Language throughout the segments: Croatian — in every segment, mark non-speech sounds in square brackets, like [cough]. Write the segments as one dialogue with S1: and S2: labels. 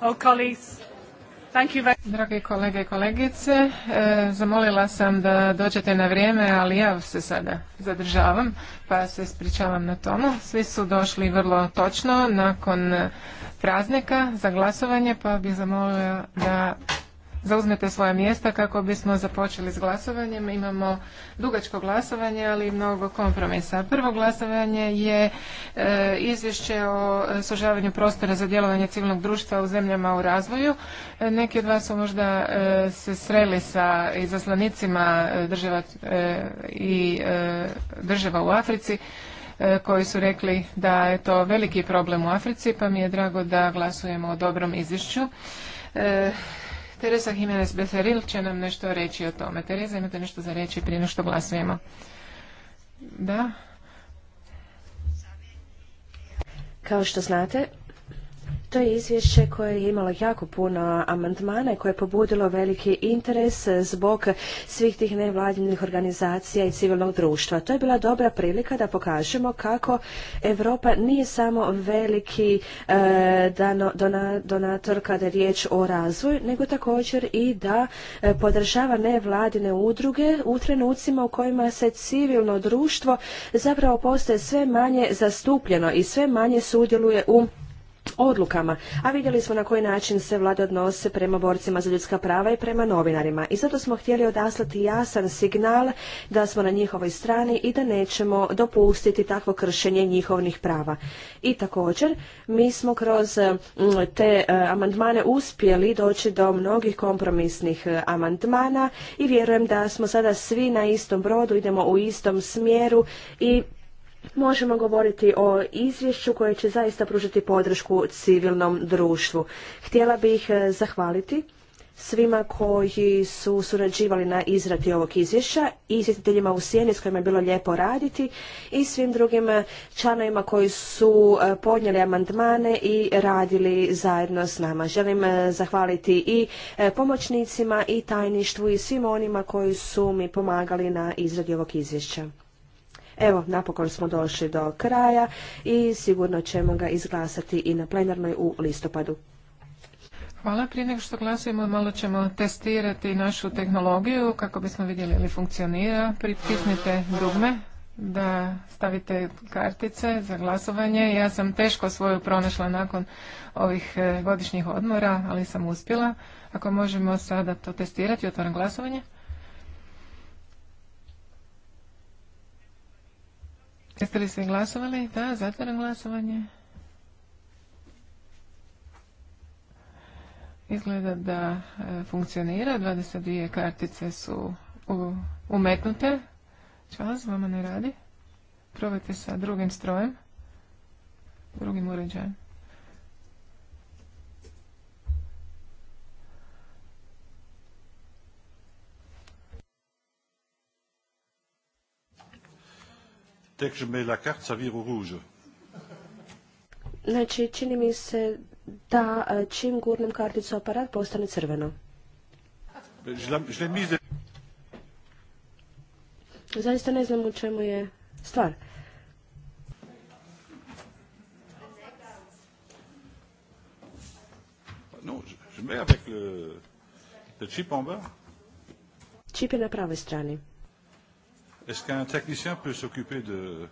S1: Oh, Drage kolege i kolegice, e, zamolila sam da dođete na vrijeme, ali ja se sada zadržavam, pa se ispričavam na tomu. Svi su došli vrlo točno nakon praznika za glasovanje, pa bih zamolila da zauzmete svoja mjesta kako bismo započeli s glasovanjem. Imamo dugačko glasovanje, ali i mnogo kompromisa. Prvo glasovanje je e, izvješće o sužavanju prostora za djelovanje civilnog društva u zemljama u razvoju. E, neki od vas su možda e, se sreli sa izaslanicima država i država u Africi koji su rekli da je to veliki problem u Africi, pa mi je drago da glasujemo o dobrom izvješću. Teresa Jimenez Becerril će nam nešto reći o tome. Teresa, imate nešto za reći prije nešto glasujemo? Da.
S2: Kao što znate, to je izvješće koje je imalo jako puno amandmana i koje je pobudilo veliki interes zbog svih tih nevladinih organizacija i civilnog društva. To je bila dobra prilika da pokažemo kako Europa nije samo veliki e, donator kada je riječ o razvoju, nego također i da e, podržava nevladine udruge u trenucima u kojima se civilno društvo zapravo postaje sve manje zastupljeno i sve manje sudjeluje u odlukama, a vidjeli smo na koji način se vlada odnose prema borcima za ljudska prava i prema novinarima. I zato smo htjeli odaslati jasan signal da smo na njihovoj strani i da nećemo dopustiti takvo kršenje njihovih prava. I također, mi smo kroz te e, amandmane uspjeli doći do mnogih kompromisnih e, amandmana i vjerujem da smo sada svi na istom brodu, idemo u istom smjeru i možemo govoriti o izvješću koje će zaista pružiti podršku civilnom društvu. Htjela bih e, zahvaliti svima koji su surađivali na izradi ovog izvješća izvjetiteljima u sjeni s kojima je bilo lijepo raditi i svim drugim e, članovima koji su e, podnijeli amandmane i radili zajedno s nama. Želim zahvaliti i pomoćnicima i tajništvu i svim onima koji su mi pomagali na izradi ovog izvješća. Evo, napokon smo došli do kraja i sigurno ćemo ga izglasati i na plenarnoj u listopadu.
S1: Hvala. Prije nego što glasujemo, malo ćemo testirati našu tehnologiju kako bismo vidjeli li funkcionira. Pritisnite dugme da stavite kartice za glasovanje. Ja sam teško svoju pronašla nakon ovih e, godišnjih odmora, ali sam uspjela. Ako možemo sada to testirati, otvaram glasovanje. Jeste li se glasovali? Da, zatvaram glasovanje. Izgleda da e, funkcionira. 22 kartice su umetnute. Čas, vama ne radi. Probajte sa drugim strojem, drugim uređajem.
S3: Tek je me la carte, ça vire rouge.
S2: Znači, čini mi se da e, čim gurnem karticu aparat postane crveno. Zaista ne znam u čemu je stvar. Čip je na pravoj strani.
S3: Est-ce qu'un technicien peut s'occuper de,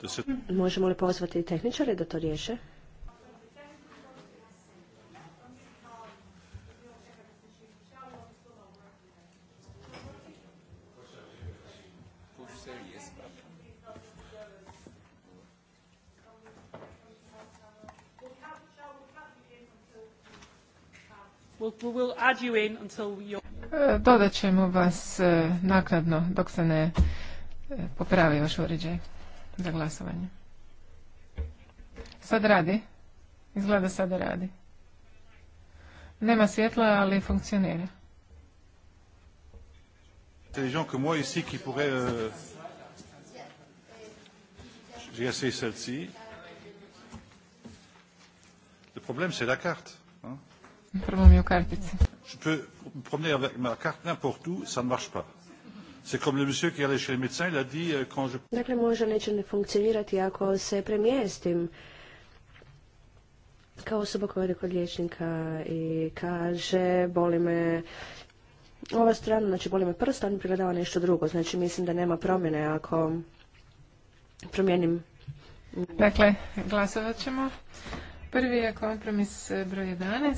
S3: de cette...
S2: Možemo li pozvati tehničare da to riješe?
S1: E, dodat ćemo vas e, naknadno dok se ne e, popravi vaš uređaj za glasovanje. Sad radi. Izgleda sada radi. Nema svjetla, ali funkcionira.
S3: Problem gens que moi ici qui pourrait. Euh, c'est la carte
S2: mi je u kartici.
S3: Je peux promener avec ma carte n'importe où, ça ne marche pas. C'est comme le monsieur qui allait chez le médecin, il a dit euh, quand je...
S2: Dakle, možda neće ne funkcionirati ako se premjestim kao osoba koja ide kod liječnika i kaže boli me ova strana, znači boli me prst, on prigledava nešto drugo. Znači mislim da nema promjene ako promijenim. Dakle,
S1: glasovat ćemo. Prvi je kompromis broj 11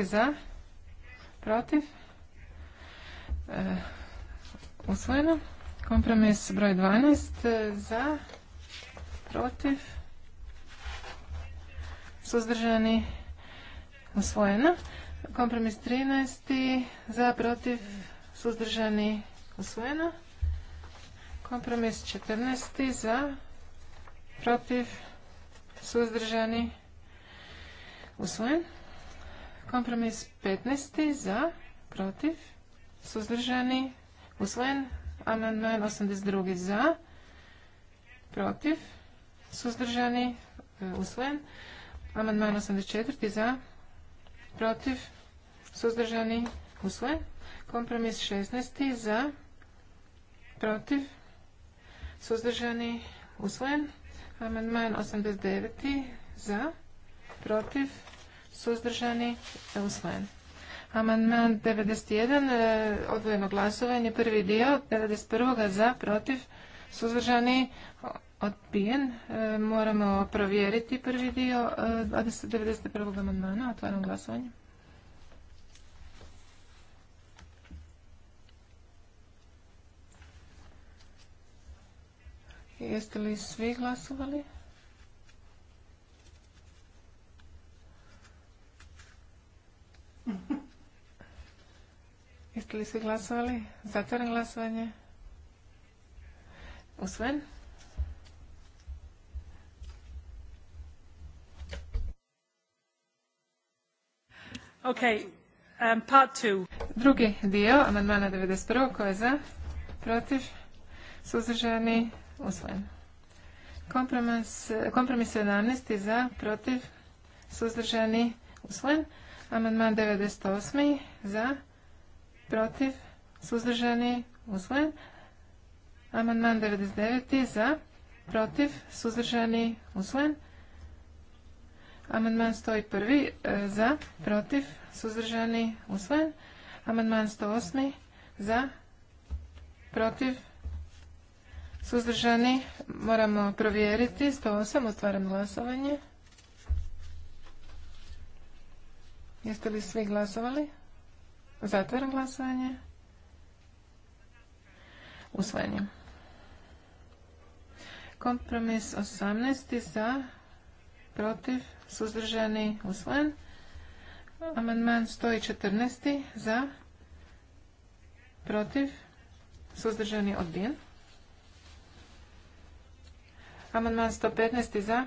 S1: za, protiv, e, usvojeno. Kompromis broj 12 e, za, protiv, suzdržani, usvojeno. Kompromis 13 za, protiv, suzdržani, usvojeno. Kompromis 14 za, protiv, suzdržani, usvojen. Kompromis 15. za, protiv, suzdržani, usvojen. Amandman 82. E, za, protiv, suzdržani, usvojen. Amandman 84. za, protiv, suzdržani, usvojen. Kompromis 16. za, protiv, suzdržani, usvojen. Amandman 89. za, protiv, suzdržani, usvojen. Amandman 91, e, odvojeno glasovanje, prvi dio, 91. za, protiv, suzdržani, odbijen. E, moramo provjeriti prvi dio 91. E, amandmana, otvaram glasovanje. Jeste li svi glasovali? [laughs] Jeste li se glasovali? Zatvaram glasovanje. Usven. Ok, Um, part two. Drugi dio, amandmana 91. Ko je za? Protiv? Suzdržani? Usven. Kompromis, kompromis Za? Protiv? Suzdržani? Usven. Amandman 98. Za. Protiv. Suzdržani. Usvojen. Amandman 99. Za. Protiv. Suzdržani. Usvojen. Amandman 101. E, za. Protiv. Suzdržani. Usvojen. Amandman 108. Za. Protiv. Suzdržani. Moramo provjeriti. 108. Otvaram glasovanje. Jeste li svi glasovali? Zatvaram glasovanje. Usvajanje. Kompromis 18. za, protiv, suzdržani, usvojen. Amandman 114. za, protiv, suzdržani, odbijen. Amandman 115. za,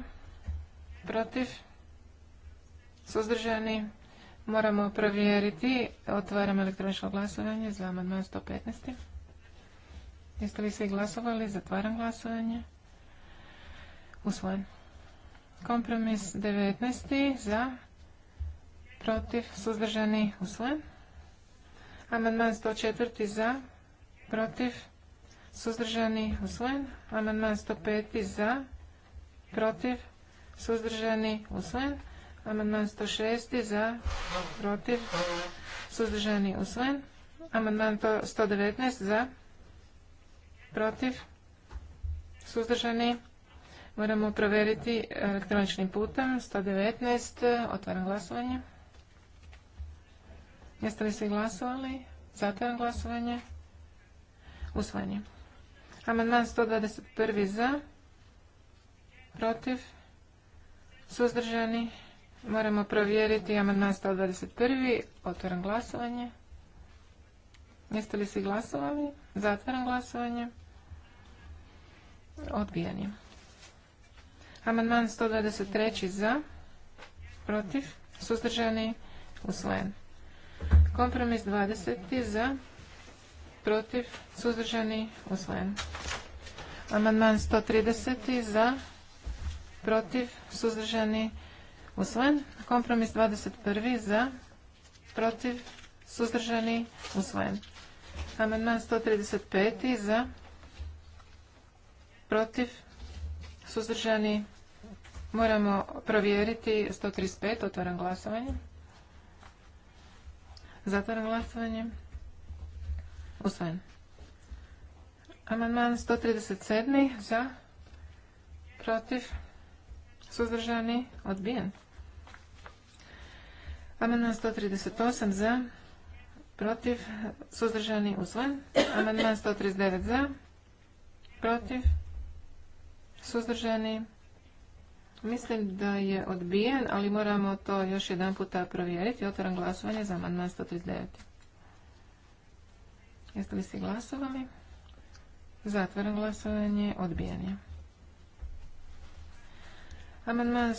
S1: protiv, suzdržani, Moramo provjeriti. Otvaram elektroničko glasovanje za amandman 115. Jeste li svi glasovali? Zatvaram glasovanje. Usvojen. Kompromis 19. Za. Protiv. Suzdržani. Usvojen. Amandman 104. Za. Protiv. Suzdržani. Usvojen. Amandman 105. Za. Protiv. Suzdržani. Usvojen. Amandman 106. Za. Protiv. Suzdržani usvojen. Amandman 119. Za. Protiv. Suzdržani. Moramo provjeriti elektroničnim putem. 119. Otvaram glasovanje. Jeste li svi glasovali? Zatvaram glasovanje. Usvojen Amandman 121. Za. Protiv. Suzdržani. Moramo provjeriti amandman 121. Otvaram glasovanje. Jeste li svi glasovali? Zatvaram glasovanje. Odbijan je. Amandman 123. za, protiv, suzdržani, usvojen. Kompromis 20. za, protiv, suzdržani, usvojen. Amandman 130. za, protiv, suzdržani, usvojen usvojen. Kompromis 21. za, protiv, suzdržani, usvojen. Amandman 135. za, protiv, suzdržani, moramo provjeriti 135. Otvaram glasovanje. Zatvaram glasovanje. Usvojen. Amandman 137. za, protiv, suzdržani, odbijen. Amandman 138 za, protiv, suzdržani, usvojen. Amandman 139 za, protiv, suzdržani. Mislim da je odbijen, ali moramo to još jedan puta provjeriti. Otvaram glasovanje za amandman 139. Jeste li svi glasovali? Zatvaram glasovanje. Odbijen je. Amandman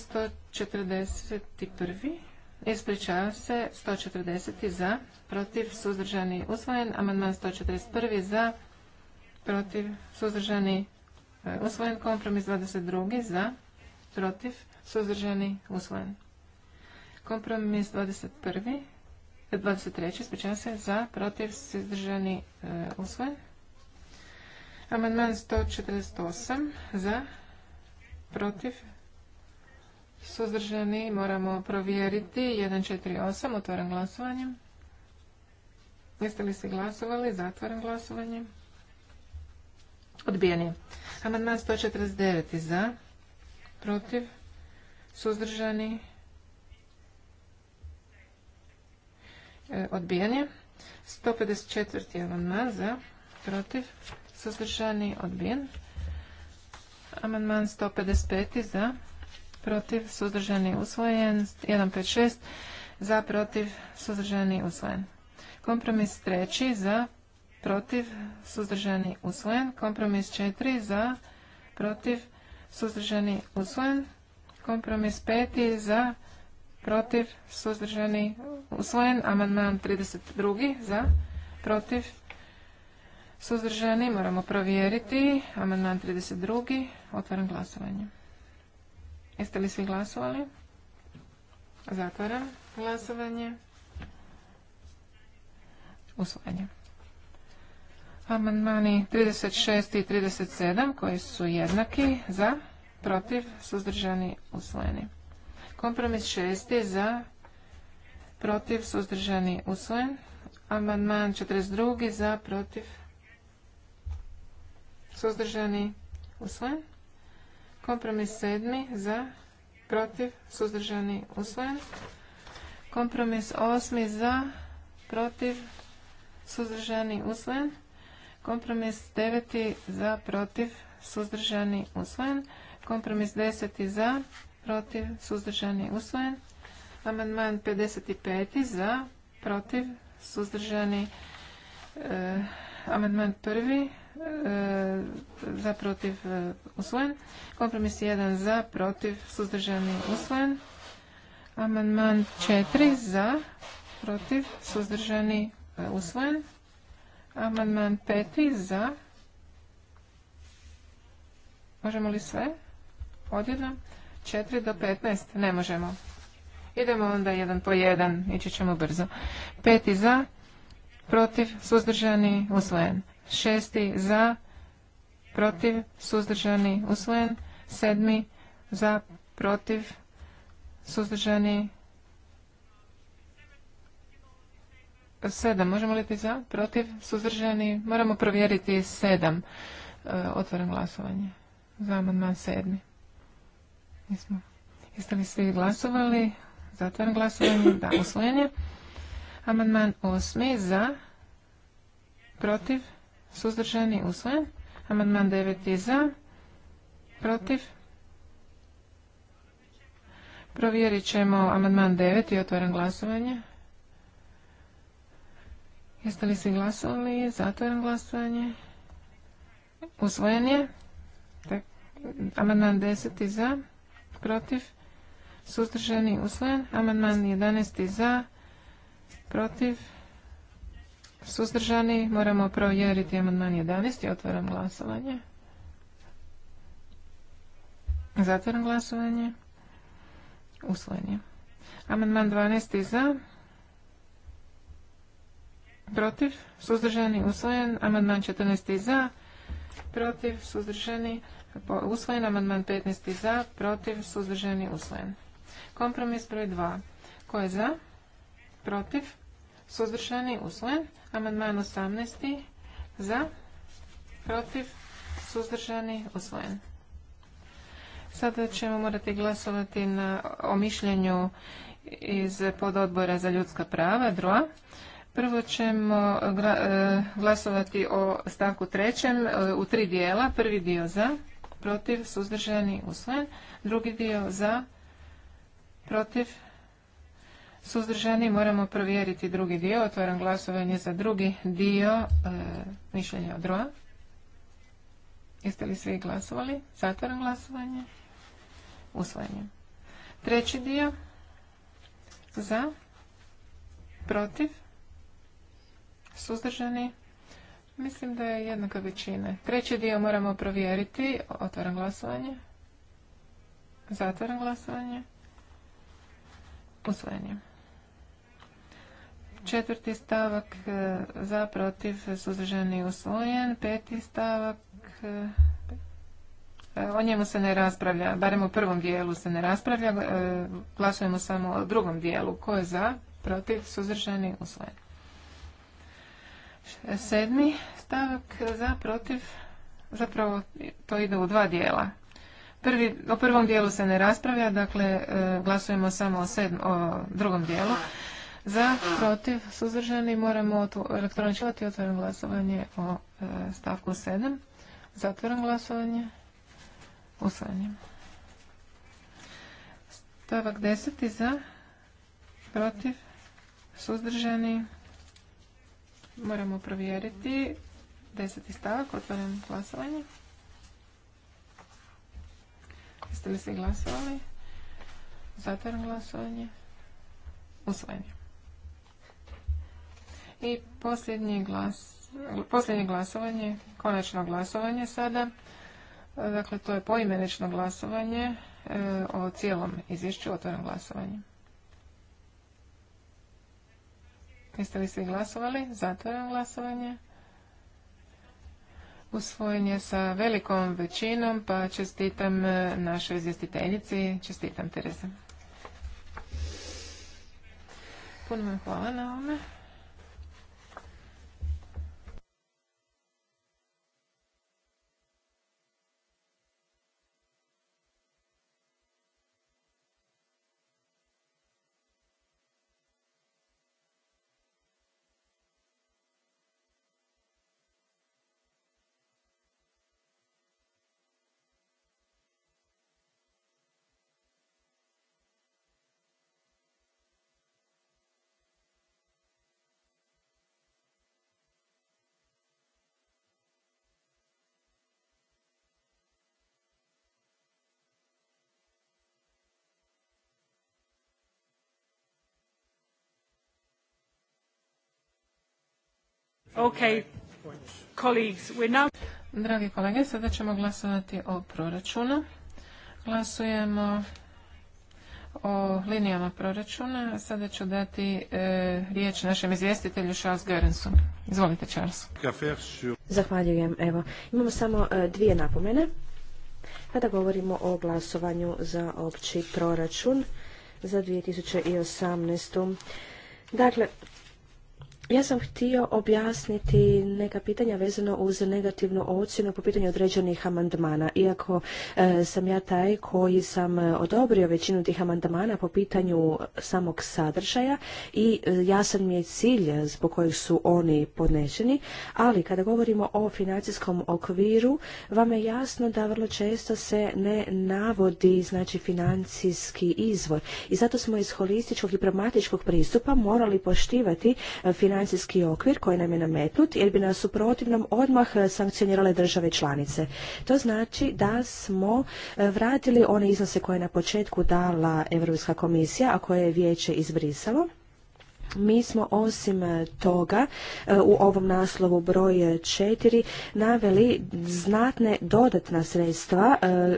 S1: 141. Ispričavam se. 140. za. Protiv. Suzdržani. Usvojen. Amandman 141. E, za. Protiv. Suzdržani. Usvojen. Kompromis 22. za. Protiv. Suzdržani. Usvojen. Kompromis 21. 23. Ispričavam se. Za. Protiv. Suzdržani. E, usvojen. Amandman 148. za. Protiv. Suzdržani moramo provjeriti. 148. otvoren glasovanje. Jeste li se glasovali? Zatvaram glasovanje. Odbijeni. Amandman 149. Za. Protiv. Suzdržani. E, je. 154. Amandman za. Protiv. Suzdržani. Odbijen. Amandman 155. Za protiv, suzdržani, usvojen. 156 za, protiv, suzdržani, usvojen. Kompromis treći za, protiv, suzdržani, usvojen. Kompromis četiri za, protiv, suzdržani, usvojen. Kompromis peti za, protiv, suzdržani, usvojen. Amandman 32 za, protiv, suzdržani, moramo provjeriti. Amandman 32. Otvaram glasovanje. Jeste li svi glasovali? Zatvaram glasovanje. Usvajanje. Amandmani 36 i 37 koji su jednaki za, protiv, suzdržani, usvojeni. Kompromis 6 za, protiv, suzdržani, usvojen. Amandman 42 za, protiv, suzdržani, usvojen. Kompromis sedmi za, protiv, suzdržani, usvojen. Kompromis osmi za, protiv, suzdržani, usvojen. Kompromis deveti za, protiv, suzdržani, usvojen. Kompromis deseti za, protiv, suzdržani, usvojen. Amandman 55. za, protiv, suzdržani, eh, amandman prvi E, za protiv e, usvojen. Kompromis 1 za protiv suzdržani usvojen. Amandman 4 za protiv suzdržani e, usvojen. Amandman 5 za Možemo li sve? Odjedno? 4 do 15? Ne možemo. Idemo onda jedan po jedan. Ići ćemo brzo. 5 za, protiv, suzdržani, usvojen šesti za, protiv, suzdržani, usvojen, sedmi za, protiv, suzdržani, sedam. Možemo li ti za, protiv, suzdržani? Moramo provjeriti sedam. E, otvaram glasovanje za amandman sedmi. Nismo. Jeste li svi glasovali? Zatvaram glasovanje. Da, usvojen je. Amandman osmi za, protiv, suzdržani, usvojen. Amandman 9. za, protiv. Provjerit ćemo amandman 9. i otvaram glasovanje. Jeste li svi glasovali? Zatvaram glasovanje. Usvojen je. Amandman 10. za, protiv. Suzdržani, usvojen. Amandman 11. za, protiv suzdržani. Moramo provjeriti amandman 11. Otvaram glasovanje. Zatvaram glasovanje. Usvojen je. Amandman 12. za. Protiv. Suzdržani. Usvojen. Amandman 14. za. Protiv. Suzdržani. Usvojen. Amandman 15. za. Protiv. Suzdržani. Usvojen. Kompromis broj 2. Ko je za? Protiv suzdržani, usvojen. Amandman 18. za, protiv, suzdržani, usvojen. Sada ćemo morati glasovati na, o iz pododbora za ljudska prava, DROA. Prvo ćemo e, glasovati o stavku trećem e, u tri dijela. Prvi dio za, protiv, suzdržani, usvojen. Drugi dio za, protiv, Suzdržani moramo provjeriti drugi dio. Otvaram glasovanje za drugi dio e, mišljenja od roa. Jeste li svi glasovali? Zatvaram glasovanje. Usvojenje. Treći dio. Za. Protiv. Suzdržani. Mislim da je jednaka većina. Treći dio moramo provjeriti. Otvaram glasovanje. Zatvaram glasovanje. Usvojenje. Četvrti stavak e, za, protiv, suzdržani, usvojen. Peti stavak, e, e, o njemu se ne raspravlja, barem u prvom dijelu se ne raspravlja, glasujemo samo o drugom dijelu. Ko je za, protiv, suzdržani, usvojen. Sedmi stavak za, protiv, zapravo to ide u dva dijela. Prvi, o prvom dijelu se ne raspravlja, dakle glasujemo samo o, o drugom dijelu. Za, protiv, suzdržani moramo elektroničkovati otvoren glasovanje o e, stavku 7. Zatvaram glasovanje. Usvajanje. Stavak 10. Za, protiv, suzdržani. Moramo provjeriti. 10. stavak, otvoren glasovanje. Jeste li svi glasovali? Zatvoren glasovanje. Usvojenje. I posljednje, glasovanje, konačno glasovanje sada, e, dakle to je poimenično glasovanje e, o cijelom izvješću, otvoreno glasovanju Jeste li svi glasovali? Zatvoreno glasovanje. Usvojen je sa velikom većinom, pa čestitam e, našoj izvjestiteljici. Čestitam, Tereza. Puno vam hvala na ovome. Okay. Dragi kolege, sada ćemo glasovati o proračunu. Glasujemo o linijama proračuna. Sada ću dati e, riječ našem izvjestitelju Charles Gerensu. Izvolite Charles.
S2: Zahvaljujem. Evo, imamo samo e, dvije napomene. Kada govorimo o glasovanju za opći proračun za 2018. Dakle, ja sam htio objasniti neka pitanja vezano uz negativnu ocjenu po pitanju određenih amandmana. Iako e, sam ja taj koji sam odobrio većinu tih amandmana po pitanju samog sadržaja i e, jasan mi je cilj zbog kojeg su oni podneseni. ali kada govorimo o financijskom okviru, vam je jasno da vrlo često se ne navodi znači financijski izvor. I zato smo iz holističkog i pragmatičkog pristupa morali poštivati e, financijski financijski okvir koji nam je nametnut jer bi nas u protivnom odmah e, sankcionirale države članice. To znači da smo e, vratili one iznose koje je na početku dala Europska komisija, a koje je vijeće izbrisalo. Mi smo osim e, toga u ovom naslovu broj 4 naveli znatne dodatna sredstva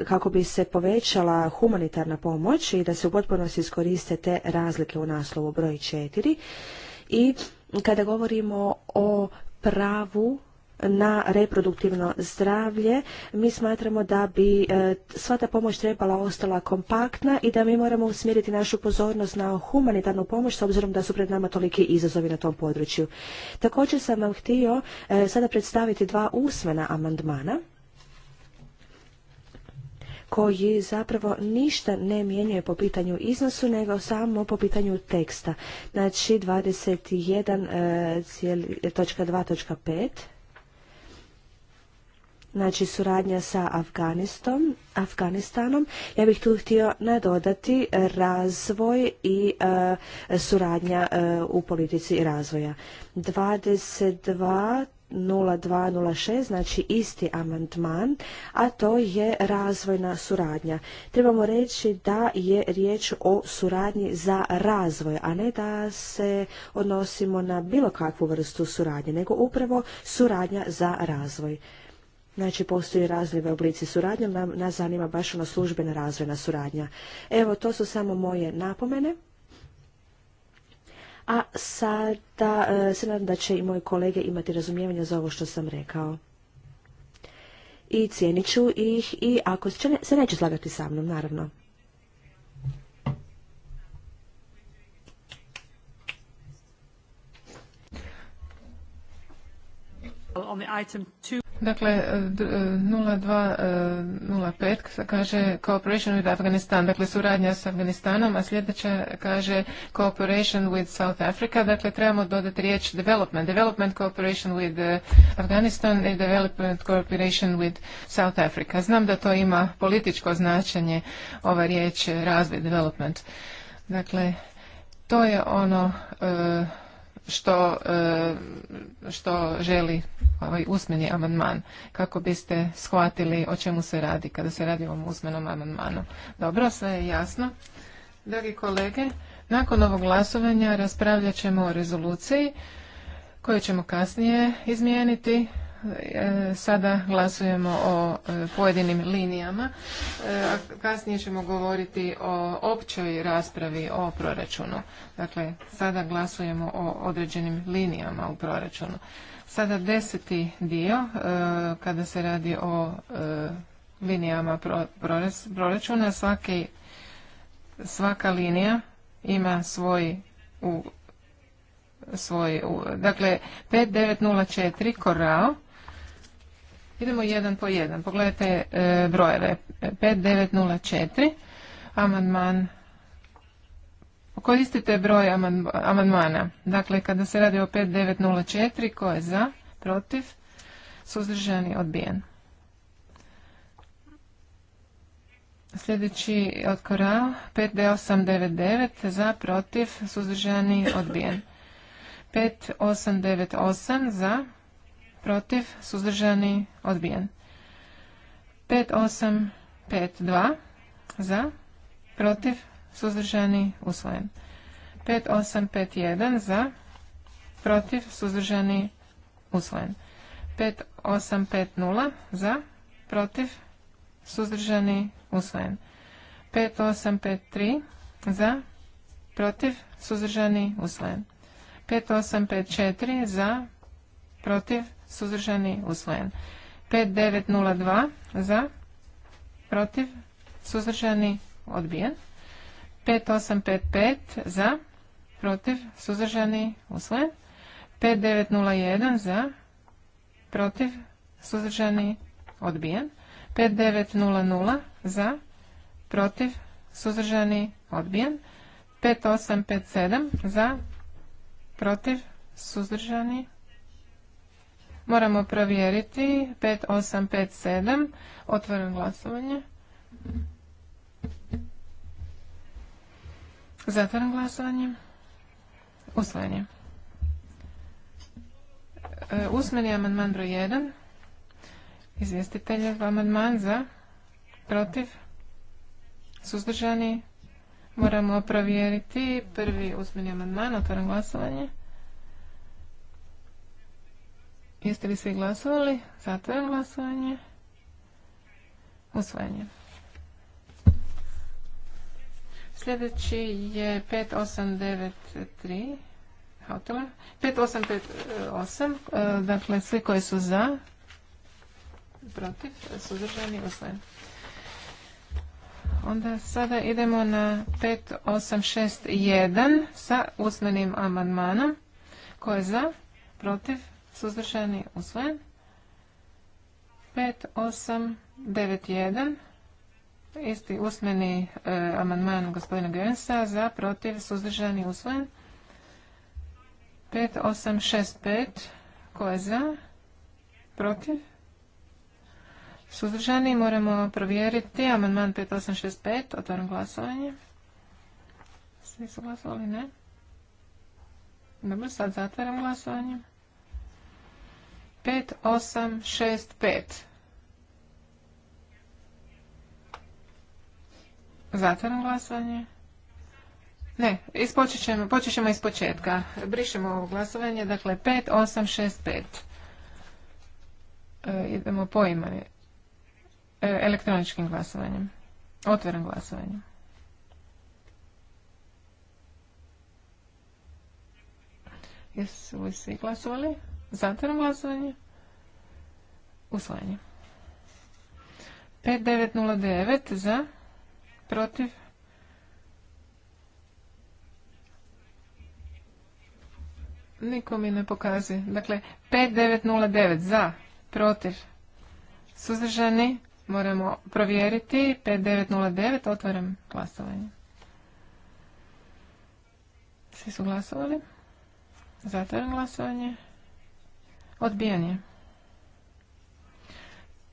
S2: kako bi se povećala humanitarna pomoć i da se u potpunosti iskoriste te razlike u naslovu broj 4 i kada govorimo o pravu na reproduktivno zdravlje. Mi smatramo da bi e, sva ta pomoć trebala ostala kompaktna i da mi moramo usmjeriti našu pozornost na humanitarnu pomoć s obzirom da su pred nama toliki izazovi na tom području. Također sam vam htio e, sada predstaviti dva usmena amandmana koji zapravo ništa ne mijenjuje po pitanju iznosu, nego samo po pitanju teksta. Znači 21.2.5 e, e, znači suradnja sa Afganistom, Afganistanom. Ja bih tu htio nadodati razvoj i e, suradnja u politici razvoja. 22 0206, znači isti amandman, a to je razvojna suradnja. Trebamo reći da je riječ o suradnji za razvoj, a ne da se odnosimo na bilo kakvu vrstu suradnje, nego upravo suradnja za razvoj. Znači, postoji razljive oblici suradnje, nas zanima baš ona službena razvojna suradnja. Evo, to su samo moje napomene. A sada e, se nadam da će i moji kolege imati razumijevanje za ovo što sam rekao. I cijenit ću ih i ako se neće slagati sa mnom, naravno.
S1: On item Dakle, 0205 e, e, kaže Cooperation with Afghanistan, dakle suradnja s Afganistanom, a sljedeća kaže Cooperation with South Africa, dakle trebamo dodati riječ development, development cooperation with e, Afghanistan i development cooperation with South Africa. Znam da to ima političko značenje, ova riječ razvoj, development. Dakle, to je ono što, e, što želi ovaj usmeni amandman, kako biste shvatili o čemu se radi kada se radi o ovom usmenom amandmanu. Dobro, sve je jasno. Dragi kolege, nakon ovog glasovanja raspravljat ćemo o rezoluciji koju ćemo kasnije izmijeniti. E, sada glasujemo o e, pojedinim linijama, e, a kasnije ćemo govoriti o općoj raspravi o proračunu. Dakle, sada glasujemo o određenim linijama u proračunu. Sada deseti dio, kada se radi o linijama proračuna, svaki, svaka linija ima svoj u svoj, dakle 5904 Korao Idemo jedan po jedan. Pogledajte e, brojeve. 5904, amandman Koristite broj amandmana. Dakle, kada se radi o 5904, ko je za, protiv, suzdržani, odbijen. Sljedeći od koral, 5D899, za, protiv, suzdržani, odbijen. 5898, za, protiv, suzdržani, odbijen. 5852 za, protiv, suzdržani, usvojen. 5851 za, protiv, suzdržani, usvojen. 5850 za, protiv, suzdržani, usvojen. 5853 za, protiv, suzdržani, usvojen. 5854 za, protiv, suzdržani, usvojen. 5902 za, protiv, suzdržani, odbijen. 5855 za, protiv, suzdržani, usvojen. 5901 za, protiv, suzdržani, odbijen. 5900 za, protiv, suzdržani, odbijen. 5857 za, protiv, suzdržani, odbijen. Moramo provjeriti 5857. Otvorim glasovanje. Zatvorim glasovanje. Usvojenje. E, usmeni amandman broj 1. izvjestitelje amandman za, protiv, suzdržani. Moramo provjeriti prvi usmeni amandman. Otvorim glasovanje. Jeste li svi glasovali? Zatvaram glasovanje. Usvajanje. Sljedeći je 5893. Hautala. 5858. Dakle, svi koji su za, protiv, suzdržani, usvojeni. Onda sada idemo na 5861 sa usmenim amandmanom. Ko je za, protiv, suzdržani, usvojen. 5891 isti usmeni e, amandman gospodina Gensa za protiv suzdržani usvojen 5865 ko je za protiv suzdržani moramo provjeriti amandman 5865 otvaram glasovanje svi su glasovali ne dobro sad zatvaram glasovanje 5865. Zatvaram glasovanje. Ne, ispočet ćemo, počet ćemo iz početka. Brišemo ovo glasovanje, dakle 5865. E, idemo po imani. E, elektroničkim glasovanjem. Otvaram glasovanje. Jesu li svi glasovali? Zatvaram glasovanje. Usvajanje. 5909 za, protiv. Niko mi ne pokazuje. Dakle, 5909 za, protiv. Suzdržani, moramo provjeriti. 5909, otvaram glasovanje. Svi su glasovali. Zatvaram glasovanje. Odbijen je.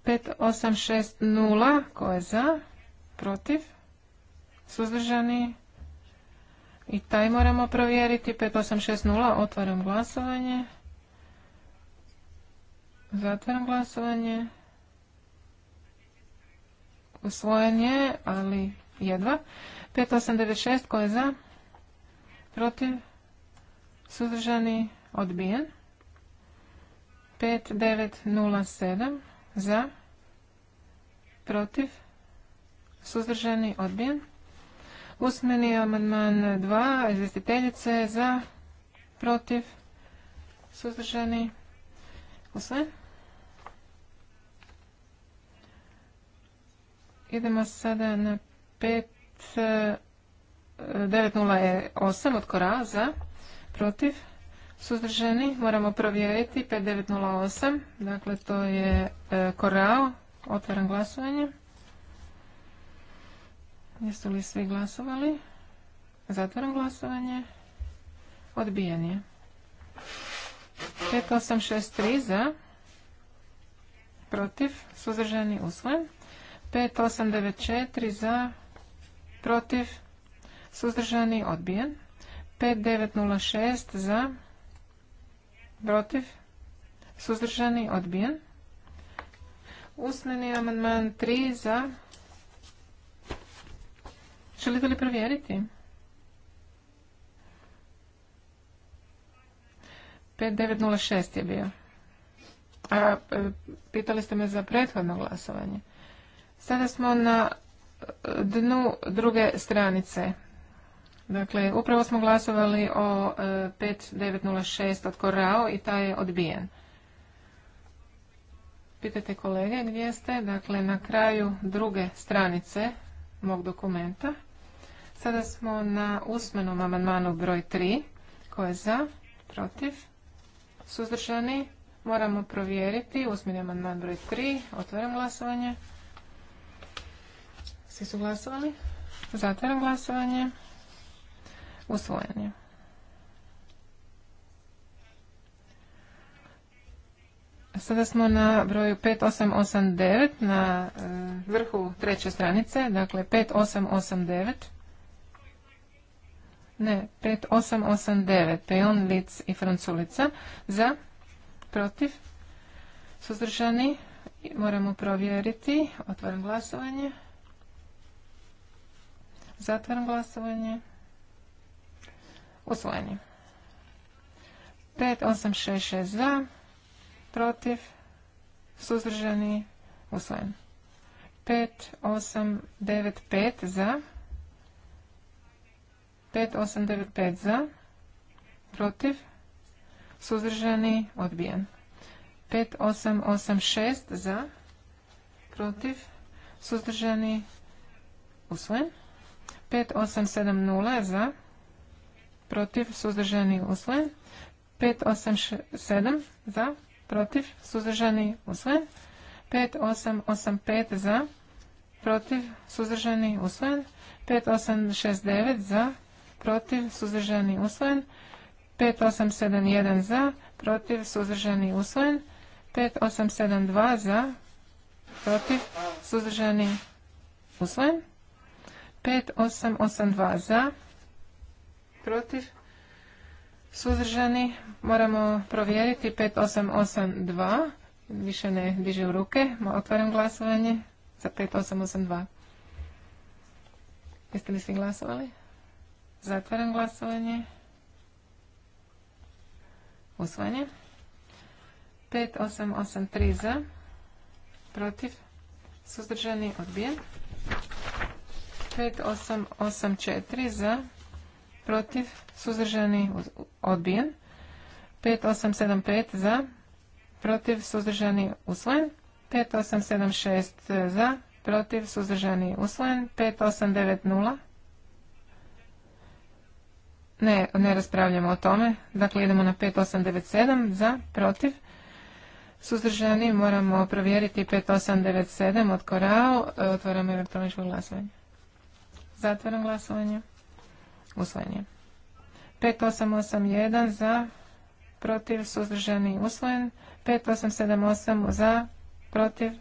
S1: 5860 ko je za, protiv, suzdržani i taj moramo provjeriti. 5860 otvaram glasovanje. Zatvaram glasovanje. Usvojen je, ali jedva. 5896 ko je za, protiv, suzdržani, odbijen. 5907 za, protiv, suzdržani, odbijen. Usmeni amandman 2, izvestiteljice za, protiv, suzdržani, usmen Idemo sada na 5, e, od Kora za, protiv, Suzdržani moramo provjeriti 5908. Dakle, to je e, Korao. Otvaram glasovanje. Jesu li svi glasovali? Zatvaram glasovanje. Odbijan je. 5863 za. Protiv. Suzdržani usvojen. 5894 za. Protiv. Suzdržani odbijen. 5906 za protiv, suzdržani, odbijen. Usmeni amandman 3 za. Želite li provjeriti? 5906 je bio. A e, pitali ste me za prethodno glasovanje. Sada smo na dnu druge stranice. Dakle, upravo smo glasovali o 5906 e, od Korao i taj je odbijen. Pitajte kolege gdje ste. Dakle, na kraju druge stranice mog dokumenta. Sada smo na usmenom amandmanu broj 3. koje je za? Protiv? Suzdržani? Moramo provjeriti. Usmeni amandman broj 3. Otvaram glasovanje. Svi su glasovali? Zatvaram glasovanje. Usvojen je. Sada smo na broju 5889 na e, vrhu treće stranice, dakle 5889. Ne, 5889, Peon, Lic i Franculica. Za, protiv, suzdržani, moramo provjeriti. Otvaram glasovanje. Zatvaram glasovanje usvojeni. 5866 za, protiv, suzdržani, usvojen. 5895 za, 5895 za, protiv, suzdržani, odbijen. 5886 za, protiv, suzdržani, usvojen. 5870 za, protiv, suzdržani, usvojen. 587 za, protiv, suzdržani, usvojen. 5885 za, protiv, suzdržani, usvojen. 5869 za, protiv, suzdržani, usvojen. 5871 za, protiv, suzdržani, usvojen. 5872 za, protiv, suzdržani, usvojen. 5882 za, protiv, suzdržani. Moramo provjeriti 5882. Više ne diže u ruke. Otvaram glasovanje za 5882. Jeste li svi glasovali? Zatvaram glasovanje. Usvanje 5883 za. Protiv. Suzdržani odbijen. 5884 za protiv, suzdržani, odbijen. 5875 za, protiv, suzdržani, usvojen. 5876 e, za, protiv, suzdržani, usvojen. 5890 ne, ne raspravljamo o tome. Dakle, idemo na 5897 za, protiv. Suzdržani moramo provjeriti 5897 od Korao. E, otvaram elektroničko glasovanje. Zatvaram glasovanje. Usvojen je. 5881 za, protiv, suzdržani, usvojen. 5878 za, protiv,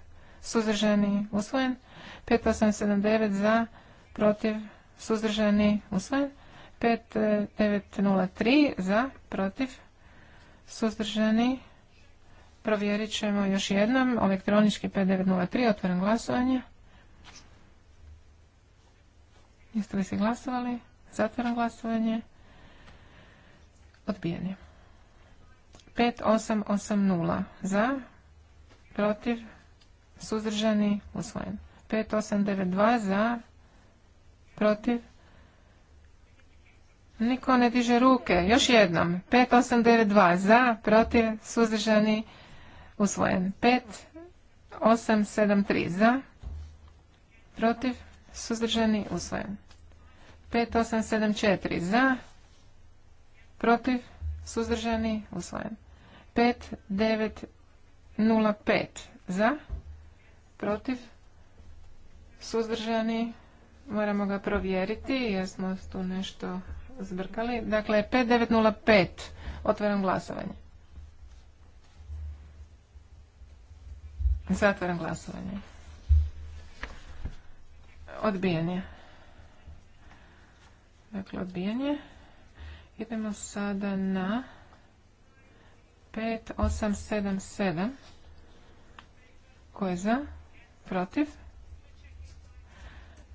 S1: suzdržani, usvojen. 5879 za, protiv, suzdržani, usvojen. 5903 za, protiv, suzdržani, provjerit ćemo još jednom. Elektronički 5903, otvoren glasovanje. Jeste li se glasovali? Zatvaram glasovanje. Odbijen je. 5880 za, protiv, suzdržani, usvojen. 5892 za, protiv, niko ne diže ruke. Još jednom, 5892 za, protiv, suzdržani, usvojen. 5873 za, protiv, suzdržani, usvojen. 5874 za, protiv, suzdržani, usvojen. 5905 za, protiv, suzdržani, moramo ga provjeriti jer smo tu nešto zbrkali. Dakle, 5905, otvaram glasovanje. Zatvaram glasovanje. Odbijen je. Dakle, odbijanje. Idemo sada na 5877. Ko je za? Protiv?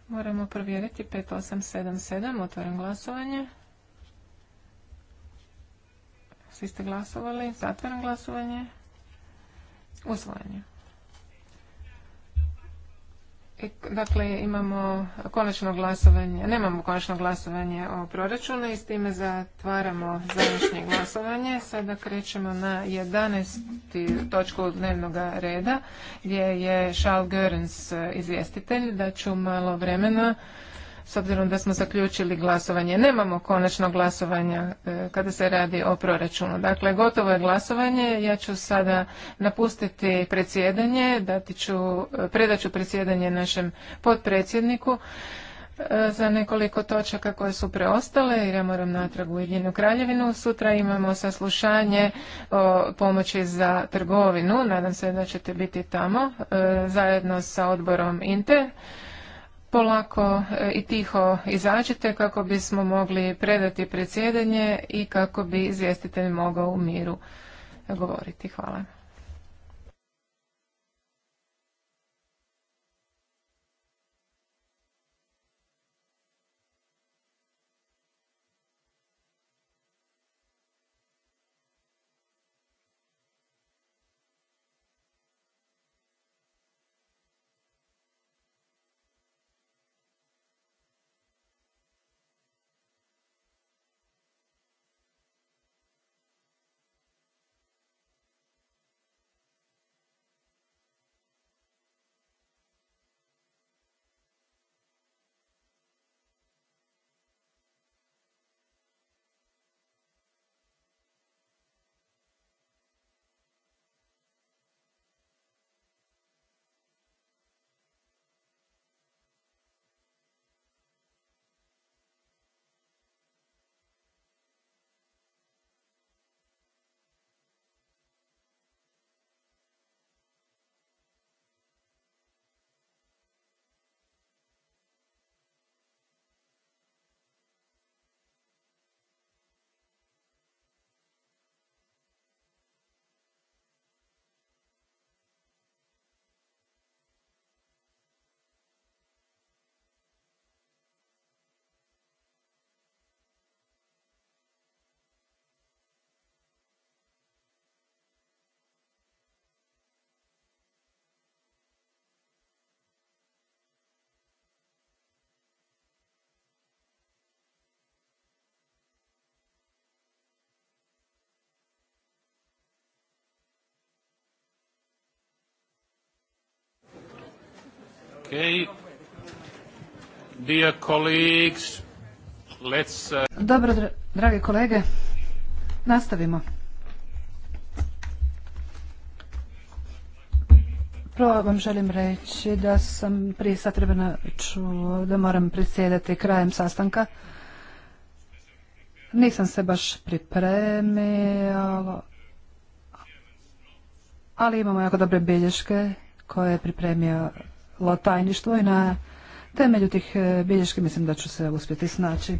S1: Moramo provjeriti 5877. Otvaram glasovanje. Svi ste glasovali. Zatvaram glasovanje. Usvojanje. E, dakle, imamo konačno glasovanje, nemamo konačno glasovanje o proračunu i s time zatvaramo završnje glasovanje. Sada krećemo na 11. točku dnevnog reda gdje je Charles Görens izvjestitelj. da ću malo vremena s obzirom da smo zaključili glasovanje. Nemamo konačno glasovanja e, kada se radi o proračunu. Dakle, gotovo je glasovanje. Ja ću sada napustiti predsjedanje, dati ću, e, predat ću predsjedanje našem potpredsjedniku e, za nekoliko točaka koje su preostale jer ja moram natrag u Ujedinjenu kraljevinu. Sutra imamo saslušanje o pomoći za trgovinu. Nadam se da ćete biti tamo zajedno sa odborom Inter polako e, i tiho izađite kako bismo mogli predati predsjedanje i kako bi izvjestitelj mogao u miru govoriti. Hvala.
S3: Uh,
S4: Dobro, drage kolege, nastavimo. Prvo vam želim reći da sam prije sat čuo da moram predsjedati krajem sastanka. Nisam se baš pripremio, ali imamo jako dobre bilješke koje je pripremio tajništvo i na temelju tih e, bilješki mislim da ću se uspjeti snaći.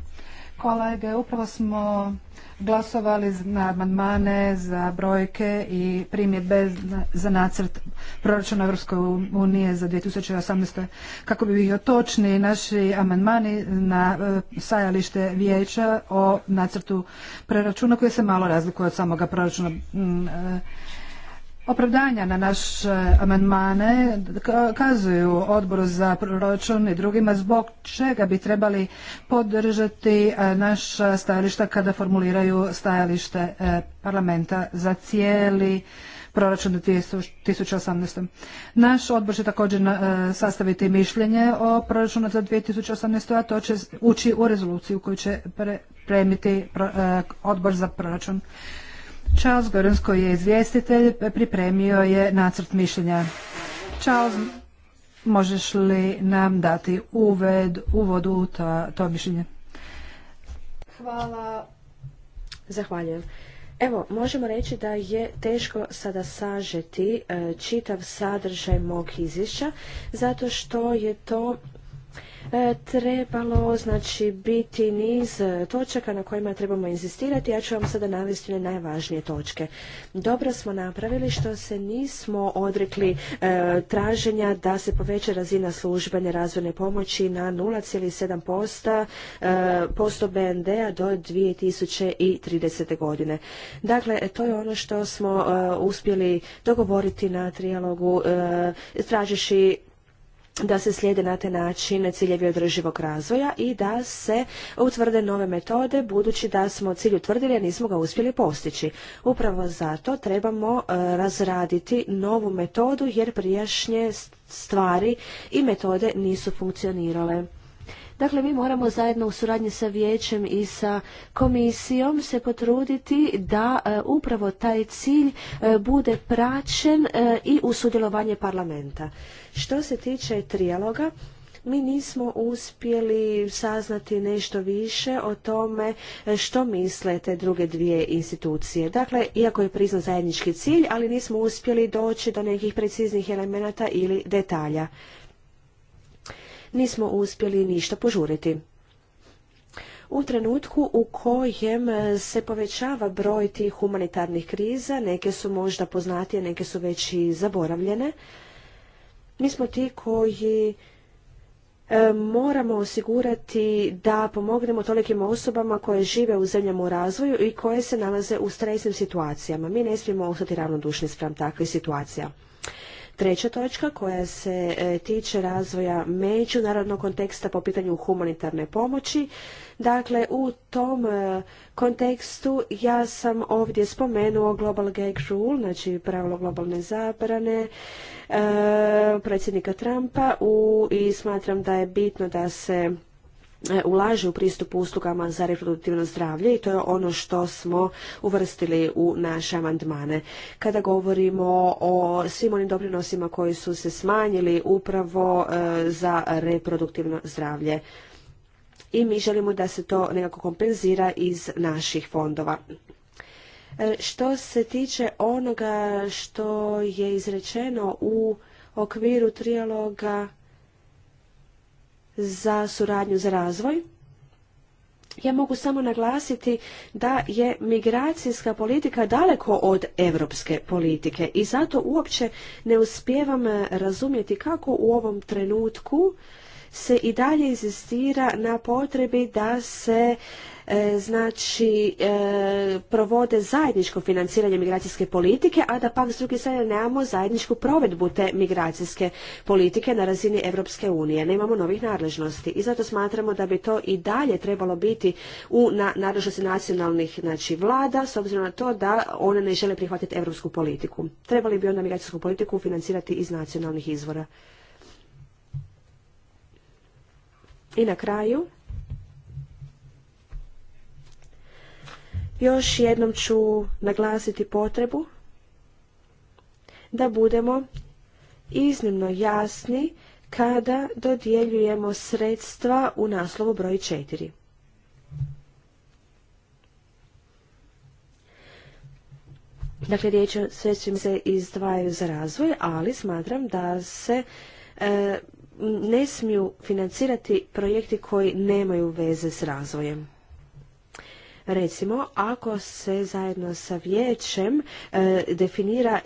S4: Kolege, upravo smo glasovali na amandmane za brojke i primjedbe za nacrt proračuna za unije za 2018. Kako bi bio točni naši amandmani na e, sajalište vijeća o nacrtu proračuna koji se malo razlikuje od samoga proračuna e, Opravdanja na naše amandmane kazuju odboru za proračun i drugima zbog čega bi trebali podržati e, naša stajališta kada formuliraju stajalište e, parlamenta za cijeli proračun u 2018. Naš odbor će također e, sastaviti mišljenje o proračunu za 2018. a to će ući u rezoluciju koju će premiti odbor za proračun. Charles Gorens je izvjestitelj pripremio je nacrt mišljenja. Charles, možeš li nam dati uved, uvod u to, to mišljenje?
S2: Hvala. Zahvaljujem. Evo, možemo reći da je teško sada sažeti e, čitav sadržaj mog izvješća, zato što je to E, trebalo znači biti niz e, točaka na kojima trebamo inzistirati. Ja ću vam sada navesti one najvažnije točke. Dobro smo napravili što se nismo odrekli e, traženja da se poveća razina službene razvojne pomoći na 0,7% posto BND-a do 2030. godine. Dakle, to je ono što smo uspjeli dogovoriti na trijalogu tražeći da se slijede na taj način ciljevi održivog razvoja i da se utvrde nove metode budući da smo cilj utvrdili a nismo ga uspjeli postići. Upravo zato trebamo e, razraditi novu metodu jer prijašnje stvari i metode nisu funkcionirale. Dakle, mi moramo zajedno u suradnji sa vijećem i sa komisijom se potruditi da e, upravo taj cilj e, bude praćen e, i u sudjelovanje parlamenta. Što se tiče trijaloga, mi nismo uspjeli saznati nešto više o tome što misle te druge dvije institucije. Dakle, iako je priznat zajednički cilj, ali nismo uspjeli doći do nekih preciznih elemenata ili detalja nismo uspjeli ništa požuriti u trenutku u kojem se povećava broj tih humanitarnih kriza, neke su možda poznatije, neke su već i zaboravljene. Mi smo ti koji e, moramo osigurati da pomognemo tolikim osobama koje žive u zemljama u razvoju i koje se nalaze u stresnim situacijama. Mi ne smijemo ostati ravnodušni spram takvih situacija. Treća točka koja se e, tiče razvoja međunarodnog konteksta po pitanju humanitarne pomoći. Dakle, u tom e, kontekstu ja sam ovdje spomenuo Global Gag Rule, znači pravilo globalne zabrane e, predsjednika Trumpa i smatram da je bitno da se E, ulaže u pristup uslugama za reproduktivno zdravlje i to je ono što smo uvrstili u naše amandmane. Kada govorimo o svim onim doprinosima koji su se smanjili upravo e, za reproduktivno zdravlje i mi želimo da se to nekako kompenzira iz naših fondova. E, što se tiče onoga što je izrečeno u okviru trijaloga za suradnju za razvoj. Ja mogu samo naglasiti da je migracijska politika daleko od europske politike i zato uopće ne uspijevam eh, razumjeti kako u ovom trenutku se i dalje izistira na potrebi da se e, znači e, provode zajedničko financiranje migracijske politike, a da pak s druge strane nemamo zajedničku provedbu te migracijske politike na razini Europske unije. Nemamo novih nadležnosti i zato smatramo da bi to i dalje trebalo biti u nadležnosti nacionalnih znači, vlada s obzirom na to da one ne žele prihvatiti europsku politiku. Trebali bi onda migracijsku politiku financirati iz nacionalnih izvora. I na kraju, još jednom ću naglasiti potrebu da budemo iznimno jasni kada dodjeljujemo sredstva u naslovu broj četiri. Dakle, riječ o sredstvima se izdvajaju za razvoj, ali smatram da se e, ne smiju financirati projekti koji nemaju veze s razvojem. Recimo, ako se zajedno sa vijećem e, definira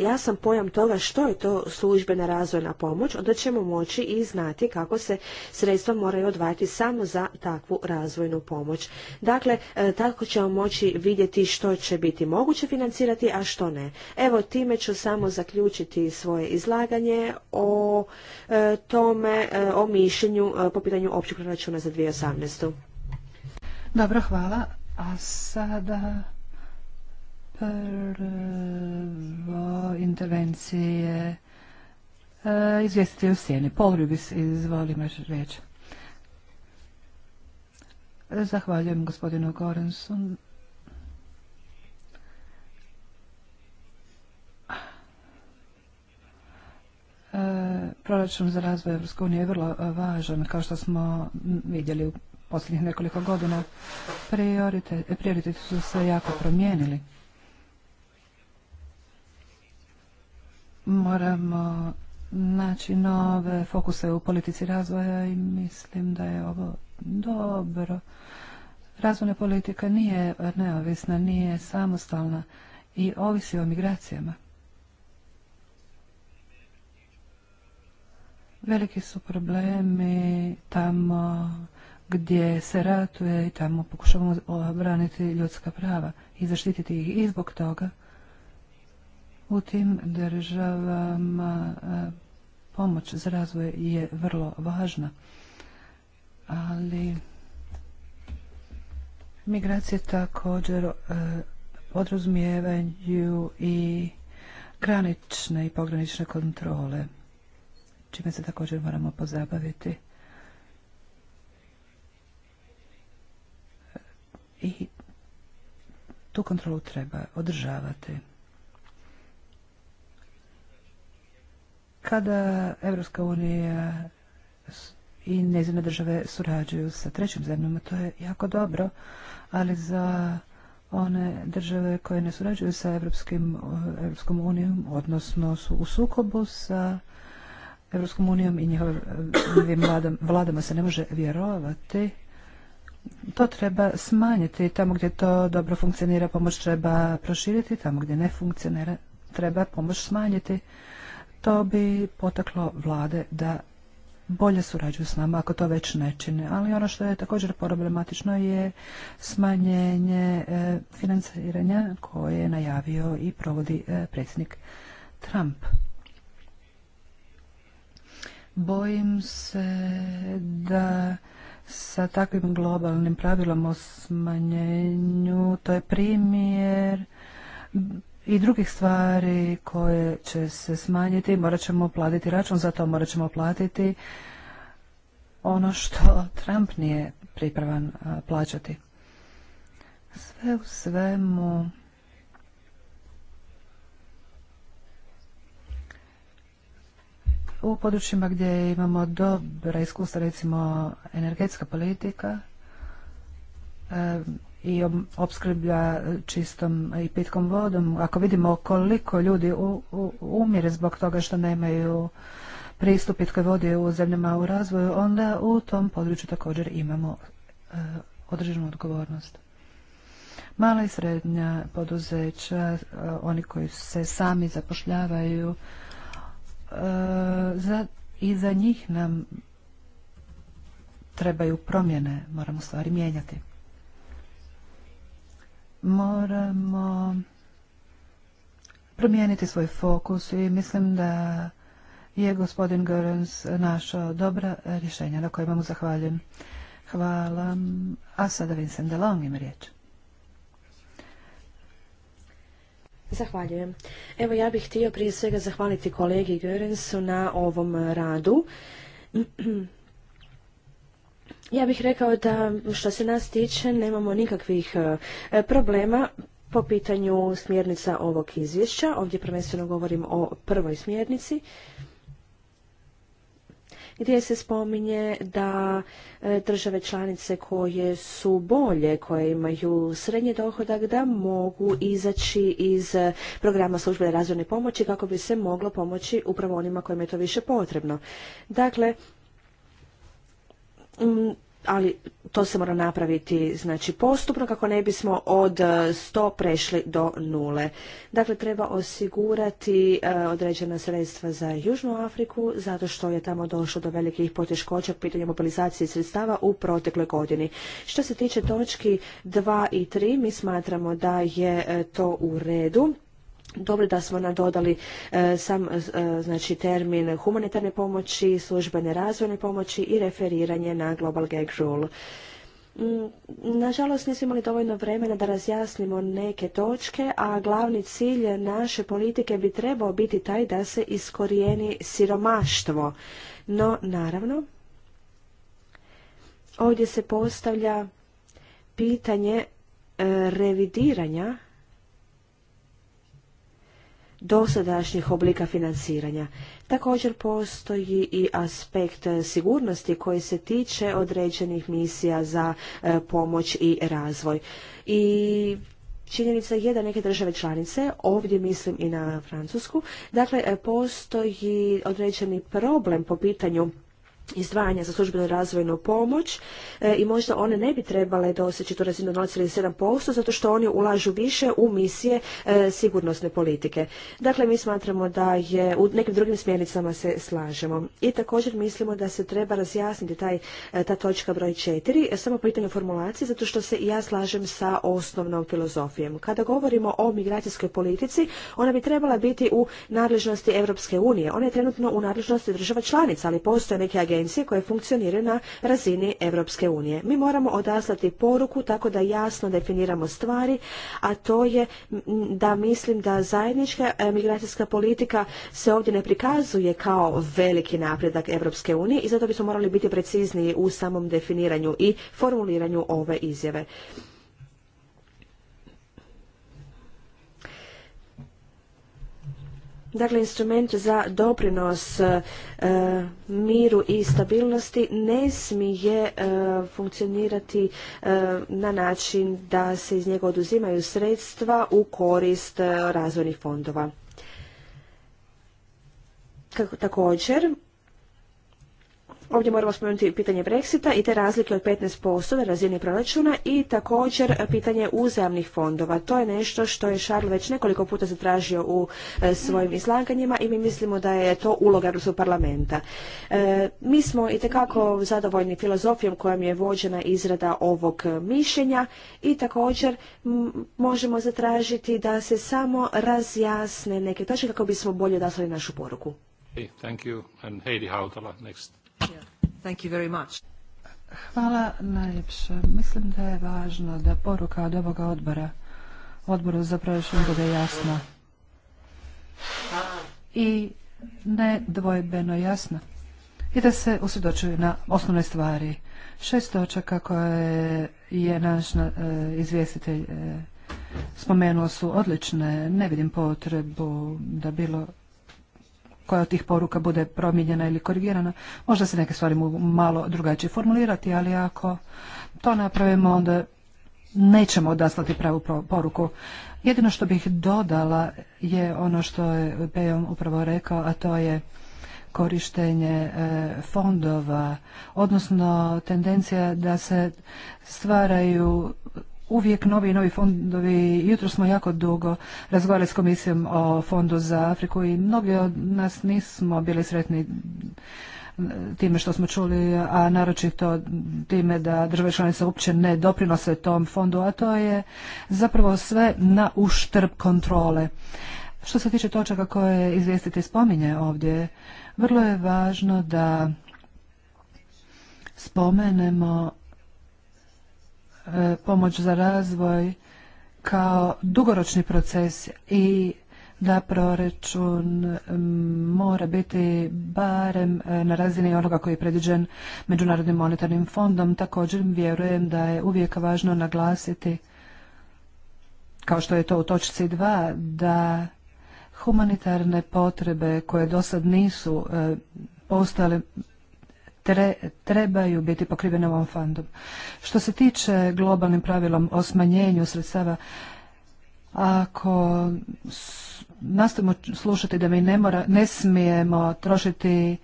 S2: jasan pojam toga što je to službena razvojna pomoć, onda ćemo moći i znati kako se sredstva moraju odvajati samo za takvu razvojnu pomoć. Dakle, e, tako ćemo moći vidjeti što će biti moguće financirati, a što ne. Evo, time ću samo zaključiti svoje izlaganje o e, tome, o mišljenju po pitanju općeg proračuna za 2018.
S4: Dobro, hvala. A sada prvo intervencije e, izvjestitelj u sjeni. Paul Rubis, izvoli riječ. Zahvaljujem gospodinu Gorensu. E, proračun za razvoj EU je vrlo važan, kao što smo vidjeli u posljednjih nekoliko godina. Prioriteti su se jako promijenili. Moramo naći nove fokuse u politici razvoja i mislim da je ovo dobro. Razvojna politika nije neovisna, nije samostalna i ovisi o migracijama. Veliki su problemi tamo gdje se ratuje i tamo pokušavamo obraniti ljudska prava i zaštititi ih. I zbog toga u tim državama e, pomoć za razvoj je vrlo važna. Ali migracije također e, podrazumijevaju i granične i pogranične kontrole, čime se također moramo pozabaviti. i tu kontrolu treba održavati. Kada Evropska unija i njezine države surađuju sa trećim zemljama, to je jako dobro, ali za one države koje ne surađuju sa Evropskom unijom, odnosno su u sukobu sa Evropskom unijom i njihovim vladama se ne može vjerovati to treba smanjiti. Tamo gdje to dobro funkcionira, pomoć treba proširiti. Tamo gdje ne funkcionira, treba pomoć smanjiti. To bi potaklo vlade da bolje surađuju s nama ako to već ne čine. Ali ono što je također problematično je smanjenje e, financiranja koje je najavio i provodi e, predsjednik Trump. Bojim se da sa takvim globalnim pravilom o smanjenju, to je primjer i drugih stvari koje će se smanjiti, morat ćemo platiti račun, za to, morat ćemo platiti ono što Trump nije pripravan plaćati. Sve u svemu U područjima gdje imamo dobra iskustva, recimo energetska politika eh, i opskrblja čistom i pitkom vodom, ako vidimo koliko ljudi umire zbog toga što nemaju pristup pitkoj vodi u zemljama u razvoju, onda u tom području također imamo eh, određenu odgovornost. Mala i srednja poduzeća, eh, oni koji se sami zapošljavaju, za, i za njih nam trebaju promjene, moramo stvari mijenjati. Moramo promijeniti svoj fokus i mislim da je gospodin Görens našao dobra rješenja na kojima mu zahvaljujem. Hvala. A sada Vincent DeLong ima riječ.
S2: Zahvaljujem. Evo ja bih htio prije svega zahvaliti kolegi Görensu na ovom radu. [clears throat] Ja bih rekao da što se nas tiče nemamo nikakvih e, problema po pitanju smjernica ovog izvješća. Ovdje prvenstveno govorim o prvoj smjernici gdje se spominje da e, države članice koje su bolje, koje imaju srednji dohodak, da mogu izaći iz programa službe razvojne pomoći kako bi se moglo pomoći upravo onima kojima je to više potrebno. Dakle, ali to se mora napraviti znači postupno kako ne bismo od 100 e, prešli do nule. Dakle, treba osigurati e, određena sredstva za Južnu Afriku zato što je tamo došlo do velikih poteškoća pitanju mobilizacije sredstava u protekloj godini. Što se tiče točki 2 i 3, mi smatramo da je e, to u redu dobro da smo nadodali e, sam e, znači, termin humanitarne pomoći, službene razvojne pomoći i referiranje na Global Gag Rule. Mm, nažalost nismo imali dovoljno vremena da razjasnimo neke točke, a glavni cilj naše politike bi trebao biti taj da se iskorijeni siromaštvo. No, naravno, ovdje se postavlja pitanje e, revidiranja dosadašnjih oblika financiranja. Također postoji i aspekt sigurnosti koji se tiče određenih misija za e, pomoć i razvoj. I Činjenica je da neke države članice, ovdje mislim i na Francusku, dakle e, postoji određeni problem po pitanju izdvajanja za službenu razvojnu pomoć e, i možda one ne bi trebale doseći tu razinu 0,7% zato što oni ulažu više u misije e, sigurnosne politike. Dakle, mi smatramo da je u nekim drugim smjernicama se slažemo. I također mislimo da se treba razjasniti taj, e, ta točka broj 4, samo pitanje formulacije zato što se i ja slažem sa osnovnom filozofijom. Kada govorimo o migracijskoj politici, ona bi trebala biti u nadležnosti Europske unije. Ona je trenutno u nadležnosti država članica, ali postoje neke agencije agencije koje funkcionira na razini Europske unije. Mi moramo odaslati poruku tako da jasno definiramo stvari, a to je da mislim da zajednička e, migracijska politika se ovdje ne prikazuje kao veliki napredak Europske unije i zato bismo morali biti precizniji u samom definiranju i formuliranju ove izjave. Dakle, instrument za doprinos e, miru i stabilnosti ne smije e, funkcionirati e, na način da se iz njega oduzimaju sredstva u korist razvojnih fondova. također, Ovdje moramo spomenuti pitanje Brexita i te razlike od 15% na razini proračuna i također pitanje uzajamnih fondova. To je nešto što je Šarl već nekoliko puta zatražio u e, svojim izlaganjima i mi mislimo da je to uloga Europskog parlamenta. E, mi smo i tekako zadovoljni filozofijom kojom je vođena izrada ovog mišljenja i također možemo zatražiti da se samo razjasne neke točke kako bismo bolje odaslali našu poruku.
S3: thank you. Hautala
S4: Hvala najljepše. Mislim da je važno da poruka od ovoga odbora, odboru za proračun bude jasna. I nedvojbeno jasna. I da se usredočuju na osnovnoj stvari. Šest točaka koje je naš e, izvjestitelj e, spomenuo su odlične. Ne vidim potrebu da bilo koja od tih poruka bude promijenjena ili korigirana. Možda se neke stvari mogu malo drugačije formulirati, ali ako to napravimo, onda nećemo odaslati pravu poruku. Jedino što bih dodala je ono što je Pejom upravo rekao, a to je korištenje e, fondova, odnosno tendencija da se stvaraju uvijek novi i novi fondovi. Jutro smo jako dugo razgovarali s komisijom o fondu za Afriku i mnogi od nas nismo bili sretni time što smo čuli, a naročito time da države članice uopće ne doprinose tom fondu, a to je zapravo sve na uštrb kontrole. Što se tiče točaka koje izvjestitelj spominje ovdje, vrlo je važno da spomenemo E, pomoć za razvoj kao dugoročni proces i da proračun mora biti barem e, na razini onoga koji je predviđen Međunarodnim monetarnim fondom. Također vjerujem da je uvijek važno naglasiti, kao što je to u točci 2, da humanitarne potrebe koje do sad nisu e, postale trebaju biti pokrivene ovom fondom. Što se tiče globalnim pravilom o smanjenju sredstava, ako nastavimo slušati da mi ne, smijemo trošiti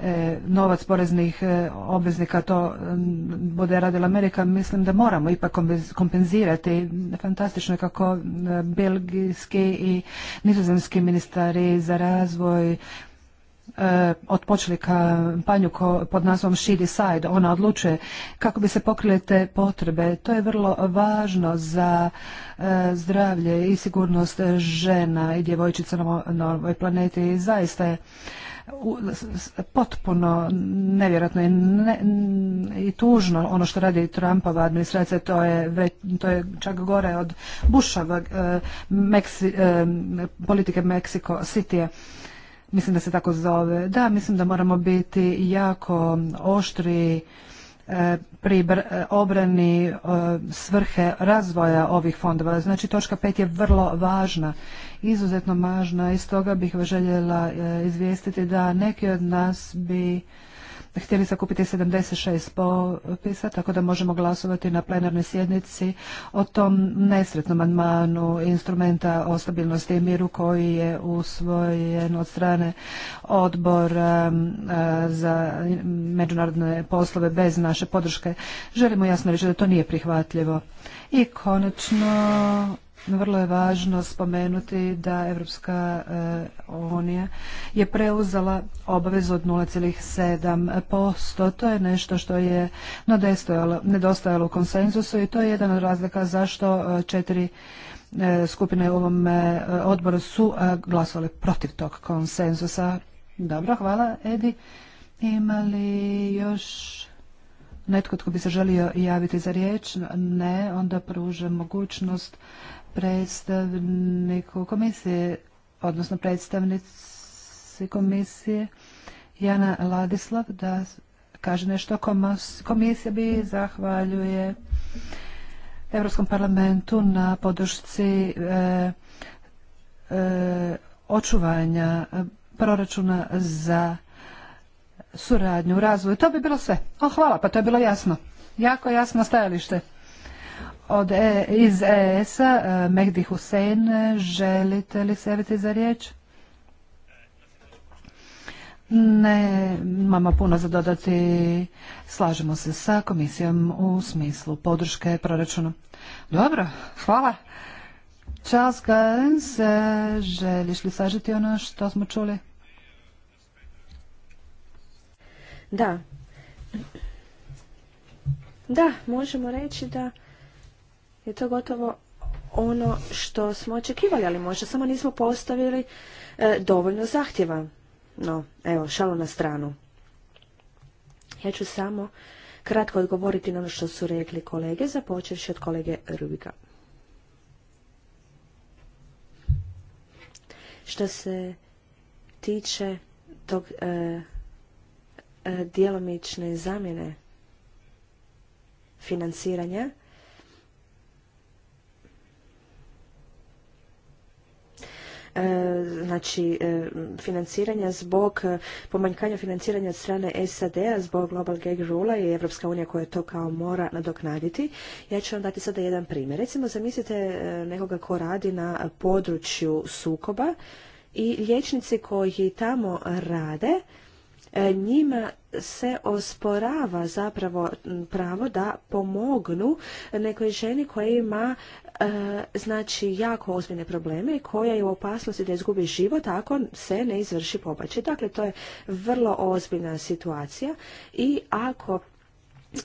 S4: e, novac poreznih e, obveznika, to bude radila Amerika, mislim da moramo ipak kompenzirati. Fantastično je kako e, belgijski i nizozemski ministari za razvoj E, otpočeli kampanju pod nazvom She Decide, ona odlučuje kako bi se pokrile te potrebe. To je vrlo važno za e, zdravlje i sigurnost žena i djevojčica na ovoj planeti zaista je potpuno nevjerojatno i, tužno ono što radi Trumpova administracija to je, to je čak gore od bušava e, politike Meksiko City mislim da se tako zove. Da, mislim da moramo biti jako oštri e, pri e, obrani e, svrhe razvoja ovih fondova. Znači točka pet je vrlo važna, izuzetno važna i stoga bih željela izvijestiti da neki od nas bi htjeli zakupiti 76 popisa, tako da možemo glasovati na plenarnoj sjednici o tom nesretnom amandmanu instrumenta o stabilnosti i miru koji je usvojen od strane odbora za međunarodne poslove bez naše podrške. Želimo jasno reći da to nije prihvatljivo. I konačno vrlo je važno spomenuti da Evropska eh, unija je preuzela obavezu od 0,7%. To je nešto što je nedostajalo u konsenzusu i to je jedan od razlika zašto eh, četiri eh, skupine u ovom odboru su glasovali protiv tog konsenzusa. Dobro, hvala Edi. Ima li još netko tko bi se želio javiti za riječ? Ne, onda pruža mogućnost predstavniku komisije, odnosno predstavnici komisije Jana Ladislav da kaže nešto. Komisija bi zahvaljuje Europskom parlamentu na podršci e, e, očuvanja proračuna za suradnju, razvoju. To bi bilo sve. O, hvala, pa to je bilo jasno. Jako jasno stajalište od e, iz ES-a, e, Mehdi Hussein, e, želite li se javiti za riječ? Ne, imamo puno za dodati. Slažemo se sa komisijom u smislu podrške proračuna. Dobro, hvala. Charles Gans, e, želiš li sažiti ono što smo čuli?
S2: Da. Da, možemo reći da je to gotovo ono što smo očekivali, ali možda samo nismo postavili e, dovoljno zahtjeva. No, evo, šalo na stranu. Ja ću samo kratko odgovoriti na ono što su rekli kolege, započevši od kolege Rubika. Što se tiče tog e, e djelomične zamjene financiranja, E, znači e, financiranja zbog e, pomanjkanja financiranja od strane SAD-a zbog Global Gag Rula i Evropska unija koja to kao mora nadoknaditi. Ja ću vam dati sada jedan primjer. Recimo zamislite nekoga ko radi na području sukoba i liječnici koji tamo rade E, njima se osporava zapravo pravo da pomognu nekoj ženi koja ima e, znači jako ozbiljne probleme i koja je u opasnosti da izgubi život ako se ne izvrši pobačaj. Dakle, to je vrlo ozbiljna situacija i ako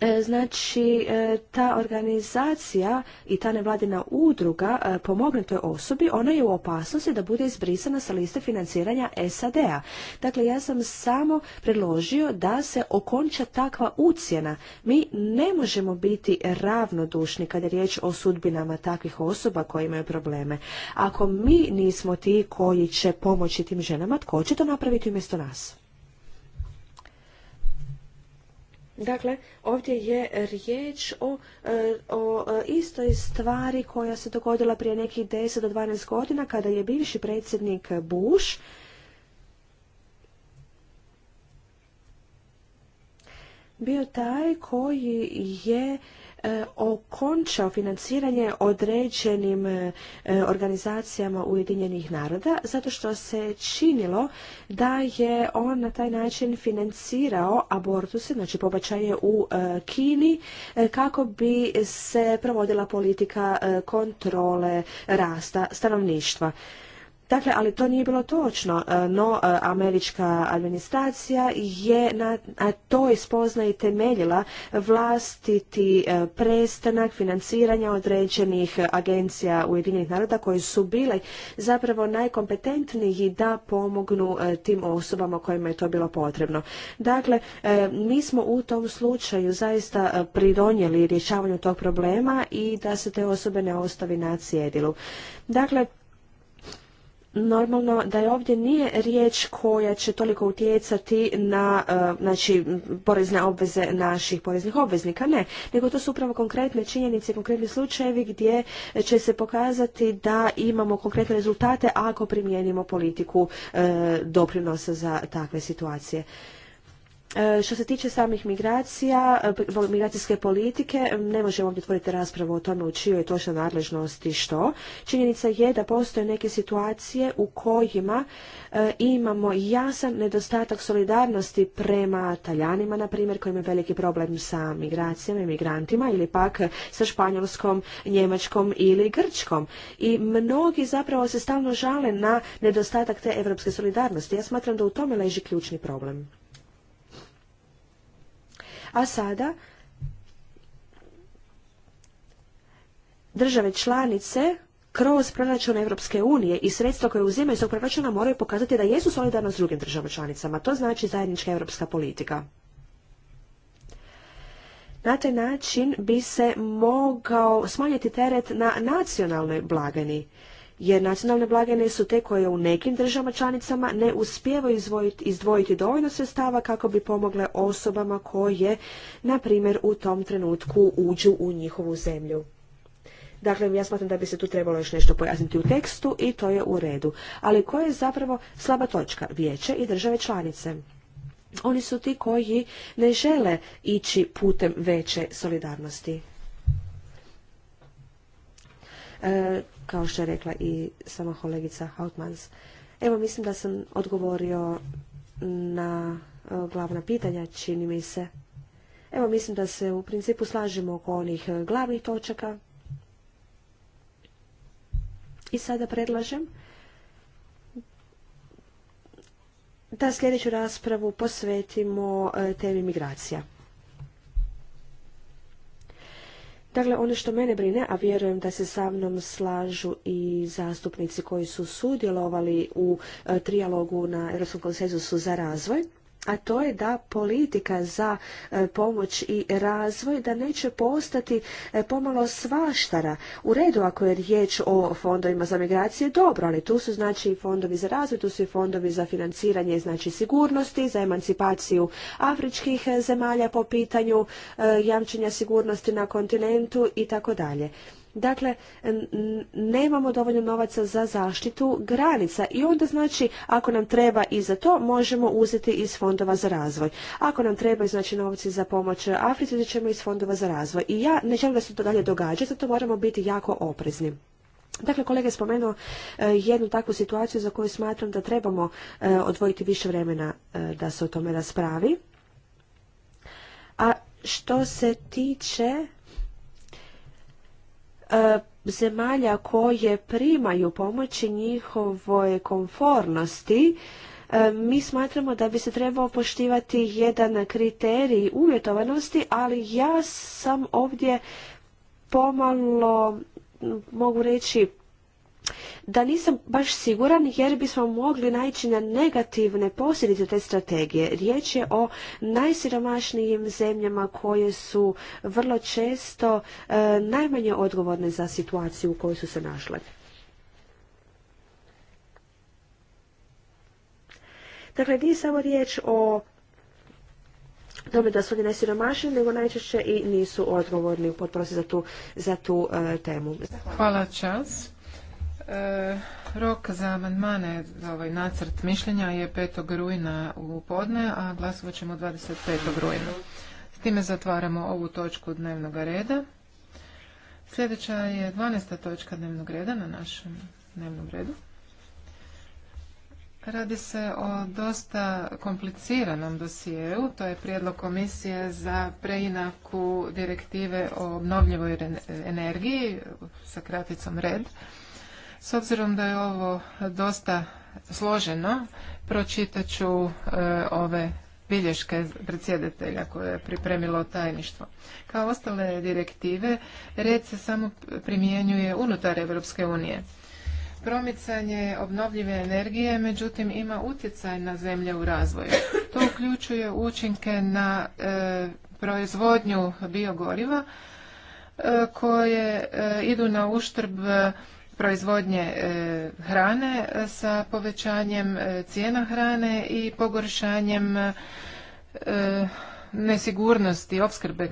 S2: E, znači e, ta organizacija i ta nevladina udruga e, pomognutoj osobi, ona je u opasnosti da bude izbrisana sa liste financiranja SAD-a. Dakle, ja sam samo predložio da se okonča takva ucjena. Mi ne možemo biti ravnodušni kada je riječ o sudbinama takvih osoba koje imaju probleme. Ako mi nismo ti koji će pomoći tim ženama, tko će to napraviti umjesto nas? Dakle, ovdje je riječ o, e, o e, istoj stvari koja se dogodila prije nekih 10 do 12 godina kada je bivši predsjednik Bush bio taj koji je E, okončao financiranje određenim e, e, organizacijama Ujedinjenih naroda zato što se činilo da je on na taj način financirao abortuse, znači pobačaje u Kini kako bi se provodila politika kontrole rasta stanovništva. Dakle, ali to nije bilo točno, e, no e, američka administracija je na toj spoznaji temeljila vlastiti e, prestanak financiranja određenih agencija Ujedinjenih naroda koji su bile zapravo najkompetentniji da pomognu tim osobama kojima je to bilo potrebno. Dakle, mi smo u tom slučaju zaista pridonijeli rješavanju tog problema i da se te osobe ne ostavi na cjedilu. Dakle, Normalno da je ovdje nije riječ koja će toliko utjecati na e, znači, porezne obveze naših poreznih obveznika, ne, nego to su upravo konkretne činjenice, konkretni slučajevi gdje će se pokazati da imamo konkretne rezultate ako primijenimo politiku e, doprinosa za takve situacije. E, što se tiče samih migracija, e, migracijske politike, ne možemo ovdje otvoriti raspravu o tome u čijoj je točno nadležnosti što. Činjenica je da postoje neke situacije u kojima e, imamo jasan nedostatak solidarnosti prema Taljanima, na primjer, koji imaju veliki problem sa migracijama i migrantima, ili pak sa Španjolskom, Njemačkom ili Grčkom. I mnogi zapravo se stalno žale na nedostatak te evropske solidarnosti. Ja smatram da u tome leži ključni problem. A sada države članice kroz proračun Europske unije i sredstva koje uzimaju iz tog proračuna moraju pokazati da jesu solidarno s drugim državama članicama. To znači zajednička europska politika. Na taj način bi se mogao smanjiti teret na nacionalnoj blagani jer nacionalne blagajne su te koje u nekim državama članicama ne uspijevaju izdvojiti, dovoljno sredstava kako bi pomogle osobama koje, na primjer, u tom trenutku uđu u njihovu zemlju. Dakle, ja smatram da bi se tu trebalo još nešto pojasniti u tekstu i to je u redu. Ali koja je zapravo slaba točka? Vijeće i države članice. Oni su ti koji ne žele ići putem veće solidarnosti. E, kao što je rekla i sama kolegica Hautmans. Evo, mislim da sam odgovorio na e, glavna pitanja, čini mi se. Evo, mislim da se u principu slažemo oko onih e, glavnih točaka. I sada predlažem da sljedeću raspravu posvetimo e, temi migracija. Dakle, ono što mene brine, a vjerujem da se sa mnom slažu i zastupnici koji su sudjelovali u e, trijalogu na Europskom konsenzusu za razvoj, a to je da politika za e, pomoć i razvoj da neće postati e, pomalo svaštara. U redu ako je riječ o fondovima za migracije, dobro, ali tu su znači i fondovi za razvoj, tu su i fondovi za financiranje znači sigurnosti, za emancipaciju afričkih e, zemalja po pitanju jamčenja sigurnosti na kontinentu i tako dalje. Dakle, nemamo dovoljno novaca za zaštitu granica i onda znači ako nam treba i za to možemo uzeti iz fondova za razvoj. Ako nam treba znači novci za pomoć Africi, uzet ćemo iz fondova za razvoj. I ja ne želim da se to dalje događa, zato moramo biti jako oprezni. Dakle, kolega je spomenuo e, jednu takvu situaciju za koju smatram da trebamo e, odvojiti više vremena e, da se o tome raspravi. A što se tiče E, zemalja koje primaju pomoći njihovoj konformnosti, e, mi smatramo da bi se trebao poštivati jedan kriterij uvjetovanosti, ali ja sam ovdje pomalo, mogu reći, da nisam baš siguran jer bismo mogli naići na negativne posljedice te strategije. Riječ je o najsiromašnijim zemljama koje su vrlo često e, najmanje odgovorne za situaciju u kojoj su se našle. Dakle, nije samo riječ o tome da su oni najsiromašniji, nego najčešće i nisu odgovorni u potprosti za tu, za tu e, temu. Hvala čas.
S1: Rok za amandmane za ovaj nacrt mišljenja je 5. rujna u podne, a glasovat ćemo 25. rujna. S time zatvaramo ovu točku dnevnog reda. Sljedeća je 12. točka dnevnog reda na našem dnevnom redu. Radi se o dosta kompliciranom dosijeu, to je prijedlog komisije za preinaku direktive o obnovljivoj energiji sa kraticom RED. S obzirom da je ovo dosta složeno, pročitat ću e, ove bilješke predsjedatelja koje je pripremilo tajništvo. Kao ostale direktive, red se samo primjenjuje unutar Europske unije. Promicanje obnovljive energije, međutim, ima utjecaj na zemlje u razvoju. To uključuje učinke na e, proizvodnju biogoriva e, koje idu na uštrb proizvodnje e, hrane e, sa povećanjem e, cijena hrane i pogoršanjem nesigurnosti opskrbe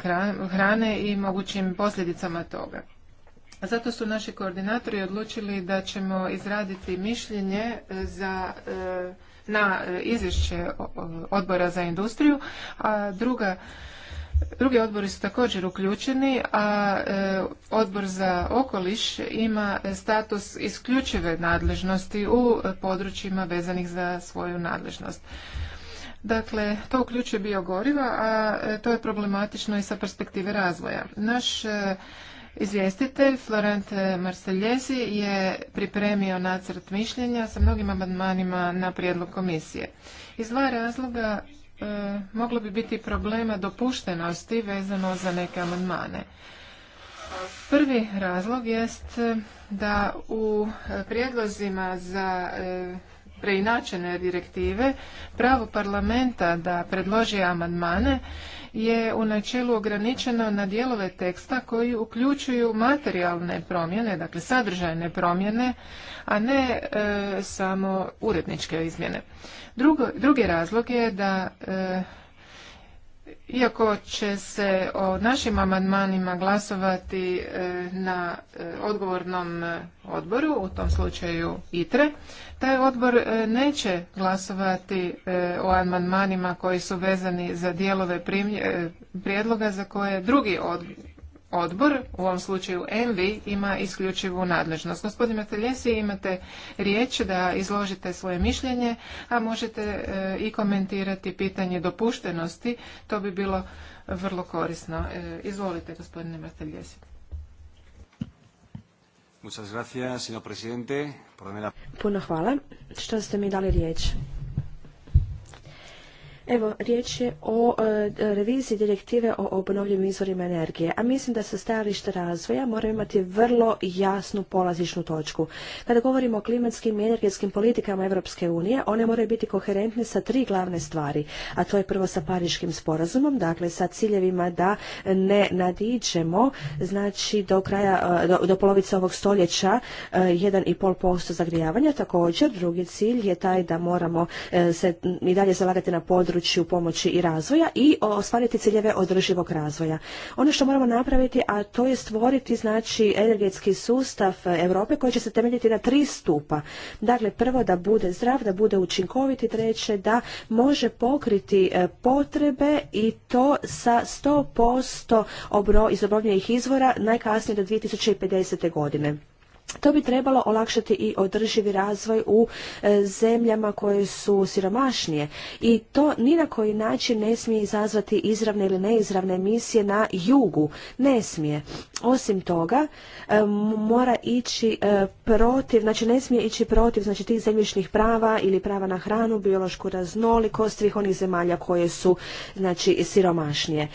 S1: hrane i mogućim posljedicama toga. Zato su naši koordinatori odlučili da ćemo izraditi mišljenje za na izvješće odbora za industriju, a druga Drugi odbori su također uključeni, a e, odbor za okoliš ima status isključive nadležnosti u područjima vezanih za svoju nadležnost. Dakle, to uključuje biogoriva, a e, to je problematično i sa perspektive razvoja. Naš e, Izvjestitelj Florent Marseljezi je pripremio nacrt mišljenja sa mnogim amandmanima na prijedlog komisije. Iz dva razloga Eh, moglo bi biti problema dopuštenosti vezano za neke amandmane. Prvi razlog jest da u prijedlozima za eh, preinačene direktive, pravo parlamenta da predloži amandmane je u načelu ograničeno na dijelove teksta koji uključuju materijalne promjene, dakle sadržajne promjene, a ne e, samo uredničke izmjene. Drugo, drugi razlog je da e, iako će se o našim amandmanima glasovati e, na e, odgovornom e, odboru, u tom slučaju ITRE, taj odbor neće glasovati o amandmanima koji su vezani za dijelove prijedloga za koje drugi odbor odbor, u ovom slučaju Envi, ima isključivu nadležnost. Gospodine Teljesi, imate riječ da izložite svoje mišljenje, a možete e, i komentirati pitanje dopuštenosti. To bi bilo vrlo korisno. E,
S2: izvolite, gospodine Marteljesi. Puno hvala što ste mi dali riječ. Evo, riječ je o e, reviziji direktive o obnovljivim izvorima energije, a mislim da sa stajališta razvoja moraju imati vrlo jasnu polazišnu točku. Kada govorimo o klimatskim i energetskim politikama Europske unije, one moraju biti koherentne sa tri glavne stvari, a to je prvo sa pariškim sporazumom, dakle sa ciljevima da ne nadiđemo, znači do kraja, e, do, polovice ovog stoljeća 1,5% e, zagrijavanja, također drugi cilj je taj da moramo se i dalje zalagati na području području pomoći i razvoja i ostvariti ciljeve održivog razvoja. Ono što moramo napraviti, a to je stvoriti znači energetski sustav Europe koji će se temeljiti na tri stupa. Dakle, prvo da bude zdrav, da bude učinkovit i treće da može pokriti e, potrebe i to sa 100% obno, iz obnovljenih izvora najkasnije do 2050. godine to bi trebalo olakšati i održivi razvoj u e, zemljama koje su siromašnije i to ni na koji način ne smije izazvati izravne ili neizravne emisije na jugu. Ne smije. Osim toga e, mora ići e, protiv, znači ne smije ići protiv znači tih zemljišnih prava ili prava na hranu, biološku raznolikost svih onih zemalja koje su znači siromašnije.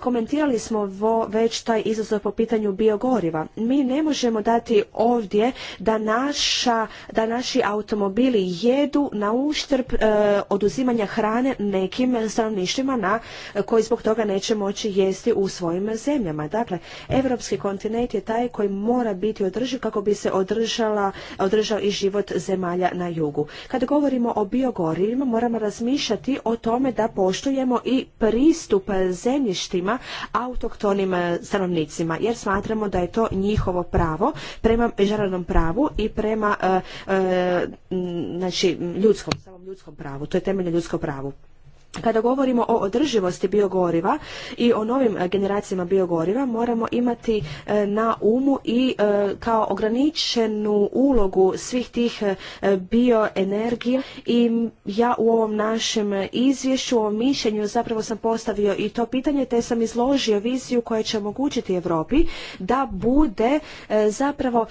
S2: Komentirali smo već taj izazov po pitanju biogoriva. Mi ne možemo dati ovdje da, naša, da naši automobili jedu na uštrb e, oduzimanja hrane nekim stanovništvima na koji zbog toga neće moći jesti u svojim zemljama. Dakle, europski kontinent je taj koji mora biti održiv kako bi se održala, održao i život zemalja na jugu. Kad govorimo o biogorivima, moramo razmišljati o tome da poštujemo i pristup zemljištima autohtonim e, stanovnicima, jer smatramo da je to njihovo pravo prema međunarodnom pravu i prema e, e, znači ljudskom, samom ljudskom pravu. To je temeljno ljudsko pravo. Kada govorimo o održivosti biogoriva i o novim e, generacijama biogoriva, moramo imati e, na umu i e, kao ograničenu ulogu svih tih bioenergija i ja u ovom našem izvješću, o mišljenju zapravo sam postavio i to pitanje, te sam izložio viziju koja će omogućiti Europi da bude zapravo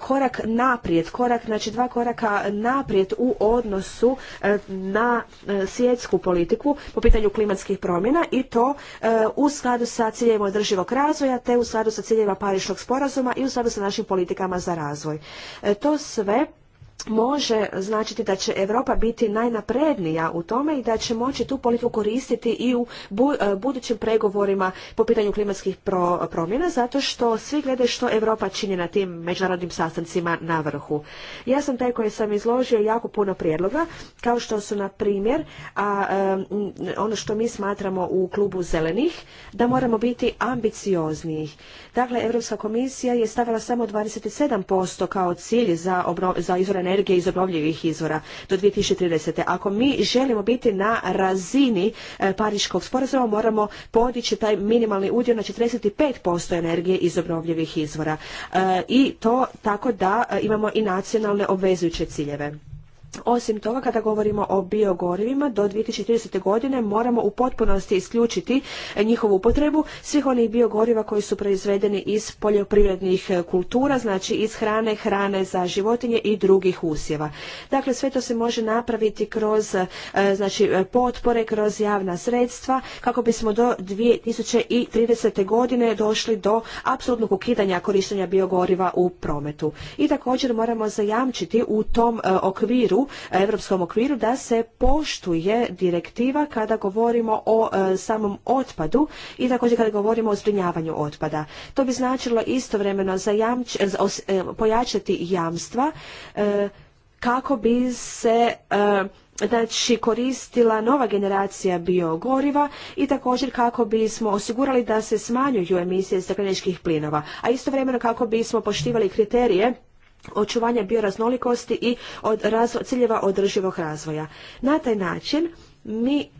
S2: korak naprijed, korak, znači dva koraka naprijed u odnosu na svjetsku politiku politiku po pitanju klimatskih promjena i to e, u skladu sa ciljevima održivog razvoja te u skladu sa ciljevima Pariškog sporazuma i u skladu sa našim politikama za razvoj. E, to sve može značiti da će Europa biti najnaprednija u tome i da će moći tu politiku koristiti i u e, budućim pregovorima po pitanju klimatskih promjena zato što svi gledaju što Europa čini na tim međunarodnim sastancima na vrhu. Ja sam taj koji sam izložio jako puno prijedloga kao što su na primjer a, e, ono što mi smatramo u klubu zelenih da moramo biti ambiciozniji. Dakle, Europska komisija je stavila samo 27% kao cilj za, za energije iz obnovljivih izvora do 2030. Ako mi želimo biti na razini e, Pariškog sporazuma, moramo podići taj minimalni udjel na 45% energije iz obnovljivih izvora. E, I to tako da e, imamo i nacionalne obvezujuće ciljeve osim toga, kada govorimo o biogorivima, do 2030. godine moramo u potpunosti isključiti njihovu upotrebu svih onih biogoriva koji su proizvedeni iz poljoprivrednih e, kultura, znači iz hrane, hrane za životinje i drugih usjeva. Dakle, sve to se može napraviti kroz e, znači, e, potpore, kroz javna sredstva, kako bismo do 2030. godine došli do apsolutnog ukidanja korištenja biogoriva u prometu. I također moramo zajamčiti u tom okviru u europskom okviru da se poštuje direktiva kada govorimo o e, samom otpadu i također kada govorimo o zbrinjavanju otpada. To bi značilo istovremeno e, pojačati jamstva e, kako bi se znači, koristila nova generacija biogoriva i također kako bismo osigurali da se smanjuju emisije stakleničkih plinova, a istovremeno kako bismo poštivali kriterije očuvanja bioraznolikosti i ciljeva održivog razvoja. Na taj način mi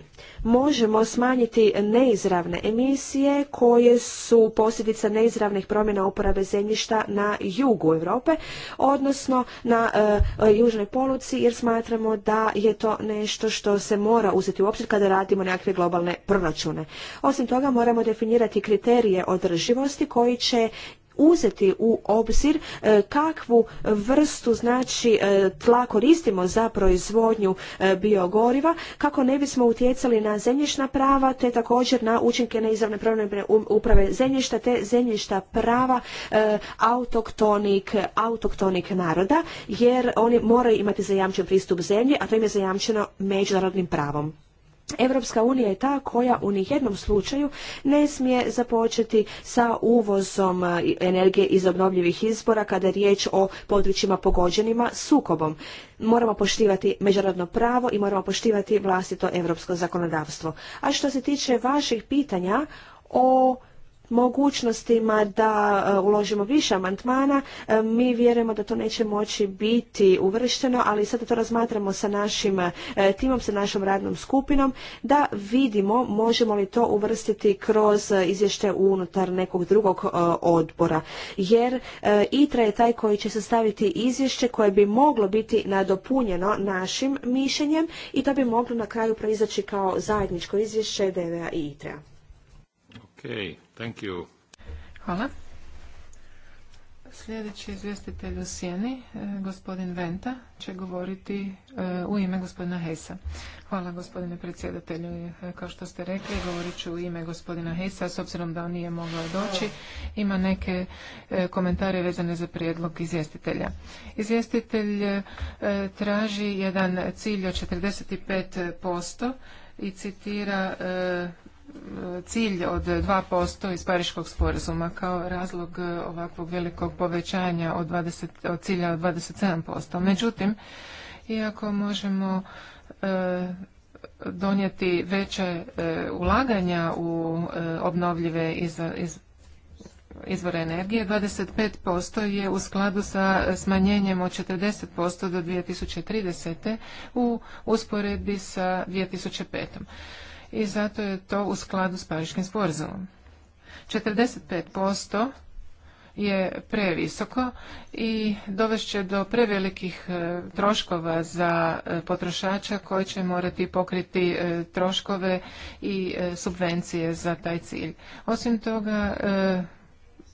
S2: možemo smanjiti neizravne emisije koje su posljedica neizravnih promjena uporabe zemljišta na jugu Europe, odnosno na e, južnoj poluci, jer smatramo da je to nešto što se mora uzeti u obzir kada radimo nekakve globalne proračune. Osim toga moramo definirati kriterije održivosti koji će uzeti u obzir e, kakvu vrstu znači e, tla koristimo za proizvodnju e, biogoriva kako ne bismo utjecali na zemljišna prava te također na učinke neizravne pravne uprave zemljišta te zemljišta prava autoktonik, autoktonik naroda jer oni moraju imati zajamčen pristup zemlji a to im je zajamčeno međunarodnim pravom. Europska unija je ta koja u nijednom slučaju ne smije započeti sa uvozom e, energije iz obnovljivih izbora kada je riječ o područjima pogođenima sukobom. Moramo poštivati međunarodno pravo i moramo poštivati vlastito europsko zakonodavstvo. A što se tiče vaših pitanja o mogućnostima da e, uložimo više amandmana. E, mi vjerujemo da to neće moći biti uvršteno, ali sada to razmatramo sa našim e, timom, sa našom radnom skupinom, da vidimo možemo li to uvrstiti kroz izvješte unutar nekog drugog odbora. Jer ITRA je taj koji će sastaviti izvješće koje bi moglo biti nadopunjeno našim mišljenjem i to bi moglo na kraju proizaći kao zajedničko izvješće DVA i ITRA. Thank you. Hvala. Sljedeći izvjestitelj u sjeni, e,
S1: gospodin Venta, će govoriti e, u ime gospodina Hesa. Hvala gospodine predsjedatelju. E, kao što ste rekli, govorit ću u ime gospodina Hesa, s obzirom da on nije mogao doći. Ima neke komentare vezane za prijedlog izvjestitelja. Izvjestitelj traži jedan cilj od 45% i citira cilj od 2% iz Pariškog sporazuma kao razlog e, ovakvog velikog povećanja od, 20, od cilja od 27%. Međutim, iako možemo e, donijeti veće e, ulaganja u obnovljive izvore energije, 25% je u skladu sa smanjenjem od 40% do 2030. u usporedbi sa 2005 i zato je to u skladu s Pariškim sporazumom. 45% je previsoko i dovešće do prevelikih e, troškova za e, potrošača koji će morati pokriti e, troškove i subvencije za taj cilj. Osim toga,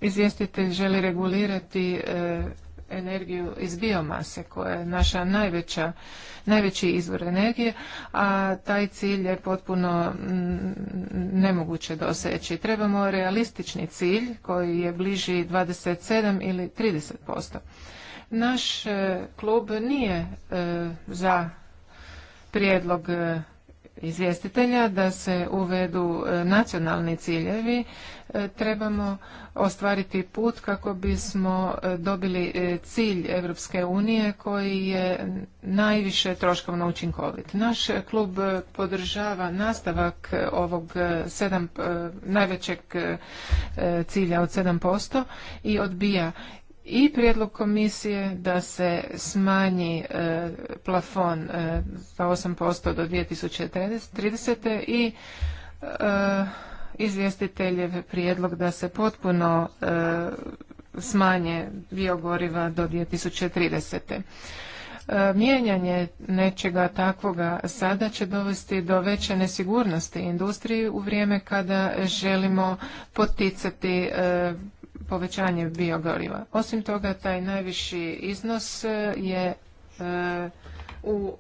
S1: izvjestitelj želi regulirati energiju iz biomase koja je naša najveća, najveći izvor energije, a taj cilj je potpuno mm, nemoguće doseći. Trebamo realistični cilj koji je bliži 27 ili 30%. Naš e, klub nije e, za prijedlog e, izvjestitelja da se uvedu e, nacionalni ciljevi, e, trebamo ostvariti put kako bismo e, dobili cilj Europske unije koji je najviše troškovno učinkovit. Naš klub podržava nastavak ovog sedam, najvećeg cilja od 7% i odbija i prijedlog komisije da se smanji e, plafon za e, 8% do 2030. i e, izvjestiteljev prijedlog da se potpuno smanje biogoriva do 2030. Mijenjanje nečega takvoga sada će dovesti do veće nesigurnosti industriji u vrijeme kada želimo poticati povećanje biogoriva. Osim toga, taj najviši iznos e, je e, u,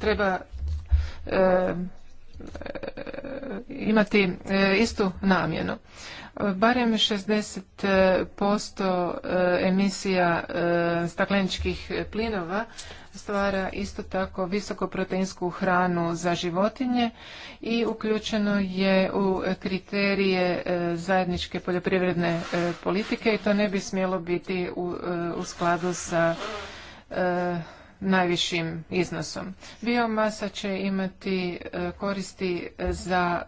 S1: treba e, imati istu namjenu. Barem 60% emisija stakleničkih plinova stvara isto tako visokoproteinsku hranu za životinje i uključeno je u kriterije e, zajedničke poljoprivredne e, politike i to ne bi smjelo biti u, e, u skladu sa najvišim iznosom. Biomasa će imati koristi za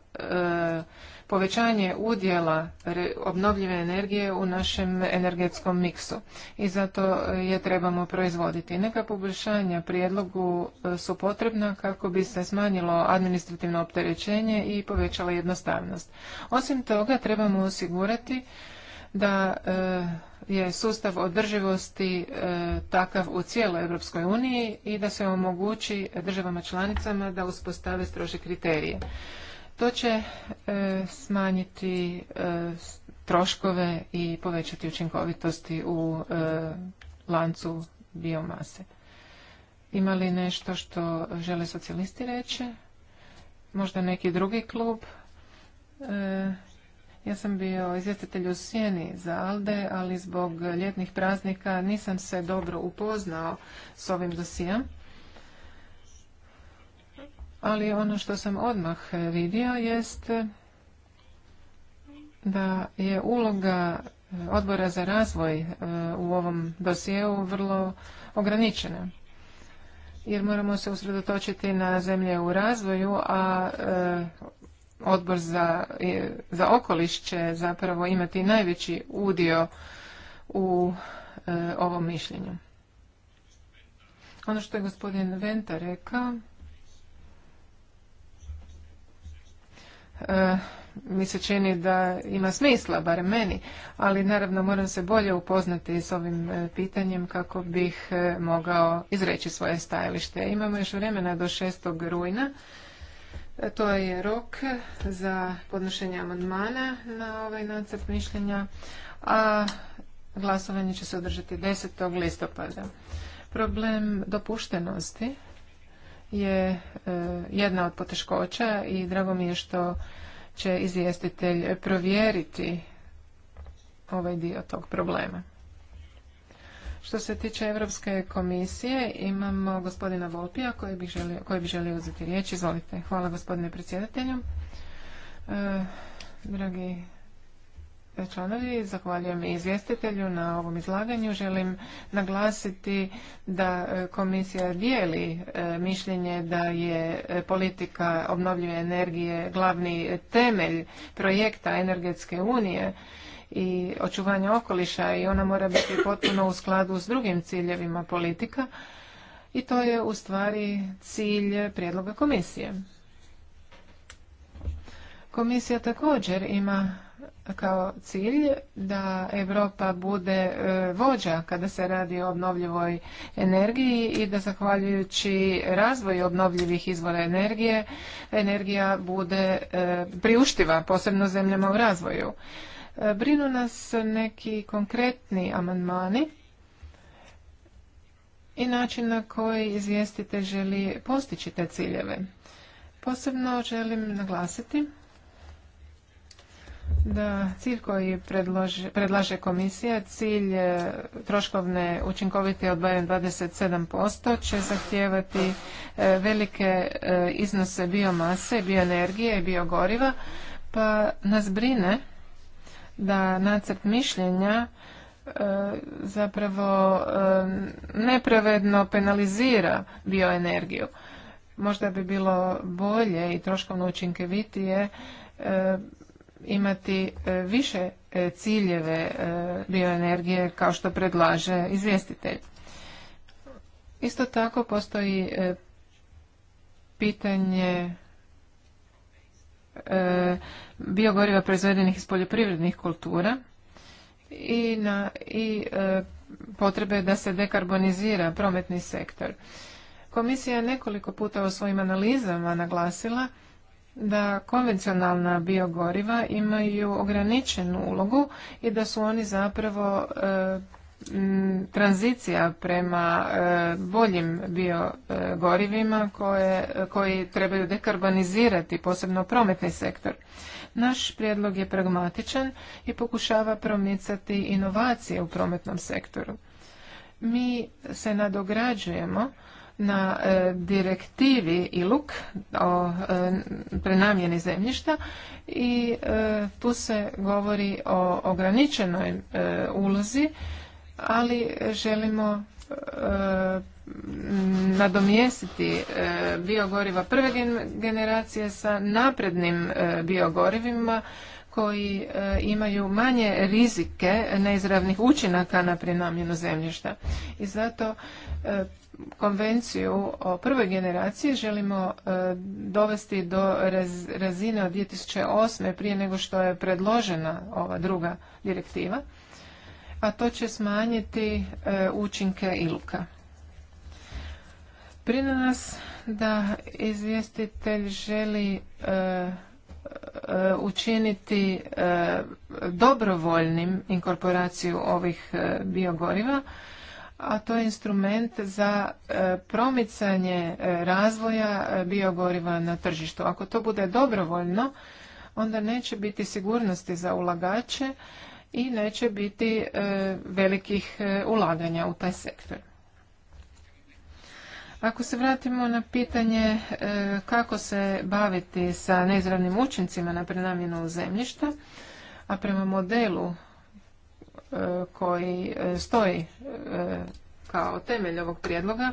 S1: povećanje udjela obnovljive energije u našem energetskom miksu i zato je trebamo proizvoditi. Neka poboljšanja prijedlogu e, su potrebna kako bi se smanjilo administrativno opterećenje i povećala jednostavnost. Osim toga trebamo osigurati da e, je sustav održivosti e, takav u cijeloj Europskoj uniji i da se omogući državama članicama da uspostave strože kriterije. To će e, smanjiti e, troškove i povećati učinkovitosti u e, lancu biomase. Ima li nešto što žele socijalisti reći? Možda neki drugi klub? Ja sam bio izvjestitelj u Sjeni za Alde, ali zbog ljetnih praznika nisam se dobro upoznao s ovim dosijem ali ono što sam odmah vidio jest da je uloga eh, odbora za razvoj eh, u ovom dosjeu vrlo ograničena. Jer moramo se usredotočiti na zemlje u razvoju, a eh, odbor za, za okoliš će zapravo imati najveći udio u ovom mišljenju. Ono što je gospodin Venta rekao, E, mi se čini da ima smisla, barem meni, ali naravno moram se bolje upoznati s ovim e, pitanjem kako bih e, mogao izreći svoje stajalište. Imamo još vremena do 6. rujna. To je rok za podnošenje amandmana na ovaj nacrt mišljenja, a glasovanje će se održati 10. listopada. Problem dopuštenosti je e, jedna od poteškoća i drago mi je što će izvjestitelj provjeriti ovaj dio tog problema. Što se tiče Europske komisije, imamo gospodina Volpija koji bi želio, koji bi uzeti riječ. Izvolite. Hvala gospodine predsjedatelju. E, dragi članovi, zahvaljujem izvjestitelju na ovom izlaganju. Želim naglasiti da e, komisija dijeli e, mišljenje da je e, politika obnovljive energije glavni temelj projekta Energetske unije i očuvanja okoliša i ona mora biti potpuno u skladu s drugim ciljevima politika i to je u stvari cilj prijedloga komisije. Komisija također ima kao cilj da Europa bude e, vođa kada se radi o obnovljivoj energiji i da zahvaljujući razvoju obnovljivih izvora energije energija bude e, priuštiva posebno zemljama u razvoju. E, brinu nas neki konkretni amandmani i način na koji izvijestite želi postići te ciljeve. Posebno želim naglasiti da, cilj koji predlaže komisija, cilj e, troškovne učinkovite od barem 27% će zahtijevati e, velike e, iznose biomase, bioenergije i biogoriva, pa nas brine da nacrt mišljenja zapravo nepravedno penalizira bioenergiju. Možda bi bilo bolje i troškovno učinkovitije imati e, više e, ciljeve e, bioenergije kao što predlaže izvjestitelj. Isto tako postoji pitanje biogoriva proizvedenih iz poljoprivrednih kultura i, na, i potrebe da se dekarbonizira prometni sektor. Komisija je nekoliko puta u svojim analizama naglasila da konvencionalna biogoriva imaju ograničenu ulogu i da su oni zapravo e, tranzicija prema e, boljim biogorivima koji trebaju dekarbonizirati posebno prometni sektor. Naš prijedlog je pragmatičan i pokušava promicati inovacije u prometnom sektoru. Mi se nadograđujemo na e, direktivi ILUK o e, prenamjeni zemljišta i e, tu se govori o ograničenoj ulozi, ali želimo nadomjestiti biogoriva prve generacije sa naprednim biogorivima koji imaju manje rizike neizravnih učinaka na prenamjenu zemljišta. I zato konvenciju o prvoj generaciji želimo e, dovesti do razine od 2008. prije nego što je predložena ova druga direktiva, a to će smanjiti e, učinke iluka. Prina nas da izvjestitelj želi e, učiniti dobrovoljnim inkorporaciju ovih biogoriva, a to je instrument za e, promicanje e, razvoja e, biogoriva na tržištu. Ako to bude dobrovoljno, onda neće biti sigurnosti za ulagače i neće biti velikih ulaganja u taj sektor. Ako se vratimo na pitanje kako se baviti sa neizravnim učincima na prenamjenu zemljišta, a prema modelu koji e, stoji e, kao temelj ovog prijedloga,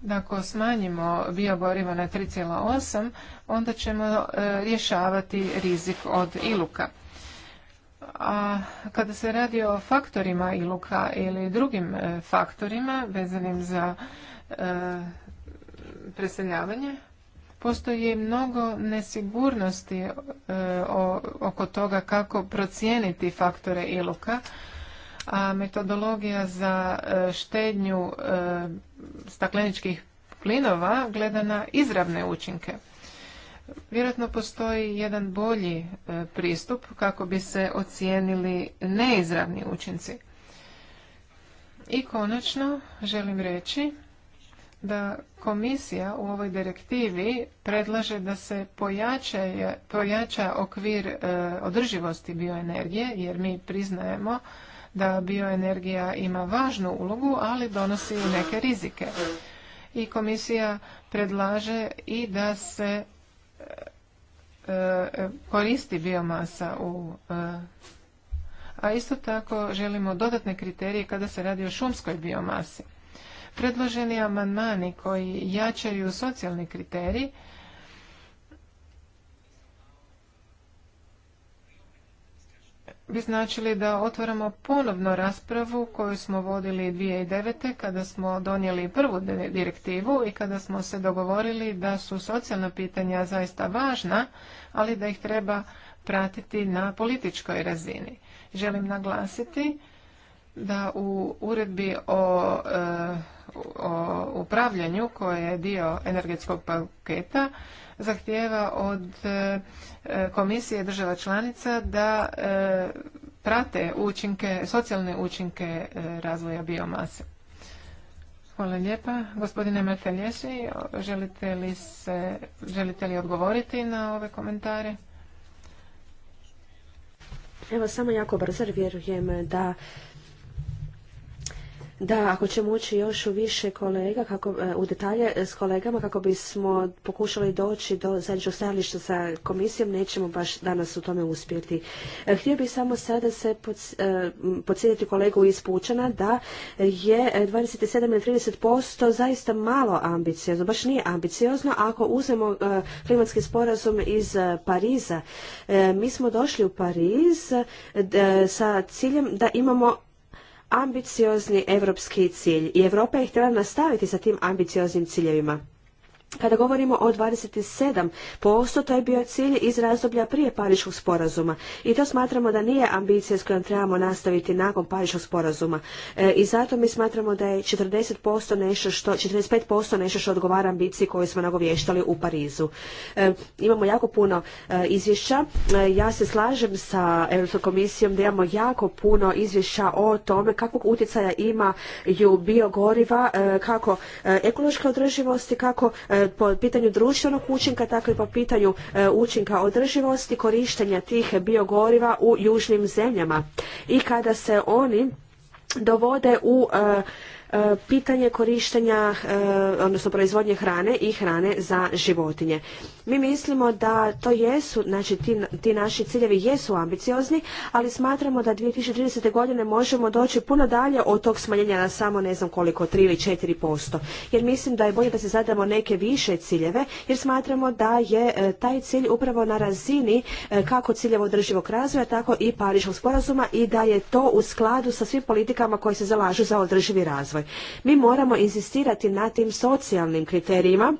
S1: da ako smanjimo biogorivo na 3,8, onda ćemo e, rješavati rizik od iluka. A kada se radi o faktorima iluka ili drugim faktorima vezanim za preseljavanje, Postoji mnogo nesigurnosti e, oko toga kako procijeniti faktore iluka, a metodologija za e, štednju e, stakleničkih plinova gleda na izravne učinke. Vjerojatno postoji jedan bolji pristup kako bi se ocijenili neizravni učinci. I konačno želim reći da komisija u ovoj direktivi predlaže da se pojača, pojača okvir e, održivosti bioenergije jer mi priznajemo da bioenergija ima važnu ulogu, ali donosi neke rizike. I komisija predlaže i da se e, e, koristi biomasa u a isto tako želimo dodatne kriterije kada se radi o šumskoj biomasi. Predloženi amandmani koji jačaju socijalni kriterij bi značili da otvaramo ponovno raspravu koju smo vodili 2009. kada smo donijeli prvu direktivu i kada smo se dogovorili da su socijalna pitanja zaista važna, ali da ih treba pratiti na političkoj razini. Želim naglasiti da u uredbi o e, o upravljanju koje je dio energetskog paketa zahtijeva od e, komisije država članica da e, prate učinke, socijalne učinke e, razvoja biomase. Hvala lijepa. Gospodine Metelješi, želite li, se, želite li odgovoriti na ove komentare?
S2: Evo samo jako brzo, vjerujem da da, ako ćemo ući još u više kolega, kako, e, u detalje e, s kolegama, kako bismo pokušali doći do zajedničkog stajališta sa komisijom, nećemo baš danas u tome uspjeti. E, htio bih samo sada se podsjetiti kolegu iz Pučana da je 27 ili 30% zaista malo ambiciozno, baš nije ambiciozno. Ako uzmemo klimatski sporazum iz Pariza, mi smo došli u Pariz sa ciljem da imamo ambiciozni europski cilj i Europa je htjela nastaviti sa tim ambicioznim ciljevima. Kada govorimo o 27%, to je bio cilj iz razdoblja prije Pariškog sporazuma i to smatramo da nije ambicija s kojom trebamo nastaviti nakon Pariškog sporazuma e, i zato mi smatramo da je 40% nešto što, 45% nešto što odgovara ambiciji koju smo nagovještali u Parizu. E, imamo jako puno e, izvješća, ja se slažem sa Europskom komisijom da imamo jako puno izvješća o tome kakvog utjecaja imaju biogoriva, kako ekološke održivosti, kako E, po pitanju društvenog učinka, tako i po pitanju e, učinka održivosti korištenja tih biogoriva u južnim zemljama. I kada se oni dovode u e, E, pitanje korištenja, e, odnosno proizvodnje hrane i hrane za životinje. Mi mislimo da to jesu, znači ti, naši ciljevi jesu ambiciozni, ali smatramo da 2030. godine možemo doći puno dalje od tog smanjenja na samo ne znam koliko, 3 ili 4%. Jer mislim da je bolje da se zadamo neke više ciljeve, jer smatramo da je e, taj cilj upravo na razini kako ciljeva održivog razvoja, tako i pariškog sporazuma i da je to u skladu sa svim politikama koje se zalažu za održivi razvoj. Mi moramo insistirati na tim socijalnim kriterijima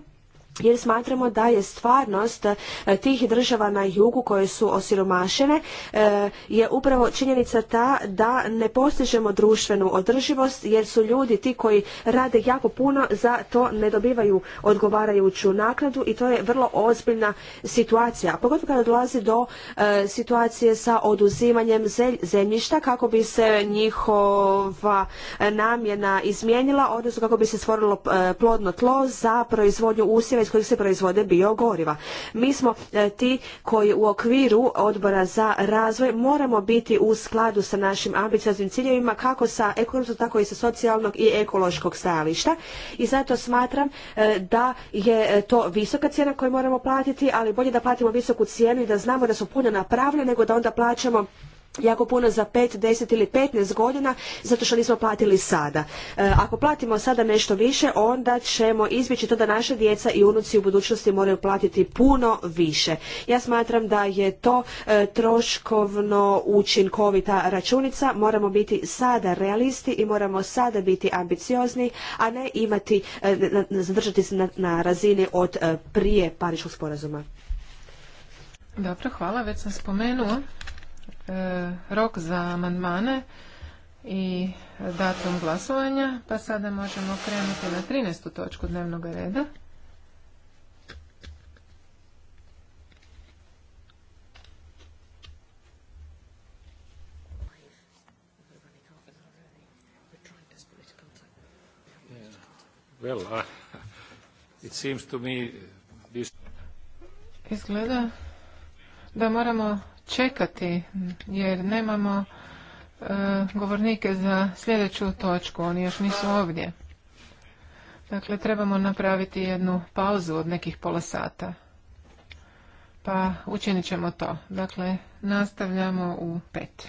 S2: jer smatramo da je stvarnost e, tih država na jugu koje su osiromašene e, je upravo činjenica ta da ne postižemo društvenu održivost jer su ljudi ti koji rade jako puno za to ne dobivaju odgovarajuću naknadu i to je vrlo ozbiljna situacija. Pogotovo kada dolazi do e, situacije sa oduzimanjem zemljišta kako bi se njihova namjena izmijenila, odnosno kako bi se stvorilo plodno tlo za proizvodnju usjeva iz kojih se proizvode biogoriva. Mi smo e, ti koji u okviru odbora za razvoj moramo biti u skladu sa našim ambicioznim ciljevima kako sa ekonomskog, tako i sa socijalnog i ekološkog stajališta i zato smatram e, da je e, to visoka cijena koju moramo platiti, ali bolje da platimo visoku cijenu i da znamo da su puno napravljene nego da onda plaćamo jako puno za 5, 10 ili 15 godina zato što nismo platili sada. E, ako platimo sada nešto više onda ćemo izbjeći to da naša djeca i unuci u budućnosti moraju platiti puno više. Ja smatram da je to e, troškovno učinkovita računica. Moramo biti sada realisti i moramo sada biti ambiciozni, a ne imati, e, zadržati se na, razini od prije Pariškog sporazuma.
S1: Dobro, hvala, već sam spomenuo E, rok za amandmane i datum glasovanja, pa sada možemo krenuti na 13. točku dnevnog reda. Uh, Izgleda da moramo čekati jer nemamo e, govornike za sljedeću točku, oni još nisu ovdje. Dakle, trebamo napraviti jednu pauzu od nekih pola sata. Pa učinit ćemo to. Dakle, nastavljamo u pet.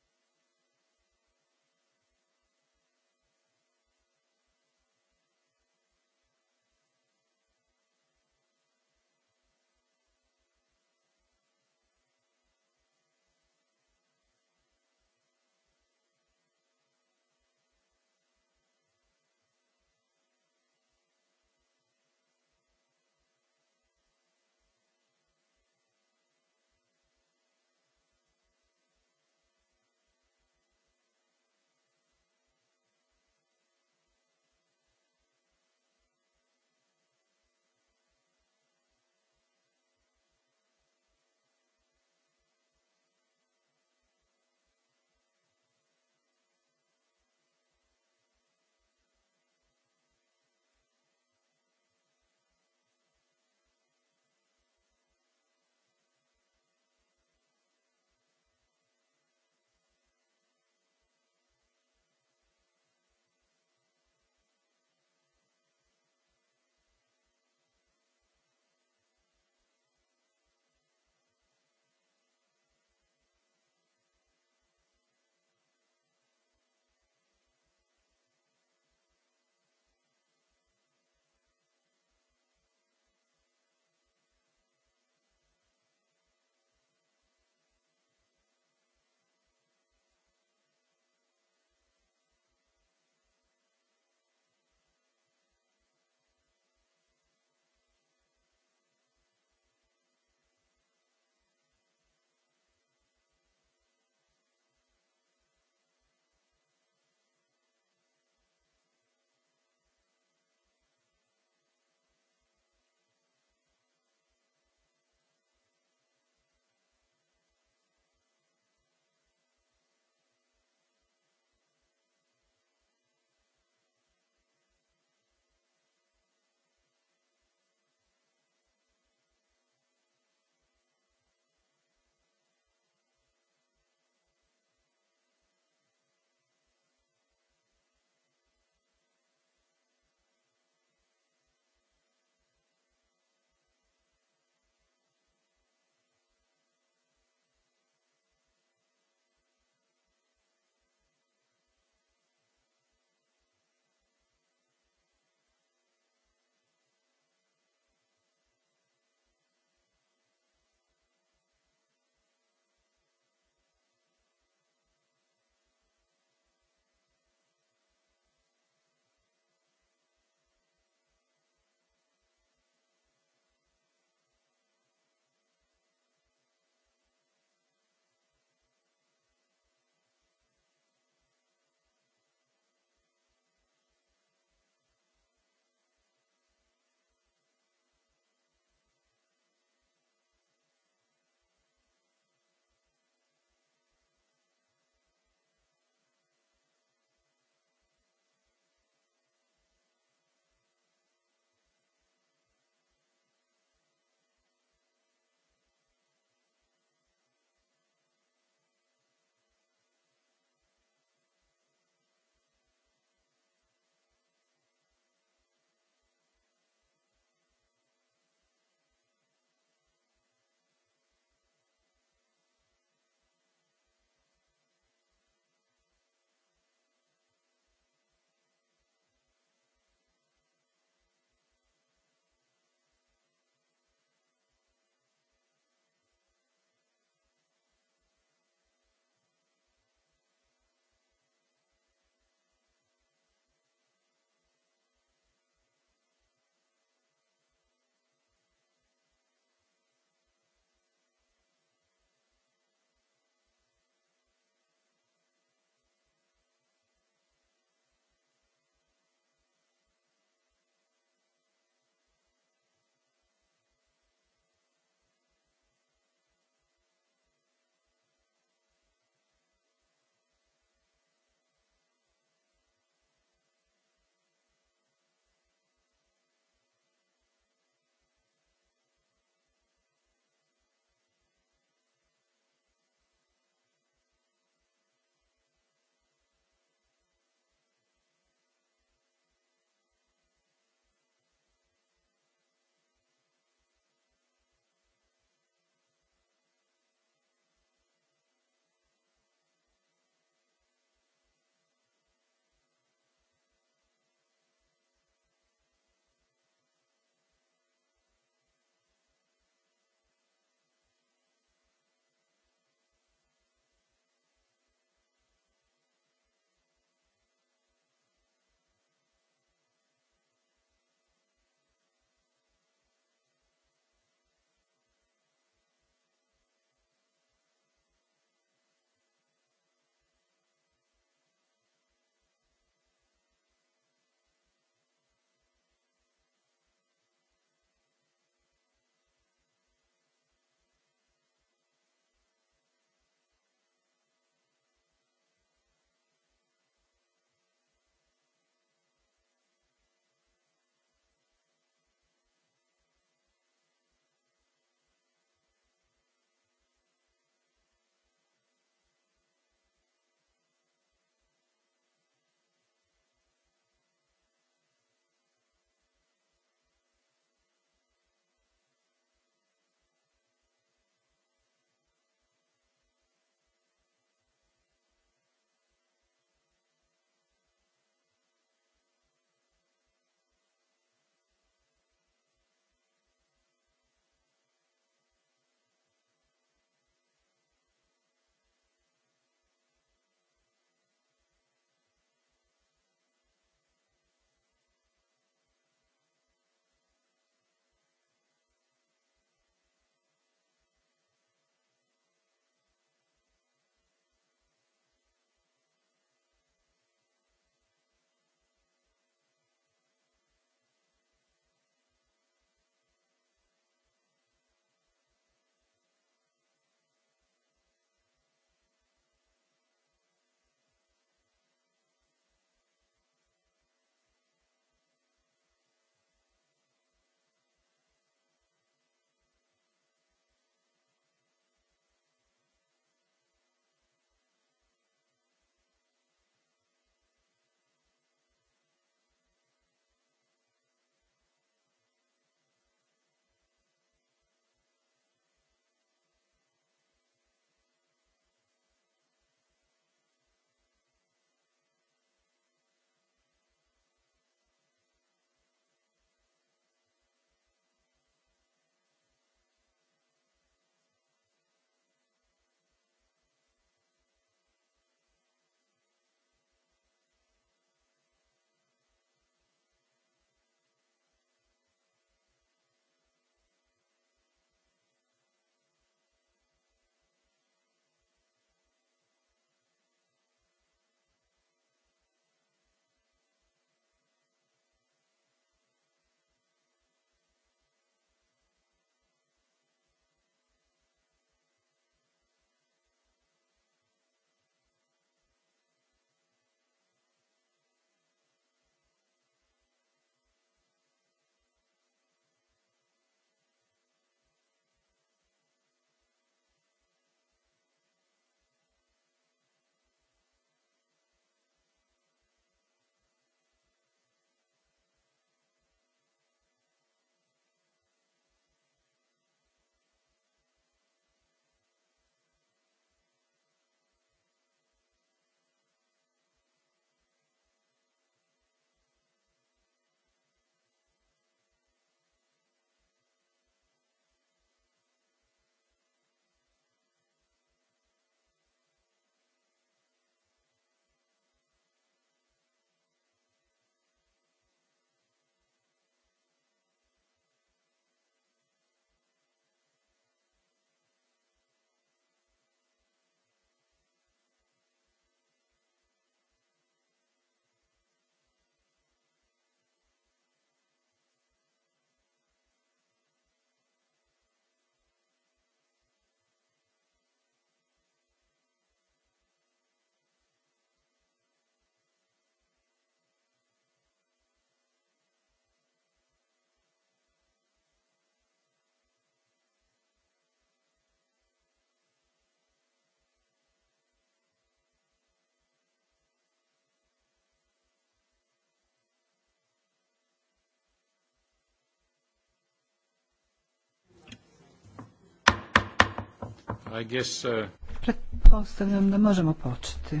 S3: I guess, uh,
S4: Pretpostavljam da možemo početi.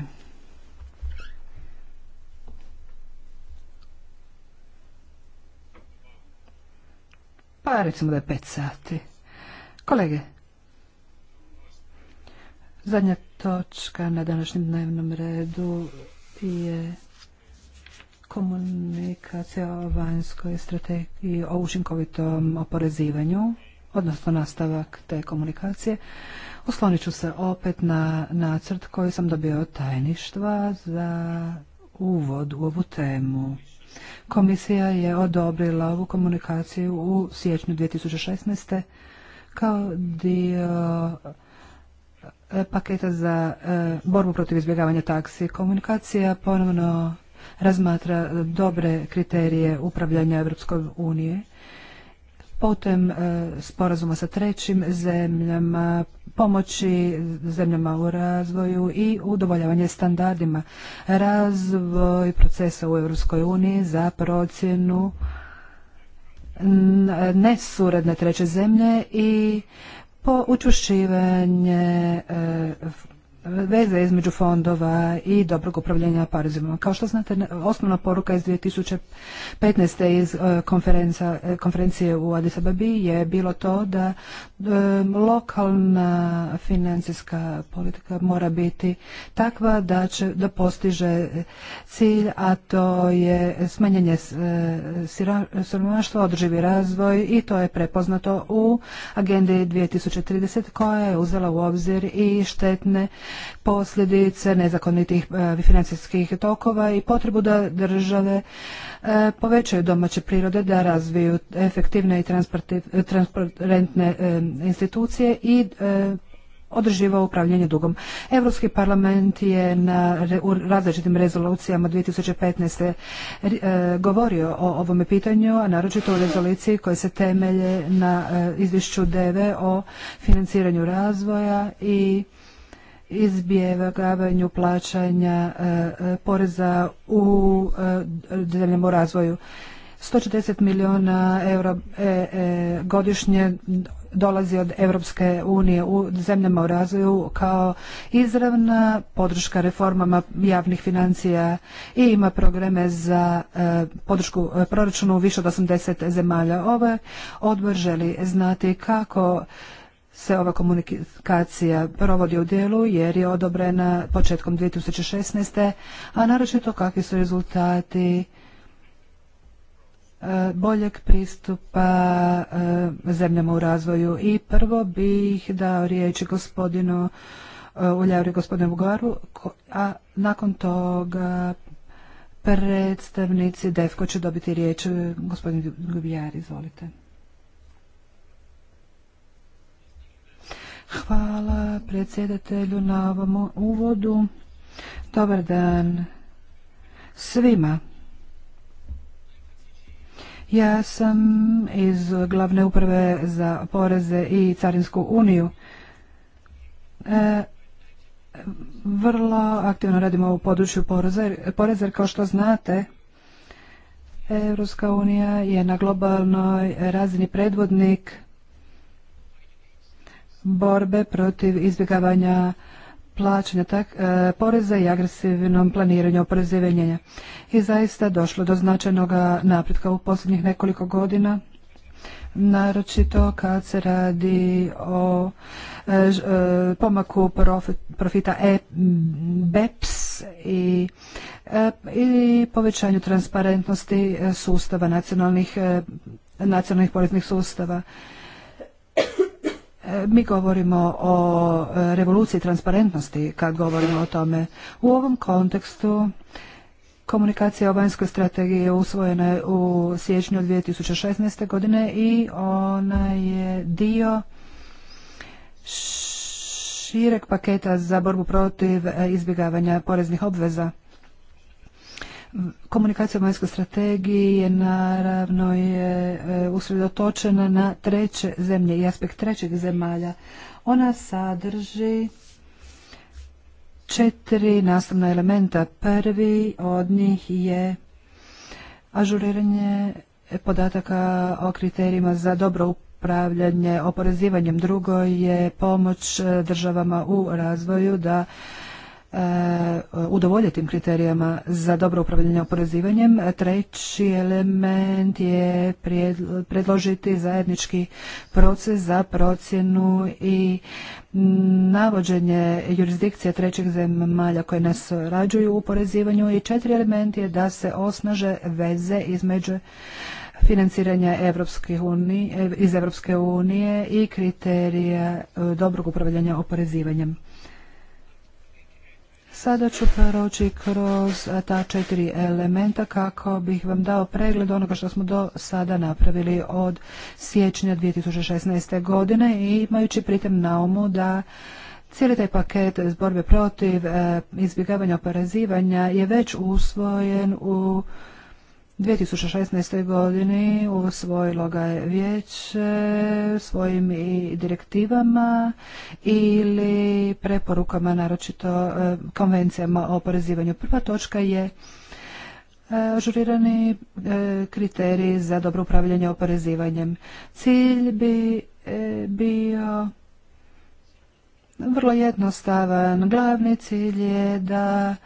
S4: Pa recimo da je pet sati. Kolege, zadnja točka na današnjem dnevnom redu je komunikacija o vanjskoj strategiji o učinkovitom oporezivanju odnosno nastavak te komunikacije. Oslonit ću se opet na nacrt koji sam dobio od tajništva za uvod u ovu temu. Komisija je odobrila ovu komunikaciju u siječnju 2016. kao dio e, paketa za e, borbu protiv izbjegavanja taksi. Komunikacija ponovno razmatra dobre kriterije upravljanja Europskoj unije Potem e, sporazuma sa trećim zemljama, pomoći zemljama u razvoju i udovoljavanje standardima. Razvoj procesa u Europskoj uniji za procjenu nesuradne treće zemlje i po e, veze između fondova i dobrog upravljanja parizima. Kao što znate, osnovna poruka iz 2015. iz e, e, konferencije u Addis je bilo to da e, lokalna financijska politika mora biti takva da da postiže cilj, a to je smanjenje siromaštva, održivi razvoj i to je prepoznato u agendi 2030 koja je uzela u obzir i štetne posljedice nezakonitih e, financijskih tokova i potrebu da države e, povećaju domaće prirode, da razviju efektivne i transparentne e, institucije i održivo upravljanje dugom. Europski parlament je na, u različitim rezolucijama 2015. govorio o ovome pitanju, a naročito u rezoluciji koja se temelje na izvješću DEVE o financiranju razvoja i izbjegavanju plaćanja e, e, poreza u zemljama u razvoju. 140 milijuna eura e, godišnje dolazi od Europske unije u zemljama u razvoju kao izravna podrška reformama javnih financija i ima programe za podršku proračunu u više od 80 zemalja. Ovaj odbor želi znati kako se ova komunikacija provodi u dijelu jer je odobrena početkom 2016. a naročito kakvi su rezultati e, boljeg pristupa e, zemljama u razvoju. I prvo bih dao riječ gospodinu e, Uljavri gospodinu Bugaru, a nakon toga predstavnici DEFKO će dobiti riječ. Gospodin gubijar izvolite. Hvala predsjedatelju na ovom uvodu. Dobar dan svima. Ja sam iz glavne uprave za poreze i Carinsku uniju. E, vrlo aktivno radimo u području poreza, jer kao što znate, Europska unija je na globalnoj razini predvodnik borbe protiv izbjegavanja plaćanja e, poreza i agresivnom planiranju oporezivanja. I zaista došlo do značajnog napretka u posljednjih nekoliko godina, naročito kad se radi o e, e, pomaku profita e, BEPS i, povećanju transparentnosti sustava nacionalnih, nacionalnih poreznih sustava. Mi govorimo o e, revoluciji transparentnosti kad govorimo o tome. U ovom kontekstu komunikacija o vanjskoj strategiji je usvojena u siječnju 2016. godine i ona je dio šireg paketa za borbu protiv izbjegavanja poreznih obveza. Komunikacija o vanjskoj strategiji je naravno je e, usredotočena na treće zemlje i aspekt trećih zemalja. Ona sadrži četiri nastavna elementa. Prvi od njih je ažuriranje podataka o kriterijima za dobro upravljanje oporezivanjem. Drugo je pomoć e, državama u razvoju da E, udovoljiti tim kriterijama za dobro upravljanje oporezivanjem. Treći element je predložiti zajednički proces za procjenu i navođenje jurisdikcije trećih zemalja koje nas rađuju u oporezivanju. I četiri element je da se osnaže veze između financiranja iz Evropske unije i kriterija e, dobrog upravljanja oporezivanjem. Sada ću proći kroz e, ta četiri elementa kako bih vam dao pregled onoga što smo do sada napravili od siječnja 2016. godine i imajući pritem na umu da Cijeli taj paket borbe protiv e, izbjegavanja oporezivanja je već usvojen u 2016. godini usvojilo ga je vijeće svojim i direktivama ili preporukama, naročito e, konvencijama o oporezivanju. Prva točka je e, ažurirani e, kriteriji za dobro upravljanje oporezivanjem. Cilj bi bio vrlo jednostavan. Glavni cilj je da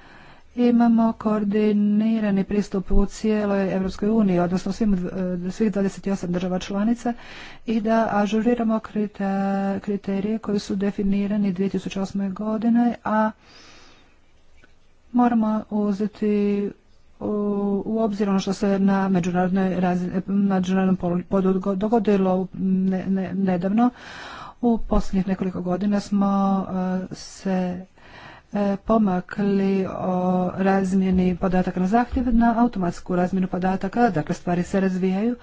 S4: imamo koordinirani pristup u cijeloj Europskoj uniji, odnosno svim, e, svih 28 država članica i da ažuriramo kriterije koji su definirani 2008. godine, a moramo uzeti u, obzir ono što se na međunarodnoj međunarodnom podu dogodilo nedavno. U posljednjih nekoliko godina smo e, se E, pomakli o razmjeni podataka na zahtjev na automatsku razmjenu podataka, dakle stvari se razvijaju,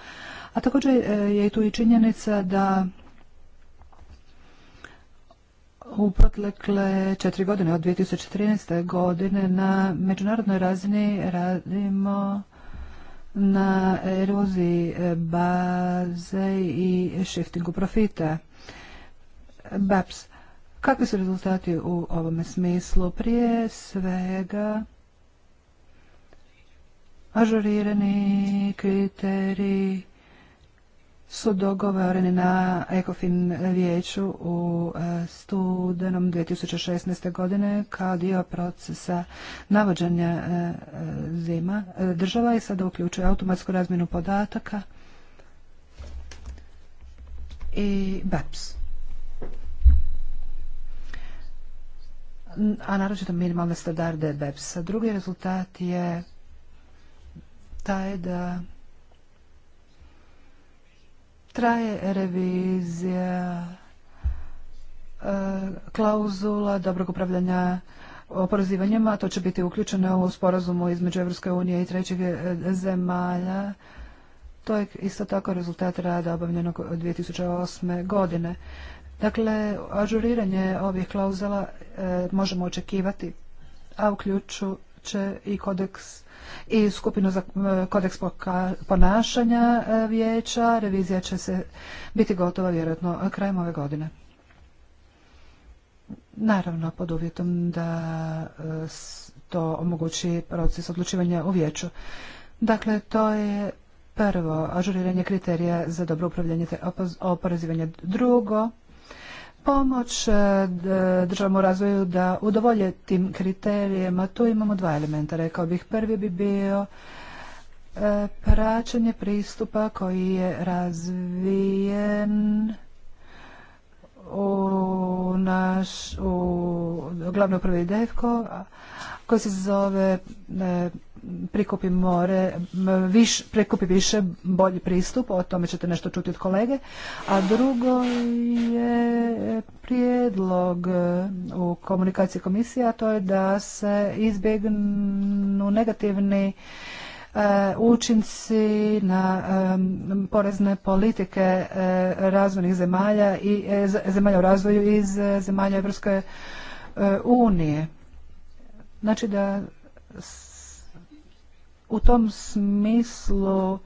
S4: a također e, je tu i činjenica da u protekle četiri godine, od 2013. godine, na međunarodnoj razini radimo na eroziji e, baze i shiftingu profita, BAPS. Kakvi su rezultati u ovome smislu? Prije svega ažurirani kriteriji su dogovoreni na ECOFIN vijeću u e, studenom 2016. godine kao dio procesa navođenja e, e, zima država i sada uključuje automatsku razmjenu podataka i BAPS. a naročito minimalne standarde BEPS-a. Drugi rezultat je taj da traje revizija e, klauzula dobrog upravljanja oporazivanjima, to će biti uključeno u sporazumu između Evropske unije i trećeg zemalja. To je isto tako rezultat rada obavljenog 2008. godine. Dakle, ažuriranje ovih klauzula e, možemo očekivati, a ključu će i kodeks i skupinu za e, kodeks ponašanja e, vijeća. Revizija će se biti gotova vjerojatno krajem ove godine. Naravno, pod uvjetom da to omogući proces odlučivanja u vijeću. Dakle, to je prvo ažuriranje kriterija za dobro upravljanje te oporezivanje. Drugo, pomoć e, državnom razvoju da udovolje tim kriterijima. Tu imamo dva elementa, rekao bih. Prvi bi bio e, praćenje pristupa koji je razvijen u naš u glavno prvi defko koji se zove e, prikupi more, prikupi više bolji pristup, o tome ćete nešto čuti od kolege. A drugo je prijedlog e, u komunikaciji komisije, a to je da se izbjegnu negativni e, učinci na e, porezne politike razvojnih zemalja i zemalja u razvoju iz zemalja Evropske unije. Znači da u tom smislu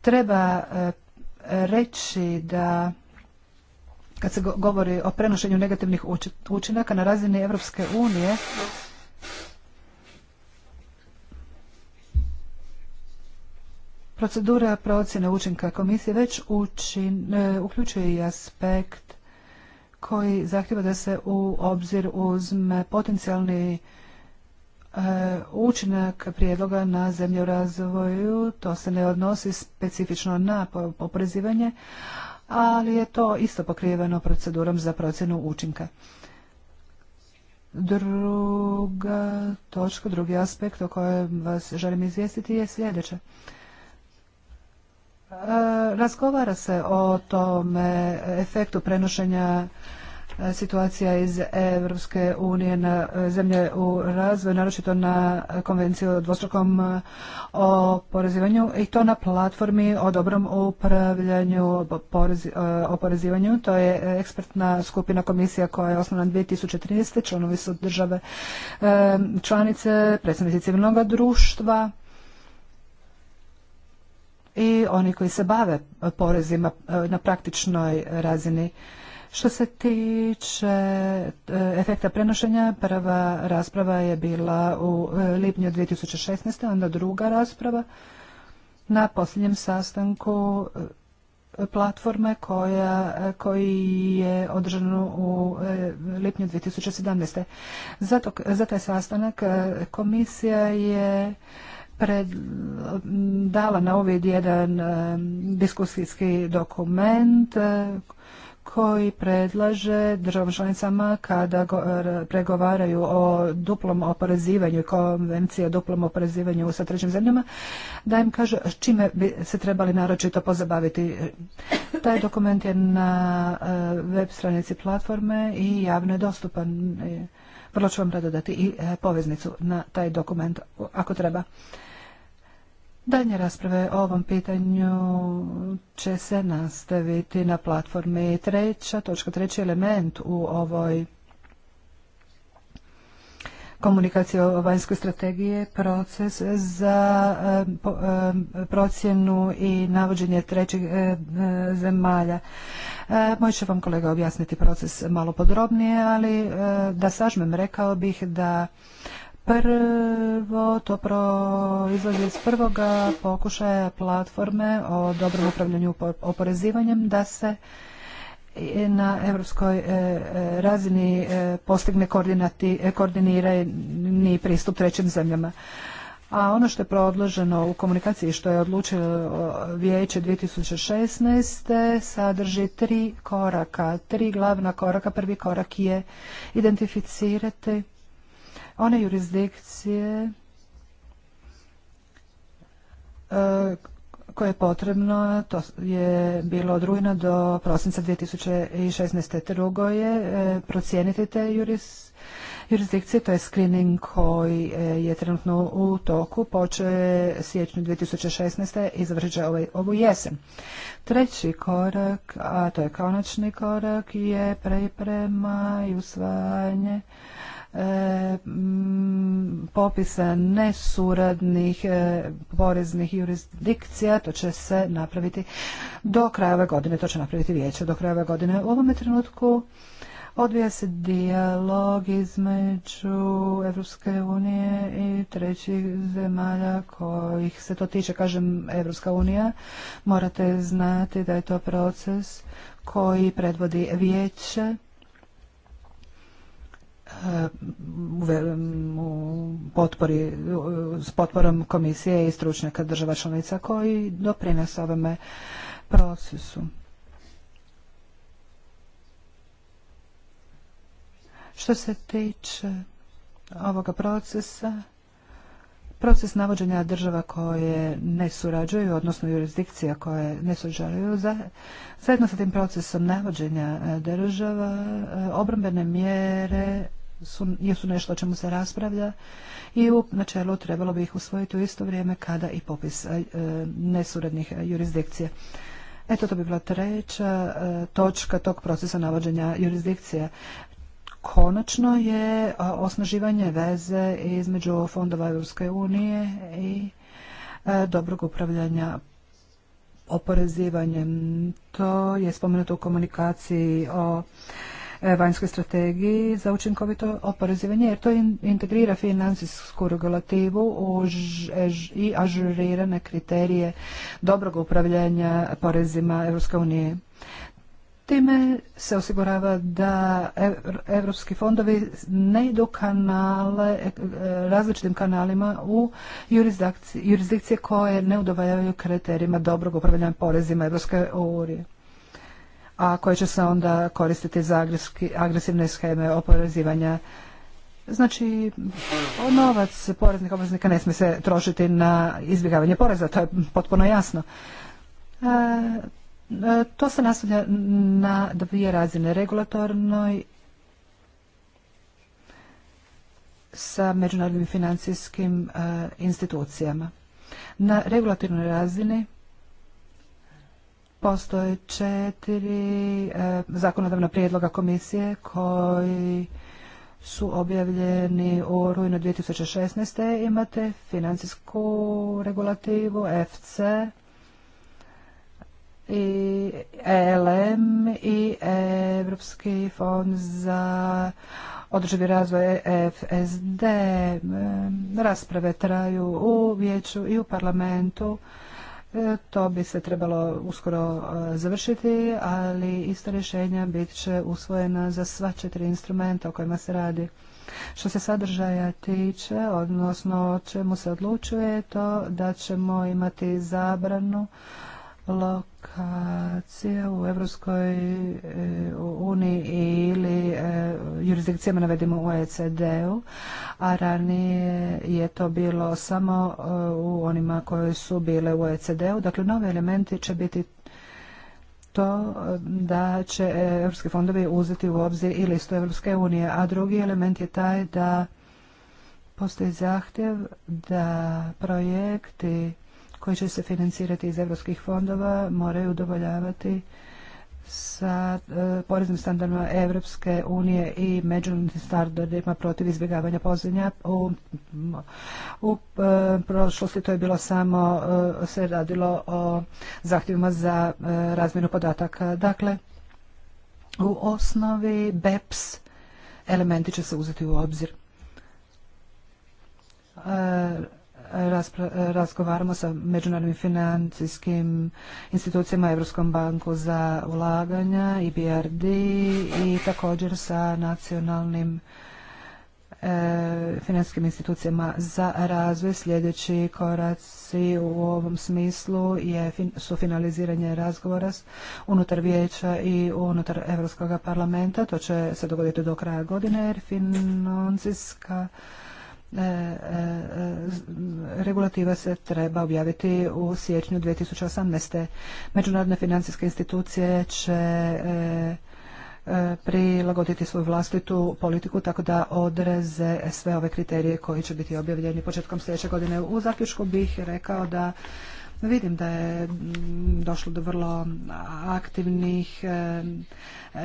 S4: treba e, reći da kad se govori o prenošenju negativnih učinaka na razini Europske unije, Procedura procjene učinka komisije već e, uključuje i aspekt koji zahtjeva da se u obzir uzme potencijalni E, učinak prijedloga na zemlje u razvoju, to se ne odnosi specifično na oporezivanje, ali je to isto pokriveno procedurom za procjenu učinka. Druga točka, drugi aspekt o kojem vas želim izvijestiti je sljedeće. E, razgovara se o tome efektu prenošenja situacija iz Europske unije na zemlje u razvoju, naročito na konvenciju o dvostrukom eh, oporezivanju i to na platformi o dobrom upravljanju eh, oporezivanju. To je ekspertna skupina komisija koja je osnovna 2013. Članovi su države eh, članice, predstavnici civilnog društva, i oni koji se bave porezima na praktičnoj razini. Što se tiče e, efekta prenošenja, prva rasprava je bila u e, lipnju 2016. onda druga rasprava na posljednjem sastanku e, platforme koja, koji je održan u lipnju 2017. Za, za taj sastanak komisija je dala na uvid jedan diskusijski dokument koji predlaže državom članicama kada pregovaraju o duplom oporezivanju i konvencije o duplom oporezivanju sa trećim zemljama, da im kaže čime bi se trebali naročito pozabaviti. Taj dokument je na e, web stranici platforme i javno je dostupan. E, vrlo ću vam rado dati i e, poveznicu na taj dokument ako treba. Dalje rasprave o ovom pitanju će se nastaviti na platformi treća točka, treći element u ovoj komunikaciji o vanjskoj strategiji proces za eh, eh, procjenu i navođenje trećih eh, zemalja. Moj će vam kolega objasniti proces malo podrobnije, ali da sažmem rekao bih da Prvo, to proizlazi iz prvoga pokušaja platforme o dobrom upravljanju oporezivanjem da se na europskoj e, e, razini e, postigne koordinirani pristup trećim zemljama. A ono što je predloženo u komunikaciji što je odlučilo vijeće 2016. sadrži tri koraka, tri glavna koraka. Prvi korak je identificirati one jurisdikcije e, koje je potrebno, to je bilo od rujna do prosinca 2016. Drugo je e, procijeniti te jurisdikcije, to je screening koji e, je trenutno u toku, poče siječnju 2016. i završit će ovaj, ovu jesen. Treći korak, a to je konačni korak, je preprema i usvajanje E, popisa nesuradnih e, poreznih jurisdikcija. To će se napraviti do kraja ove godine. To će napraviti vijeće do kraja ove godine. U ovome trenutku Odvija se dijalog između Evropske unije i trećih zemalja kojih se to tiče, kažem Evropska unija. Morate znati da je to proces koji predvodi vijeće u potpori, s potporom komisije i stručnjaka država članica koji doprinose ovome procesu. Što se tiče ovoga procesa, proces navođenja država koje ne surađuju, odnosno jurisdikcija koje ne surađuju, zajedno sa tim procesom navođenja e, država, e, obrambene mjere su, jesu nešto o čemu se raspravlja i u načelu trebalo bi ih usvojiti u isto vrijeme kada i popis e, e jurisdikcije. Eto, to bi bila treća e, točka tog procesa navođenja jurisdikcija. Konačno je e, osnaživanje veze između fondova Europske unije i dobrog upravljanja oporezivanjem. To je spomenuto u komunikaciji o E, vanjskoj strategiji za učinkovito oporezivanje jer to integrira financijsku regulativu i ažurirane kriterije dobrog upravljanja porezima Europske unije. Time se osigurava da evropski fondovi ne idu kanale, e, različitim kanalima u jurisdikcije koje ne udovoljavaju kriterijima dobrog upravljanja porezima EU. unije a koje će se onda koristiti za agresivne scheme oporezivanja. Znači, novac poreznih obveznika ne smije se trošiti na izbjegavanje poreza, to je potpuno jasno. E, e, to se nastavlja na dvije razine, regulatornoj sa međunarodnim financijskim e, institucijama. Na regulatornoj razini Postoje četiri e, zakonodavna prijedloga komisije koji su objavljeni u rujnu 2016. Imate financijsku regulativu, FC, i ELM i Europski fond za održivi razvoj e FSD. E, rasprave traju u vijeću i u parlamentu. To bi se trebalo uskoro e, završiti, ali isto rješenja bit će usvojena za sva četiri instrumenta o kojima se radi. Što se sadržaja tiče, odnosno o čemu se odlučuje, to da ćemo imati zabranu lokacija u Evropskoj e, uniji ili e, jurisdikcijama navedimo u OECD-u, a ranije je to bilo samo e, u onima koje su bile u OECD-u. Dakle, nove elementi će biti to da će europski fondovi uzeti u obzir i listu Evropske unije, a drugi element je taj da postoji zahtjev da projekti koji će se financirati iz europskih fondova moraju udovoljavati sa e, poreznim standardima Evropske unije i međunarodnim standardima protiv izbjegavanja pozivnja. U, e, prošlosti to je bilo samo, e, se radilo o zahtjevima za razmjenu podataka. Dakle, u osnovi BEPS elementi će se uzeti u obzir razgovaramo sa međunarodnim financijskim institucijama, Europskom banku za ulaganja, IBRD i također sa nacionalnim e, financijskim institucijama za razvoj. Sljedeći koraci u ovom smislu je, sufinaliziranje razgovora unutar vijeća i unutar Evropskog parlamenta. To će se dogoditi do kraja godine jer financijska E, e, e, regulativa se treba objaviti u siječnju 2018. Međunarodne financijske institucije će prilagoditi svoju vlastitu politiku tako da odreze sve ove kriterije koji će biti objavljeni početkom sljedeće godine. U zaključku bih rekao da Vidim da je mm, došlo do vrlo aktivnih e, e,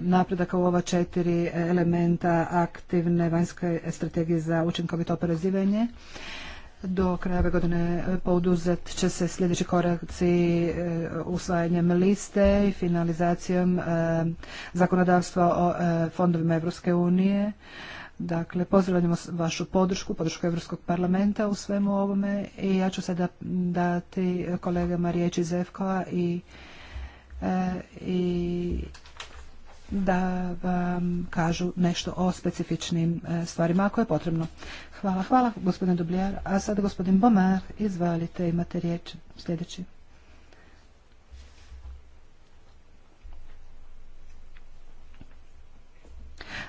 S4: napredaka u ova četiri elementa aktivne vanjske strategije za učinkovito oporezivanje. Do kraja ove godine poduzet će se sljedeći koraci e, usvajanjem liste i finalizacijom zakonodavstva o fondovima Evropske unije Dakle, pozdravljamo vašu podršku, podršku Europskog parlamenta u svemu ovome i ja ću sada dati kolegama riječi iz e, i, da vam kažu nešto o specifičnim e, stvarima ako je potrebno. Hvala, hvala gospodine Dublijar. A sada gospodin Bomar, izvalite, imate riječ sljedeći.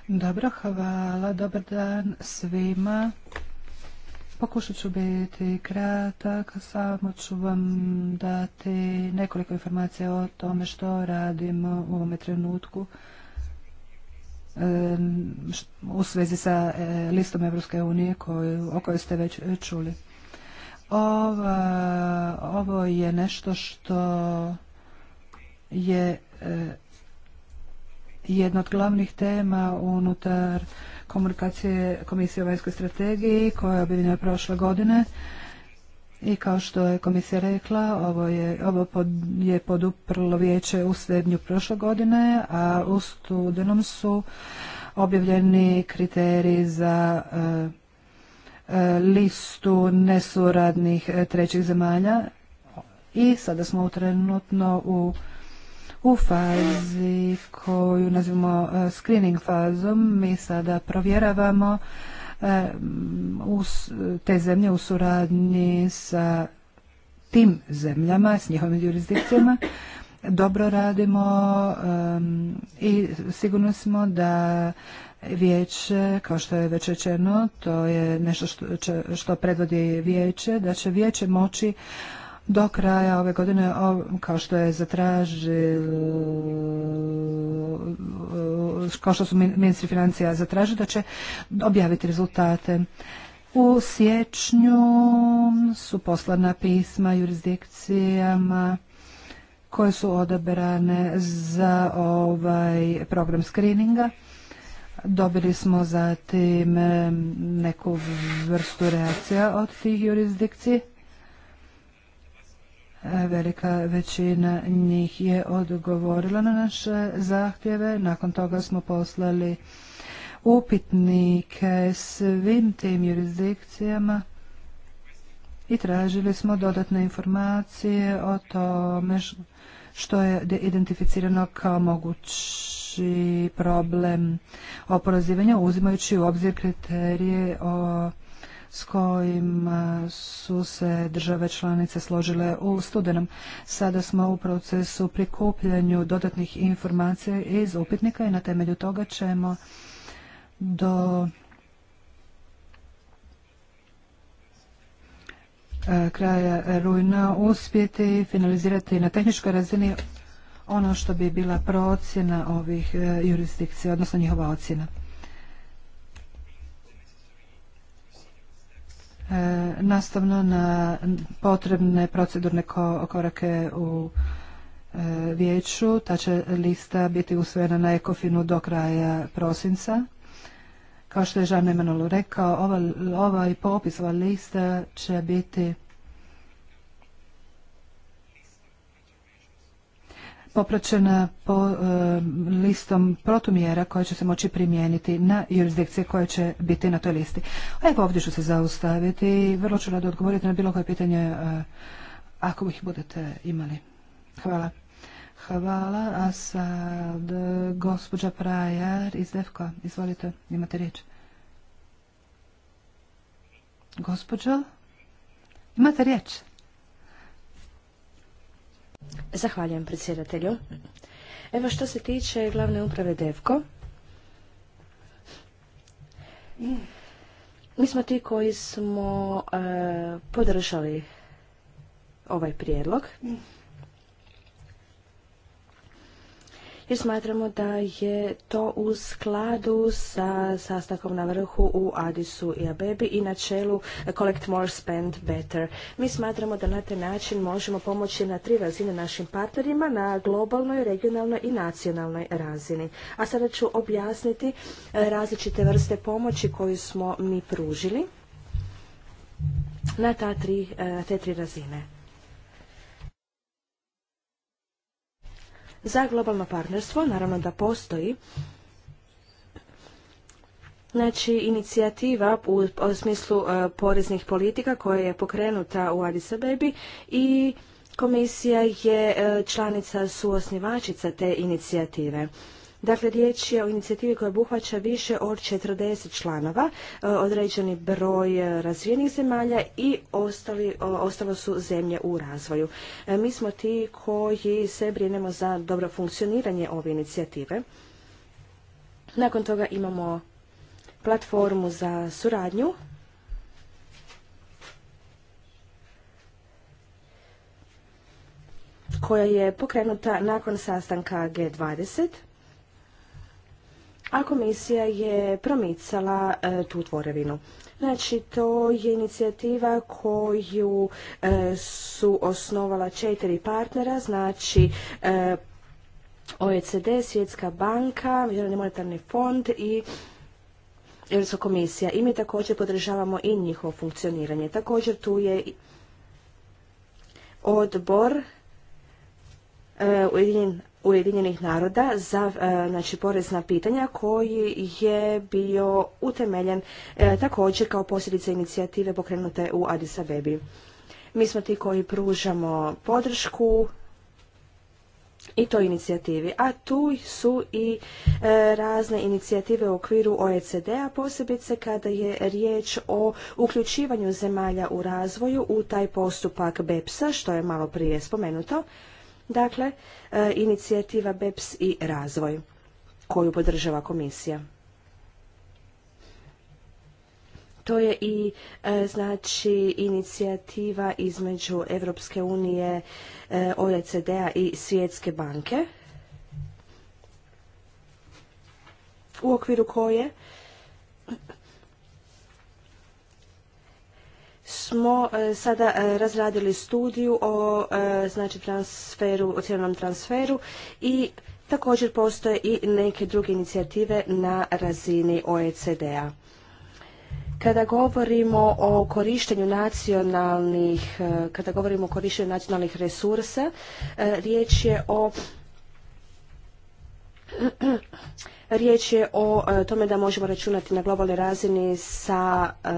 S4: Dobro, hvala. Dobar dan svima. Pokušat ću biti kratak, samo ću vam dati nekoliko informacija o tome što radimo u ovome trenutku u svezi sa e, listom Evropske unije o kojoj ste već čuli. ovo je nešto što je e, jedna od glavnih tema unutar komunikacije Komisije o vanjskoj strategiji koja je objavljena prošle godine. I kao što je komisija rekla, ovo je, ovo pod, je poduprlo vijeće u srednju prošle godine, a u studenom su objavljeni kriteriji za e, e, listu nesuradnih trećih zemalja i sada smo trenutno u u fazi koju nazivamo e, screening fazom mi sada provjeravamo e, te zemlje u suradnji sa tim zemljama, s njihovim jurisdikcijama. Dobro radimo i sigurno smo da vijeće, kao što je već rečeno, to je nešto što, što predvodi vijeće, da će vijeće moći do kraja ove godine, kao što je zatražilo, kao što su ministri financija zatražili, da će objaviti rezultate. U siječnju su poslana pisma jurisdikcijama koje su odabrane za ovaj program screeninga. Dobili smo zatim e, neku vrstu reakcija od tih jurisdikcije Velika većina njih je odgovorila na naše zahtjeve. Nakon toga smo poslali upitnike svim tim jurisdikcijama i tražili smo dodatne informacije o tome što je identificirano kao mogući problem oporezivanja uzimajući u obzir kriterije o s kojim su se države članice složile u studenom. Sada smo u procesu prikupljanju dodatnih informacija iz upitnika i na temelju toga ćemo do kraja rujna uspjeti finalizirati na tehničkoj razini ono što bi bila procjena ovih jurisdikcija, odnosno njihova ocjena. E, nastavno na potrebne procedurne korake u e, vijeću. Ta će lista biti usvojena na Ekofinu do kraja prosinca. Kao što je Žan Emanolu rekao, ovaj popis, ova lista će biti popraćena po eh, listom protumjera koje će se moći primijeniti na jurisdikcije koje će biti na toj listi. Evo ovdje ću se zaustaviti i vrlo ću rado odgovoriti na bilo koje pitanje eh, ako ih budete imali. Hvala. Hvala. A sad gospođa Prajar iz Defko, Izvolite, imate riječ.
S2: Gospođo, imate riječ. Zahvaljujem predsjedatelju. Evo što se tiče glavne uprave DEVKO, mi smo ti koji smo eh, podržali ovaj prijedlog. I smatramo da je to u skladu sa sastakom na vrhu u Adisu i Abebi i na čelu Collect More, Spend Better. Mi smatramo da na taj način možemo pomoći na tri razine našim partnerima, na globalnoj, regionalnoj i nacionalnoj razini. A sada ću objasniti e, različite vrste pomoći koju smo mi pružili na e, te tri razine. za globalno partnerstvo, naravno da postoji, Znači, inicijativa u, smislu e, poreznih politika koja je pokrenuta u Addis Abebi i komisija je e, članica suosnivačica te inicijative. Dakle, riječ je o inicijativi koja obuhvaća više od 40 članova, e, određeni broj e, razvijenih zemalja i ostali, ostalo su zemlje u razvoju. E, mi smo ti koji se brinemo za dobro funkcioniranje ove inicijative. Nakon toga imamo platformu za suradnju koja je pokrenuta nakon sastanka G20 a komisija je promicala e, tu tvorevinu. Znači, to je inicijativa koju e, su osnovala četiri partnera, znači e, OECD, Svjetska banka, Međunarodni monetarni fond i Europska komisija. I mi također podržavamo i njihovo funkcioniranje. Također tu je odbor Ujedinjen Ujedinjenih naroda za e, znači, porezna pitanja koji je bio utemeljen e, također kao posljedica inicijative pokrenute u Addis Abebi. Mi smo ti koji pružamo podršku i to inicijativi. A tu su i e, razne inicijative u okviru OECD-a, posebice kada je riječ o uključivanju zemalja u razvoju u taj postupak BEPS-a, što je malo prije spomenuto. Dakle, e, inicijativa BEPS i razvoj koju podržava komisija. To je i e, znači inicijativa između Europske unije, e, OECD-a i Svjetske banke u okviru koje smo e, sada e, razradili studiju o e, znači transferu, o cijelom transferu i također postoje i neke druge inicijative na razini OECD-a. Kada govorimo o korištenju nacionalnih, kada govorimo o korištenju nacionalnih resursa, riječ je o Riječ je o e, tome da možemo računati na globalnoj razini sa e,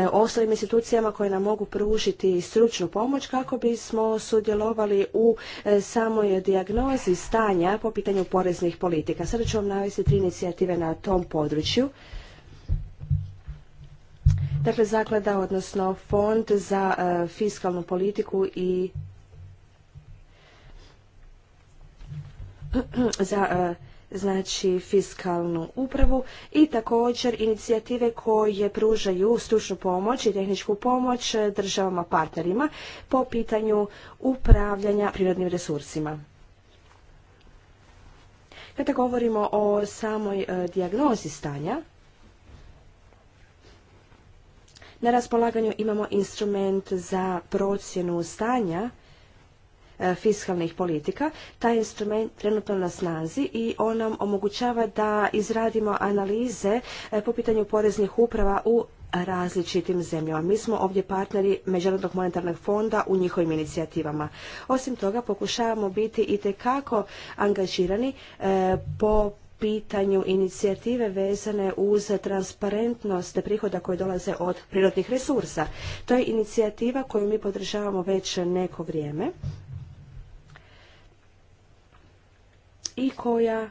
S2: e, ostalim institucijama koje nam mogu pružiti stručnu pomoć kako bismo sudjelovali u samoj dijagnozi stanja po pitanju poreznih politika. Sada ću vam navesti tri inicijative na tom području. Dakle, zaklada, odnosno fond za fiskalnu politiku i [clears throat] za e, znači fiskalnu upravu i također inicijative koje pružaju stručnu pomoć i tehničku pomoć državama partnerima po pitanju upravljanja prirodnim resursima. Kada govorimo o samoj e, dijagnozi stanja, na raspolaganju imamo instrument za procjenu stanja E, fiskalnih politika. Taj instrument trenutno na snazi i on nam omogućava da izradimo analize e, po pitanju poreznih uprava u različitim zemljama. Mi smo ovdje partneri Međunarodnog monetarnog fonda u njihovim inicijativama. Osim toga, pokušavamo biti i tekako angažirani e, po pitanju inicijative vezane uz transparentnost prihoda koje dolaze od prirodnih resursa. To je inicijativa koju mi podržavamo već neko vrijeme i koja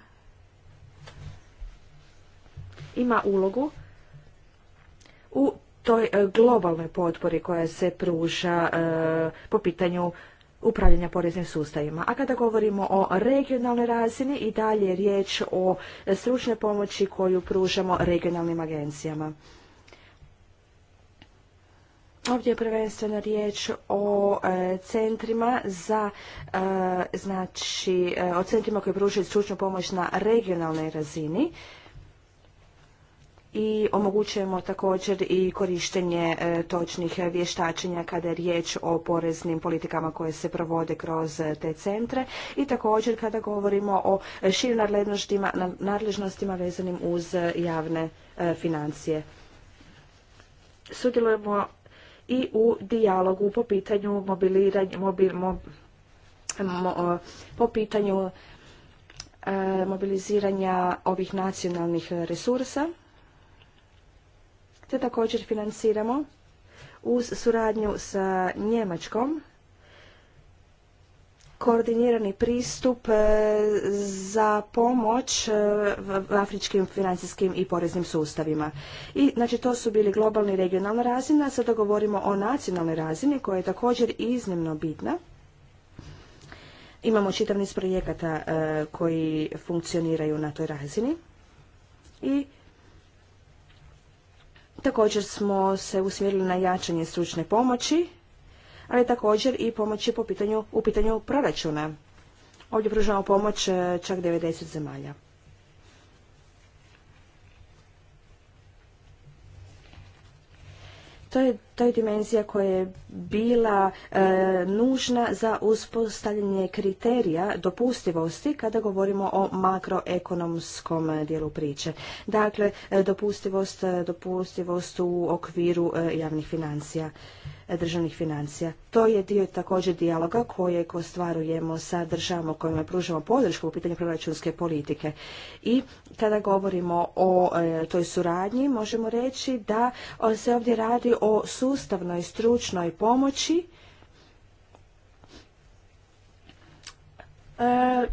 S2: ima ulogu u toj e, globalnoj potpori koja se pruža e, po pitanju upravljanja poreznim sustavima. A kada govorimo o regionalnoj razini i dalje je riječ o e, stručnoj pomoći koju pružamo regionalnim agencijama. Ovdje je prvenstveno riječ o e, centrima za, e, znači, e, o centrima koji pružaju stručnu pomoć na regionalnoj razini i omogućujemo također i korištenje točnih vještačenja kada je riječ o poreznim politikama koje se provode kroz te centre i također kada govorimo o širim nadležnostima, nadležnostima vezanim uz javne financije. Sudjelujemo i u dijalogu po pitanju mobiliranja, po pitanju e, mobiliziranja ovih nacionalnih resursa, te također financiramo uz suradnju sa Njemačkom koordinirani pristup e, za pomoć e, afričkim financijskim i poreznim sustavima. I znači to su bili globalni i regionalna razina, sada govorimo o nacionalnoj razini koja je također iznimno bitna. Imamo čitav niz projekata e, koji funkcioniraju na toj razini i također smo se usmjerili na jačanje stručne pomoći ali također i pomoći po pitanju, u pitanju proračuna. Ovdje pružamo pomoć e, čak 90 zemalja. To je to je dimenzija koja je bila e, nužna za uspostavljanje kriterija dopustivosti kada govorimo o makroekonomskom dijelu priče. Dakle, e, dopustivost, e, dopustivost u okviru javnih financija državnih financija. To je dio također dijaloga kojeg ostvarujemo sa državama kojima pružamo podršku u pitanju proračunske politike. I kada govorimo o toj suradnji, možemo reći da se ovdje radi o su sustavnoj stručnoj pomoći e,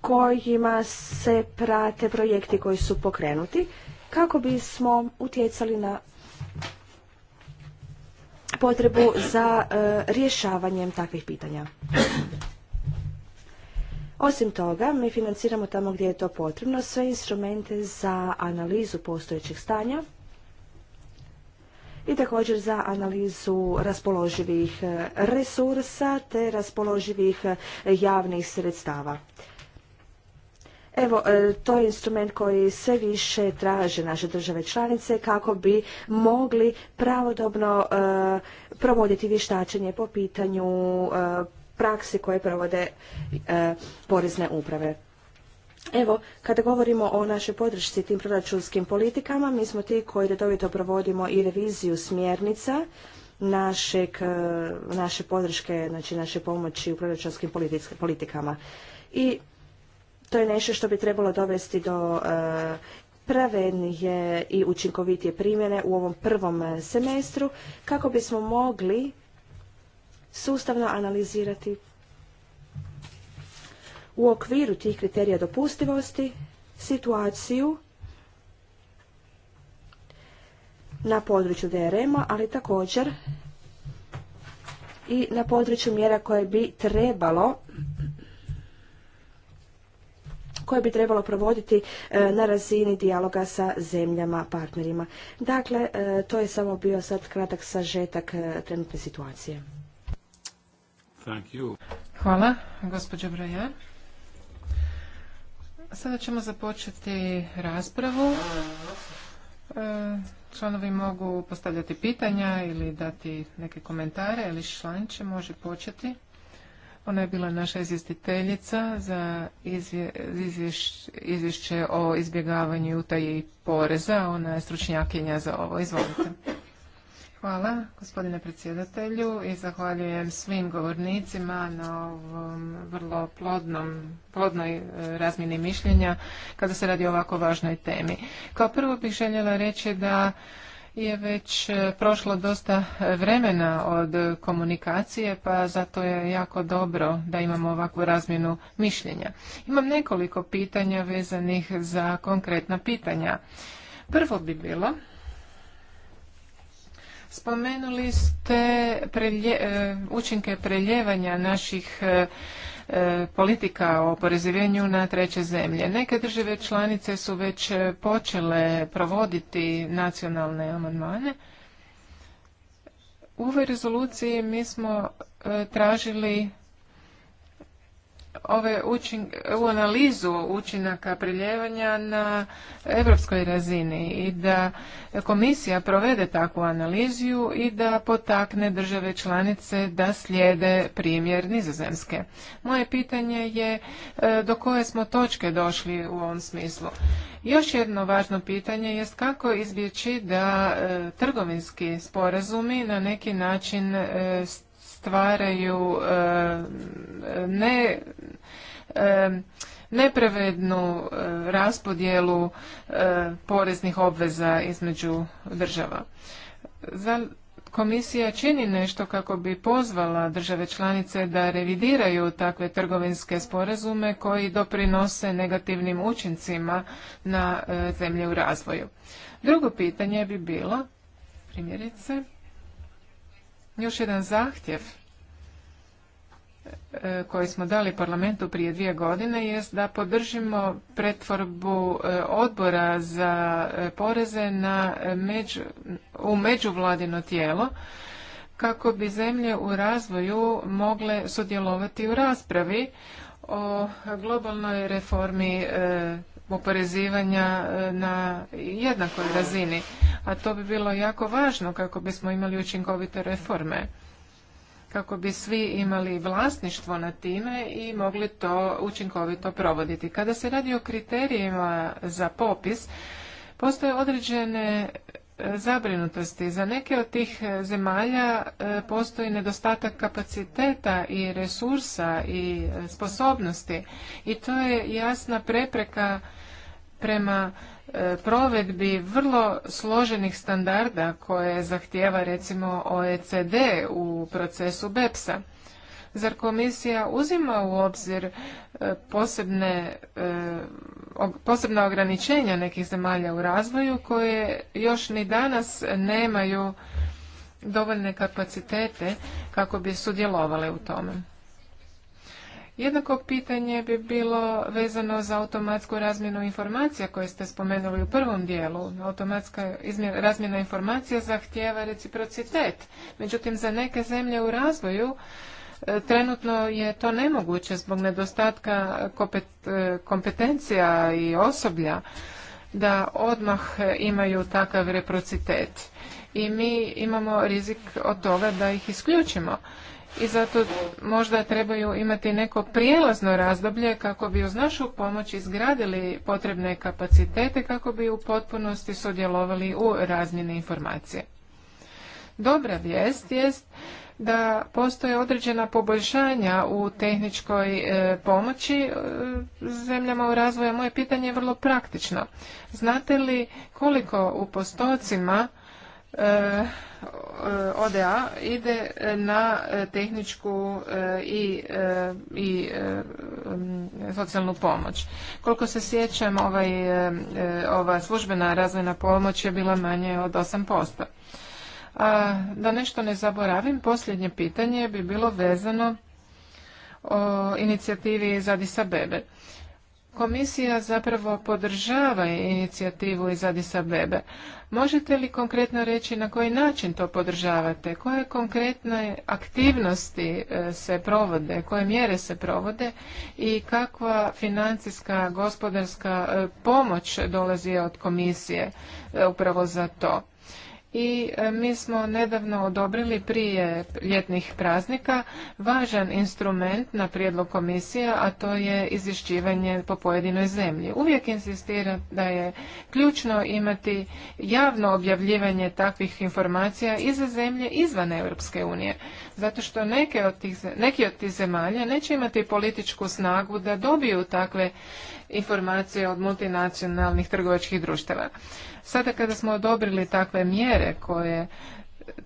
S2: kojima se prate projekti koji su pokrenuti kako bismo utjecali na potrebu za e, rješavanjem takvih pitanja. Osim toga, mi financiramo tamo gdje je to potrebno sve instrumente za analizu postojećeg stanja i također za analizu raspoloživih e, resursa te raspoloživih e, javnih sredstava. Evo, e, to je instrument koji sve više traže naše države članice kako bi mogli pravodobno provoditi vištačenje po pitanju prakse praksi koje provode porezne uprave. Evo, kada govorimo o našoj podršci tim proračunskim politikama, mi smo ti koji redovito provodimo i reviziju smjernica našeg, e, naše podrške, znači naše pomoći u proračunskim politikama. I to je nešto što bi trebalo dovesti do e, pravednije i učinkovitije primjene u ovom prvom semestru kako bismo mogli sustavno analizirati u okviru tih kriterija dopustivosti situaciju na području DRM-a, ali također i na području mjera koje bi trebalo koje bi trebalo provoditi e, na razini dijaloga sa zemljama, partnerima. Dakle, e, to je samo bio sad kratak sažetak e, trenutne situacije. Hvala, gospođo Brajan. Sada ćemo
S1: započeti raspravu. E, članovi mogu postavljati pitanja ili dati neke komentare. Eli Šlanče može početi. Ona je bila naša izvjestiteljica za izvješće o izbjegavanju i poreza. Ona je stručnjakinja za ovo. Izvolite. Hvala gospodine predsjedatelju i zahvaljujem svim govornicima na ovom vrlo plodnom, plodnoj e, razmjeni mišljenja kada se radi o ovako važnoj temi. Kao prvo bih željela reći da je već e, prošlo dosta vremena od komunikacije, pa zato je jako dobro da imamo ovakvu razmjenu mišljenja. Imam nekoliko pitanja vezanih za konkretna pitanja. Prvo bi bilo Spomenuli ste prelje, e, učinke preljevanja naših e, e, politika o oporezivanju na treće zemlje. Neke države članice su već počele provoditi nacionalne amandmane. U ovoj rezoluciji mi smo tražili ove u analizu učinaka priljevanja na europskoj razini i da komisija provede takvu analiziju i da potakne države članice da slijede primjer nizozemske. Moje pitanje je e, do koje smo točke došli u ovom smislu. Još jedno važno pitanje jest kako izbjeći da e, trgovinski sporazumi na neki način e, stvaraju eh, ne eh, nepravednu eh, raspodjelu poreznih obveza između država. Komisija čini nešto kako bi pozvala države članice da revidiraju takve trgovinske sporazume koji doprinose negativnim učincima na zemlje u razvoju. Drugo pitanje bi bilo, primjerice, još jedan zahtjev e, koji smo dali parlamentu prije dvije godine jest da podržimo pretvorbu e, odbora za e, poreze na među, u međuvladino tijelo kako bi zemlje u razvoju mogle sudjelovati u raspravi o globalnoj reformi oporezivanja e, na jednakoj razini, a to bi bilo jako važno kako bismo imali učinkovite reforme kako bi svi imali vlasništvo na time i mogli to učinkovito provoditi. Kada se radi o kriterijima za popis, postoje određene e, zabrinutosti. Za neke od tih e, zemalja postoji nedostatak kapaciteta i resursa i sposobnosti i to je jasna prepreka prema e, provedbi vrlo složenih standarda koje zahtjeva recimo OECD u procesu BEPS-a. Zar komisija uzima u obzir e, posebne, e, posebna ograničenja nekih zemalja u razvoju koje još ni danas nemaju dovoljne kapacitete kako bi sudjelovale u tome? Jednako pitanje bi bilo vezano za automatsku razmjenu informacija koje ste spomenuli u prvom dijelu. Automatska razmjena informacija zahtijeva reciprocitet. Međutim, za neke zemlje u razvoju e, Trenutno je to nemoguće zbog nedostatka e, kompetencija i osoblja da odmah imaju takav reciprocitet. I mi imamo rizik od toga da ih isključimo i zato možda trebaju imati neko prijelazno razdoblje kako bi uz našu pomoć izgradili potrebne kapacitete kako bi u potpunosti sudjelovali u razmjeni informacije. Dobra vijest jest da postoje određena poboljšanja u tehničkoj e, pomoći e, zemljama u razvoju. Moje pitanje je vrlo praktično. Znate li koliko u postocima e, Eh, ODA ide eh, na eh, tehničku i, i socijalnu pomoć. Koliko se sjećam, ovaj, ova službena razvojna pomoć je bila manje od 8%. A, da nešto ne zaboravim, posljednje pitanje bi bilo vezano o inicijativi za Disabebe. Bebe. Komisija zapravo podržava inicijativu iz Addis Abebe. Možete li konkretno reći na koji način to podržavate? Koje konkretne aktivnosti e, se provode, koje mjere se provode i kakva financijska, gospodarska e, pomoć dolazi od komisije e, upravo za to? i e, mi smo nedavno odobrili prije ljetnih praznika važan instrument na prijedlog komisija, a to je izvješćivanje po pojedinoj zemlji. Uvijek insistira da je ključno imati javno objavljivanje takvih informacija i za zemlje izvan Europske unije, zato što neke od tih, neki od tih zemalja neće imati političku snagu da dobiju takve informacije od multinacionalnih trgovačkih društava. Sada kada smo odobrili takve mjere koje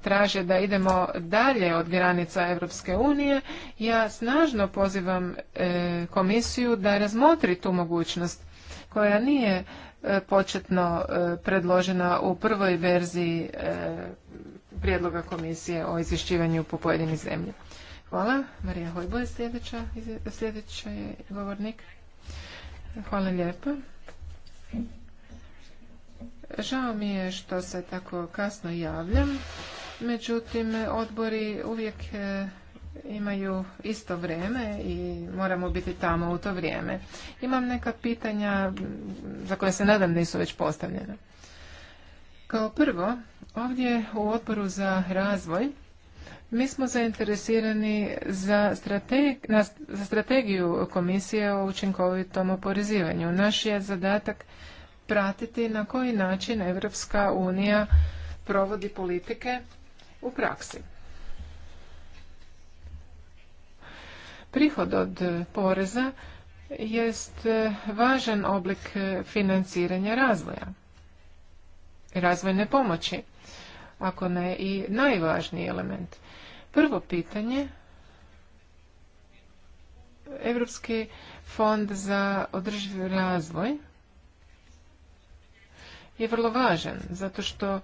S1: traže da idemo dalje od granica Europske unije, ja snažno pozivam e, komisiju da razmotri tu mogućnost koja nije e, početno e, predložena u prvoj verziji prijedloga komisije o izvješćivanju po pojedini zemlji. Hvala. Marija Hojbo je sljedeći govornik. Hvala lijepa. Žao mi je što se tako kasno javljam, međutim odbori uvijek e, imaju isto vrijeme i moramo biti tamo u to vrijeme. Imam neka pitanja za koje se nadam nisu već postavljena. Kao prvo, ovdje u odboru za razvoj mi smo zainteresirani za, za strategiju komisije o učinkovitom oporezivanju. Naš je zadatak pratiti na koji način Evropska unija provodi politike u praksi. Prihod od poreza jest važan oblik financiranja razvoja, razvojne pomoći, ako ne i najvažniji element. Prvo pitanje, Europski fond za održivi razvoj je vrlo važan, zato što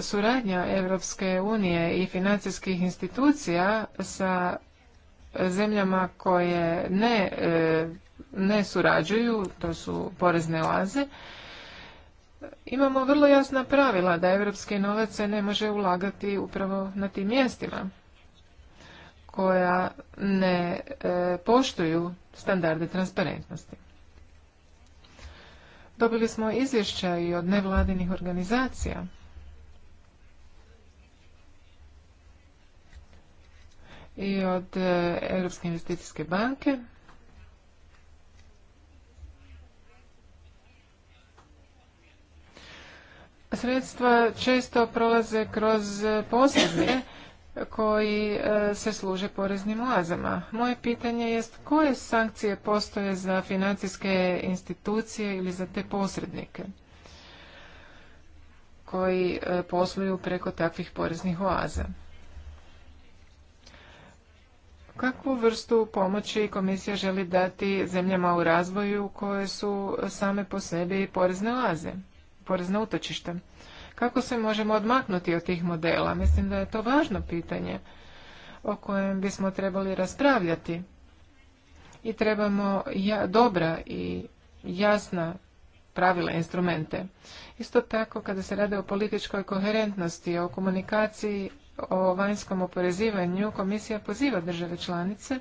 S1: suradnja Evropske unije i financijskih institucija sa zemljama koje ne, e, ne surađuju, to su porezne oaze, imamo vrlo jasna pravila da evropske novac ne može ulagati upravo na tim mjestima koja ne e, poštuju standarde transparentnosti. Dobili smo izvješća i od nevladinih organizacija. i od e, Europske investicijske banke. Sredstva često prolaze kroz e, posrednike koji e, se služe poreznim oazama. Moje pitanje jest koje sankcije postoje za financijske institucije ili za te posrednike koji e, posluju preko takvih poreznih oaza. Kakvu vrstu pomoći komisija želi dati zemljama u razvoju koje su same po sebi porezne oaze, porezna utočišta? Kako se možemo odmaknuti od tih modela? Mislim da je to važno pitanje o kojem bismo trebali raspravljati. I trebamo ja, dobra i jasna pravila, instrumente. Isto tako kada se radi o političkoj koherentnosti, o komunikaciji, o vanjskom oporezivanju, komisija poziva države članice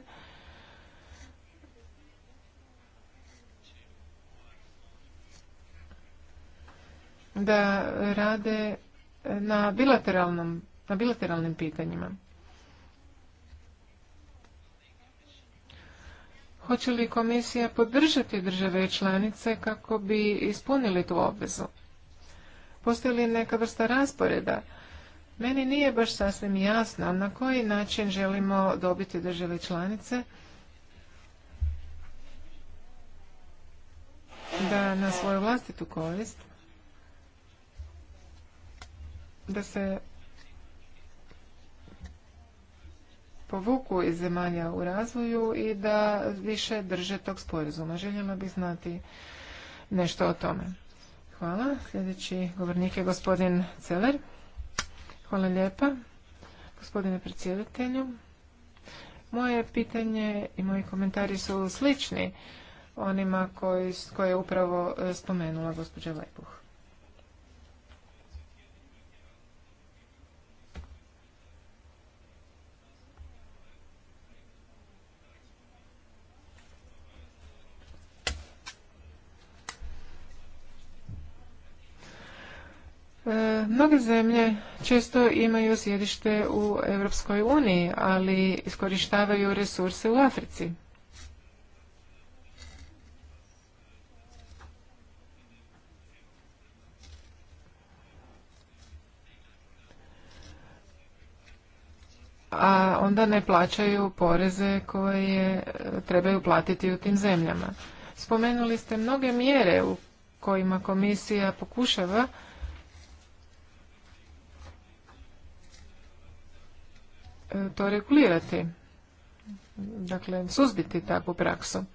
S1: da rade na bilateralnom, na bilateralnim pitanjima. Hoće li komisija podržati države članice kako bi ispunili tu obvezu? Postoji li neka vrsta rasporeda? Meni nije baš sasvim jasno na koji način želimo dobiti države članice da na svoju vlastitu korist da se povuku iz zemalja u razvoju i da više drže tog sporazuma. Željela bih znati nešto o tome. Hvala. Sljedeći govornik je gospodin Celer. Hvala lijepa. Gospodine predsjedatelju. Moje pitanje i moji komentari su slični onima koje je upravo e, spomenula gospođa Lepuh. E, mnoge zemlje često imaju sjedište u Europskoj uniji, ali iskorištavaju resurse u Africi. a onda ne plaćaju poreze koje e, trebaju platiti u tim zemljama. Spomenuli ste mnoge mjere u kojima komisija pokušava to regulirati, dakle suzbiti takvu praksu.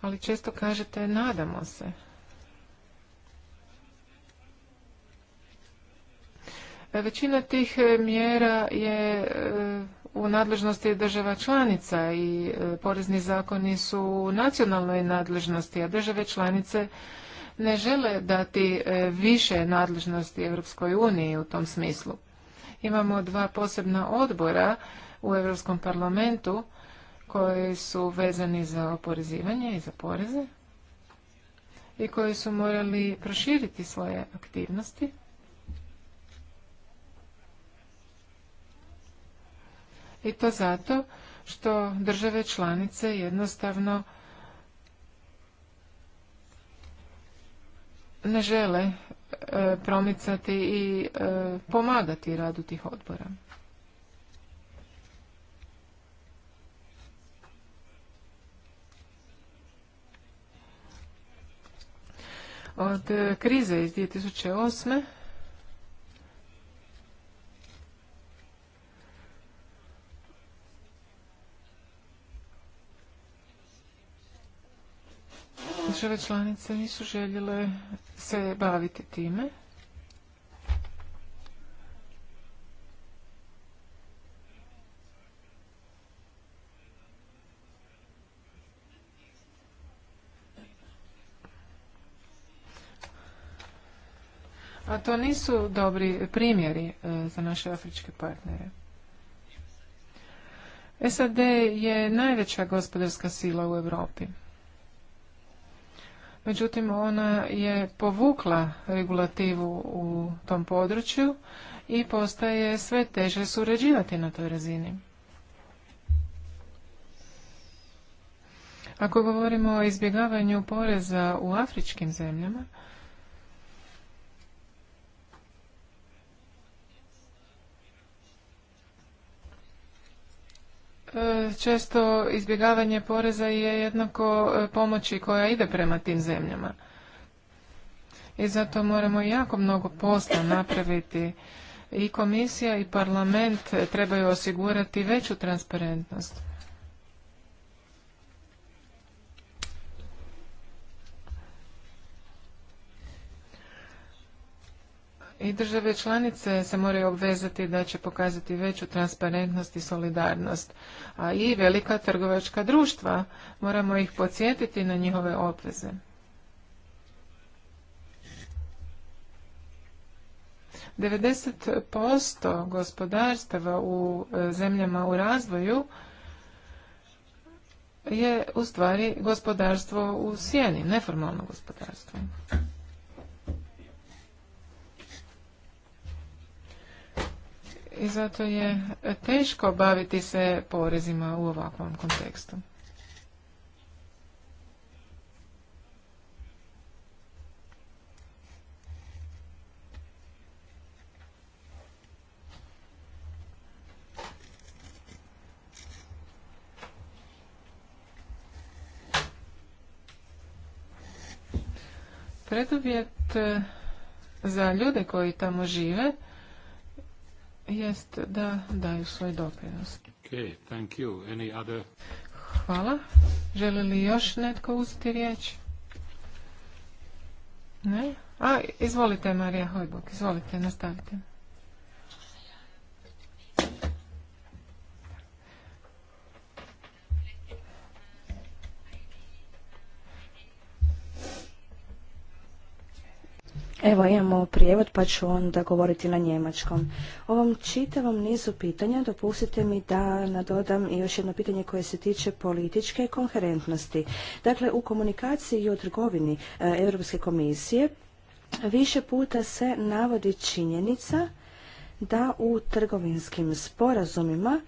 S1: Ali često kažete nadamo se. E, većina tih e, mjera je e, u nadležnosti država članica i porezni zakoni su u nacionalnoj nadležnosti, a države članice ne žele dati više nadležnosti Europskoj uniji u tom smislu. Imamo dva posebna odbora u Europskom parlamentu koji su vezani za oporezivanje i za poreze i koji su morali proširiti svoje aktivnosti. I to zato što države članice jednostavno ne žele E, promicati i e, pomagati radu tih odbora. Od e, krize iz 2008. države članice nisu željele se baviti time. A to nisu dobri primjeri e, za naše afričke partnere. SAD je najveća gospodarska sila u Europi međutim ona je povukla regulativu u tom području i postaje sve teže surađivati na toj razini. Ako govorimo o izbjegavanju poreza u afričkim zemljama, često izbjegavanje poreza je jednako e, pomoći koja ide prema tim zemljama. I zato moramo jako mnogo posla napraviti. I komisija i parlament trebaju osigurati veću transparentnost. i države članice se moraju obvezati da će pokazati veću transparentnost i solidarnost, a i velika trgovačka društva. Moramo ih podsjetiti na njihove obveze. Devedeset posto gospodarstava u e, zemljama u razvoju je u stvari gospodarstvo u sjeni, neformalno gospodarstvo. i zato je teško baviti se porezima u ovakvom kontekstu. Preduvjet za ljude koji tamo žive jest da daju svoj doprinos.
S3: thank you. Any other... Hvala.
S1: Želi li još netko uzeti riječ? Ne? A, izvolite Marija Hojbog, izvolite, nastavite.
S2: Evo imamo prijevod pa ću onda govoriti na njemačkom. Ovom čitavom nizu pitanja dopustite mi da nadodam i još jedno pitanje koje se tiče političke konherentnosti. Dakle, u komunikaciji i o trgovini e, Europske komisije više puta se navodi činjenica da u trgovinskim sporazumima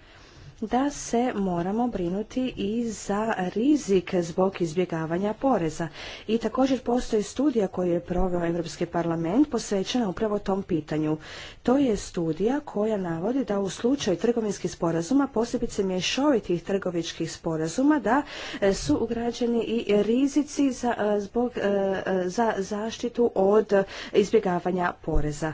S2: da se moramo brinuti i za rizik zbog izbjegavanja poreza. I također postoji studija koju je proveo Europski parlament posvećena upravo tom pitanju. To je studija koja navodi da u slučaju trgovinskih sporazuma, posebice mješovitih trgovičkih sporazuma, da e, su ugrađeni i rizici za, e, zbog, e, za zaštitu od izbjegavanja poreza.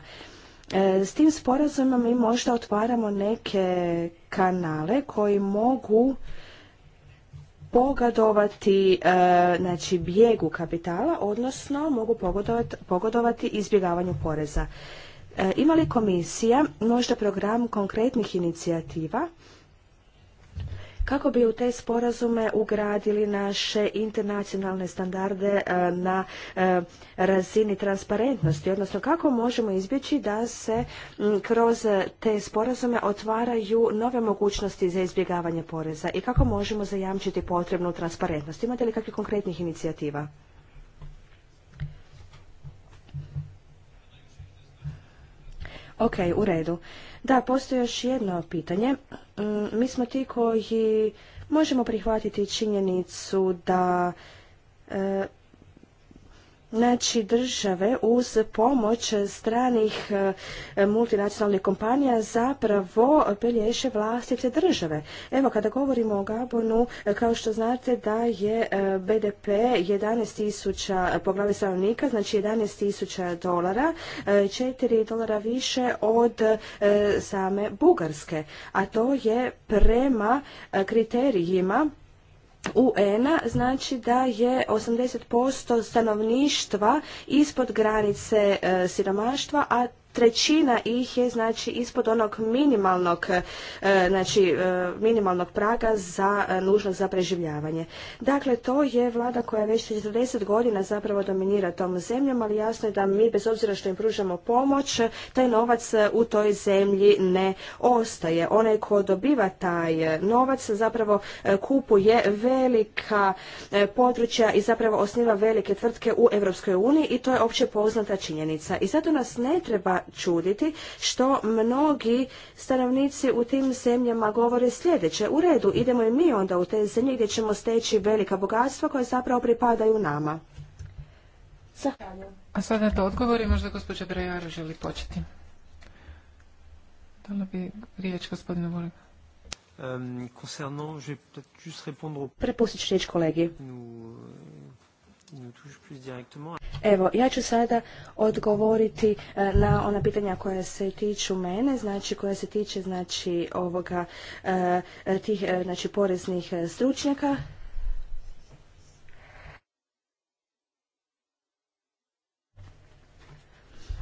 S2: E, s tim sporazumom mi možda otvaramo neke kanale koji mogu pogodovati e, znači bijegu kapitala, odnosno mogu pogodovati, izbjegavanju poreza. E, ima li komisija možda program konkretnih inicijativa kako bi u te sporazume ugradili naše internacionalne standarde e, na e, razini transparentnosti, odnosno kako možemo izbjeći da se kroz te sporazume otvaraju nove mogućnosti za izbjegavanje poreza i kako možemo zajamčiti potrebnu transparentnost. Imate li kakvih konkretnih inicijativa? Ok, u redu. Da, postoji još jedno pitanje. E, mi smo ti koji možemo prihvatiti činjenicu da e, znači države uz pomoć stranih e, multinacionalnih kompanija zapravo pelješe vlastite države. Evo kada govorimo o Gabonu, e, kao što znate da je e, BDP 11.000 tisuća po glavi stanovnika, znači 11 tisuća dolara, 4 dolara više od same Bugarske, a to je prema kriterijima UN-a znači da je 80% stanovništva ispod granice e, siromaštva, a trećina ih je znači ispod onog minimalnog e, znači e, minimalnog praga za e, nužnost za preživljavanje. Dakle, to je vlada koja već 40 godina zapravo dominira tom zemljom, ali jasno je da mi bez obzira što im pružamo pomoć, taj novac u toj zemlji ne ostaje. Onaj ko dobiva taj novac zapravo kupuje velika područja i zapravo osniva velike tvrtke u Europskoj uniji i to je opće poznata činjenica. I zato nas ne treba čuditi što mnogi stanovnici u tim zemljama govore sljedeće. U redu, idemo i mi onda u te zemlje gdje ćemo steći velika bogatstva koja zapravo pripadaju nama.
S1: Zahvaljujem. A sada da odgovori, možda gospođa Brejara želi početi. Dala bi riječ gospodinu Vorega.
S2: Prepustit ću riječ kolegi. Euh, Evo, ja ću sada odgovoriti e, na ona pitanja koja se tiču mene, znači koja se tiče znači ovoga e, e, tih znači poreznih stručnjaka.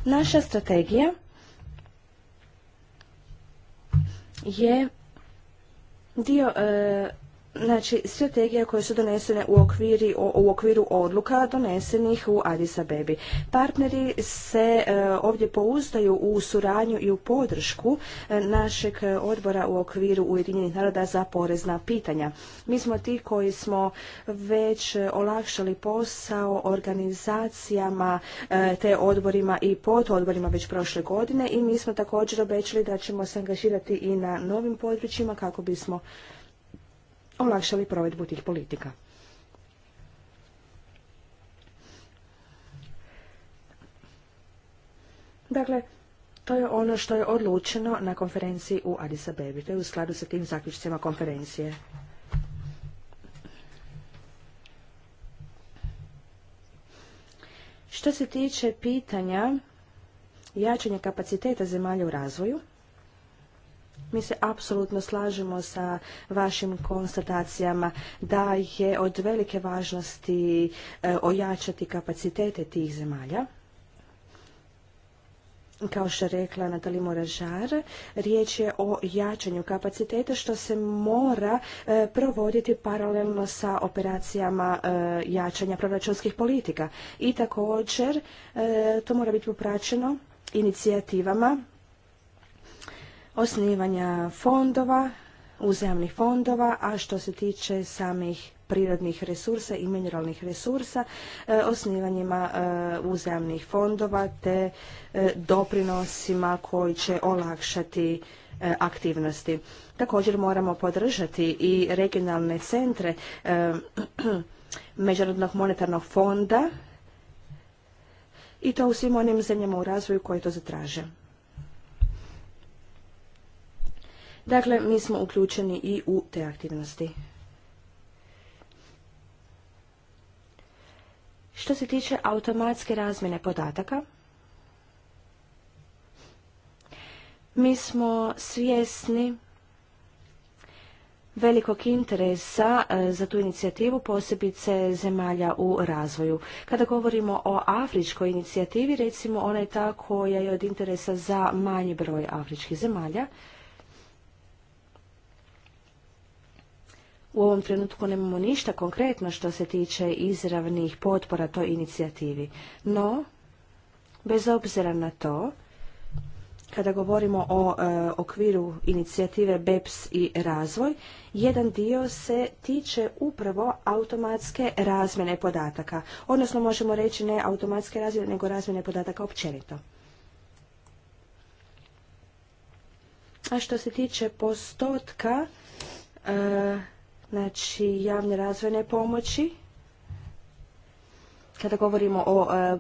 S2: Naša strategija je dio Znači, strategija koje su donesene u, okviri, u okviru odluka donesenih u Addis Abebi. Partneri se e, ovdje pouzdaju u suradnju i u podršku e, našeg odbora u okviru Ujedinjenih naroda za porezna pitanja. Mi smo ti koji smo već olakšali posao organizacijama e, te odborima i odborima već prošle godine i mi smo također obećali da ćemo se angažirati i na novim područjima kako bismo olakšali provedbu tih politika. Dakle, to je ono što je odlučeno na konferenciji u Addis Abebi. To je u skladu sa tim zaključcima konferencije. Što se tiče pitanja jačanja kapaciteta zemalja u razvoju, mi se apsolutno slažemo sa vašim konstatacijama da je od velike važnosti e, ojačati kapacitete tih zemalja. Kao što je rekla Natali Moražar, riječ je o jačanju kapaciteta što se mora e, provoditi paralelno sa operacijama e, jačanja proračunskih politika. I također to mora biti popraćeno inicijativama osnivanja fondova, uzajamnih fondova, a što se tiče samih prirodnih resursa i mineralnih resursa, e, osnivanjima e, uzajamnih fondova te e, doprinosima koji će olakšati aktivnosti. Također moramo podržati i regionalne centre [clears throat] Međunarodnog monetarnog fonda i to u svim onim zemljama u razvoju koje to zatraže. Dakle, mi smo uključeni i u te aktivnosti. Što se tiče automatske razmjene podataka, mi smo svjesni velikog interesa e, za tu inicijativu, posebice zemalja u razvoju. Kada govorimo o afričkoj inicijativi, recimo ona je ta koja je od interesa za manji broj afričkih zemalja, u ovom trenutku nemamo ništa konkretno što se tiče izravnih potpora toj inicijativi. No, bez obzira na to, kada govorimo o e, okviru inicijative BEPS i razvoj, jedan dio se tiče upravo automatske razmjene podataka. Odnosno možemo reći ne automatske razmjene, nego razmjene podataka općenito. A što se tiče postotka, e, znači javne razvojne pomoći, kada govorimo o e,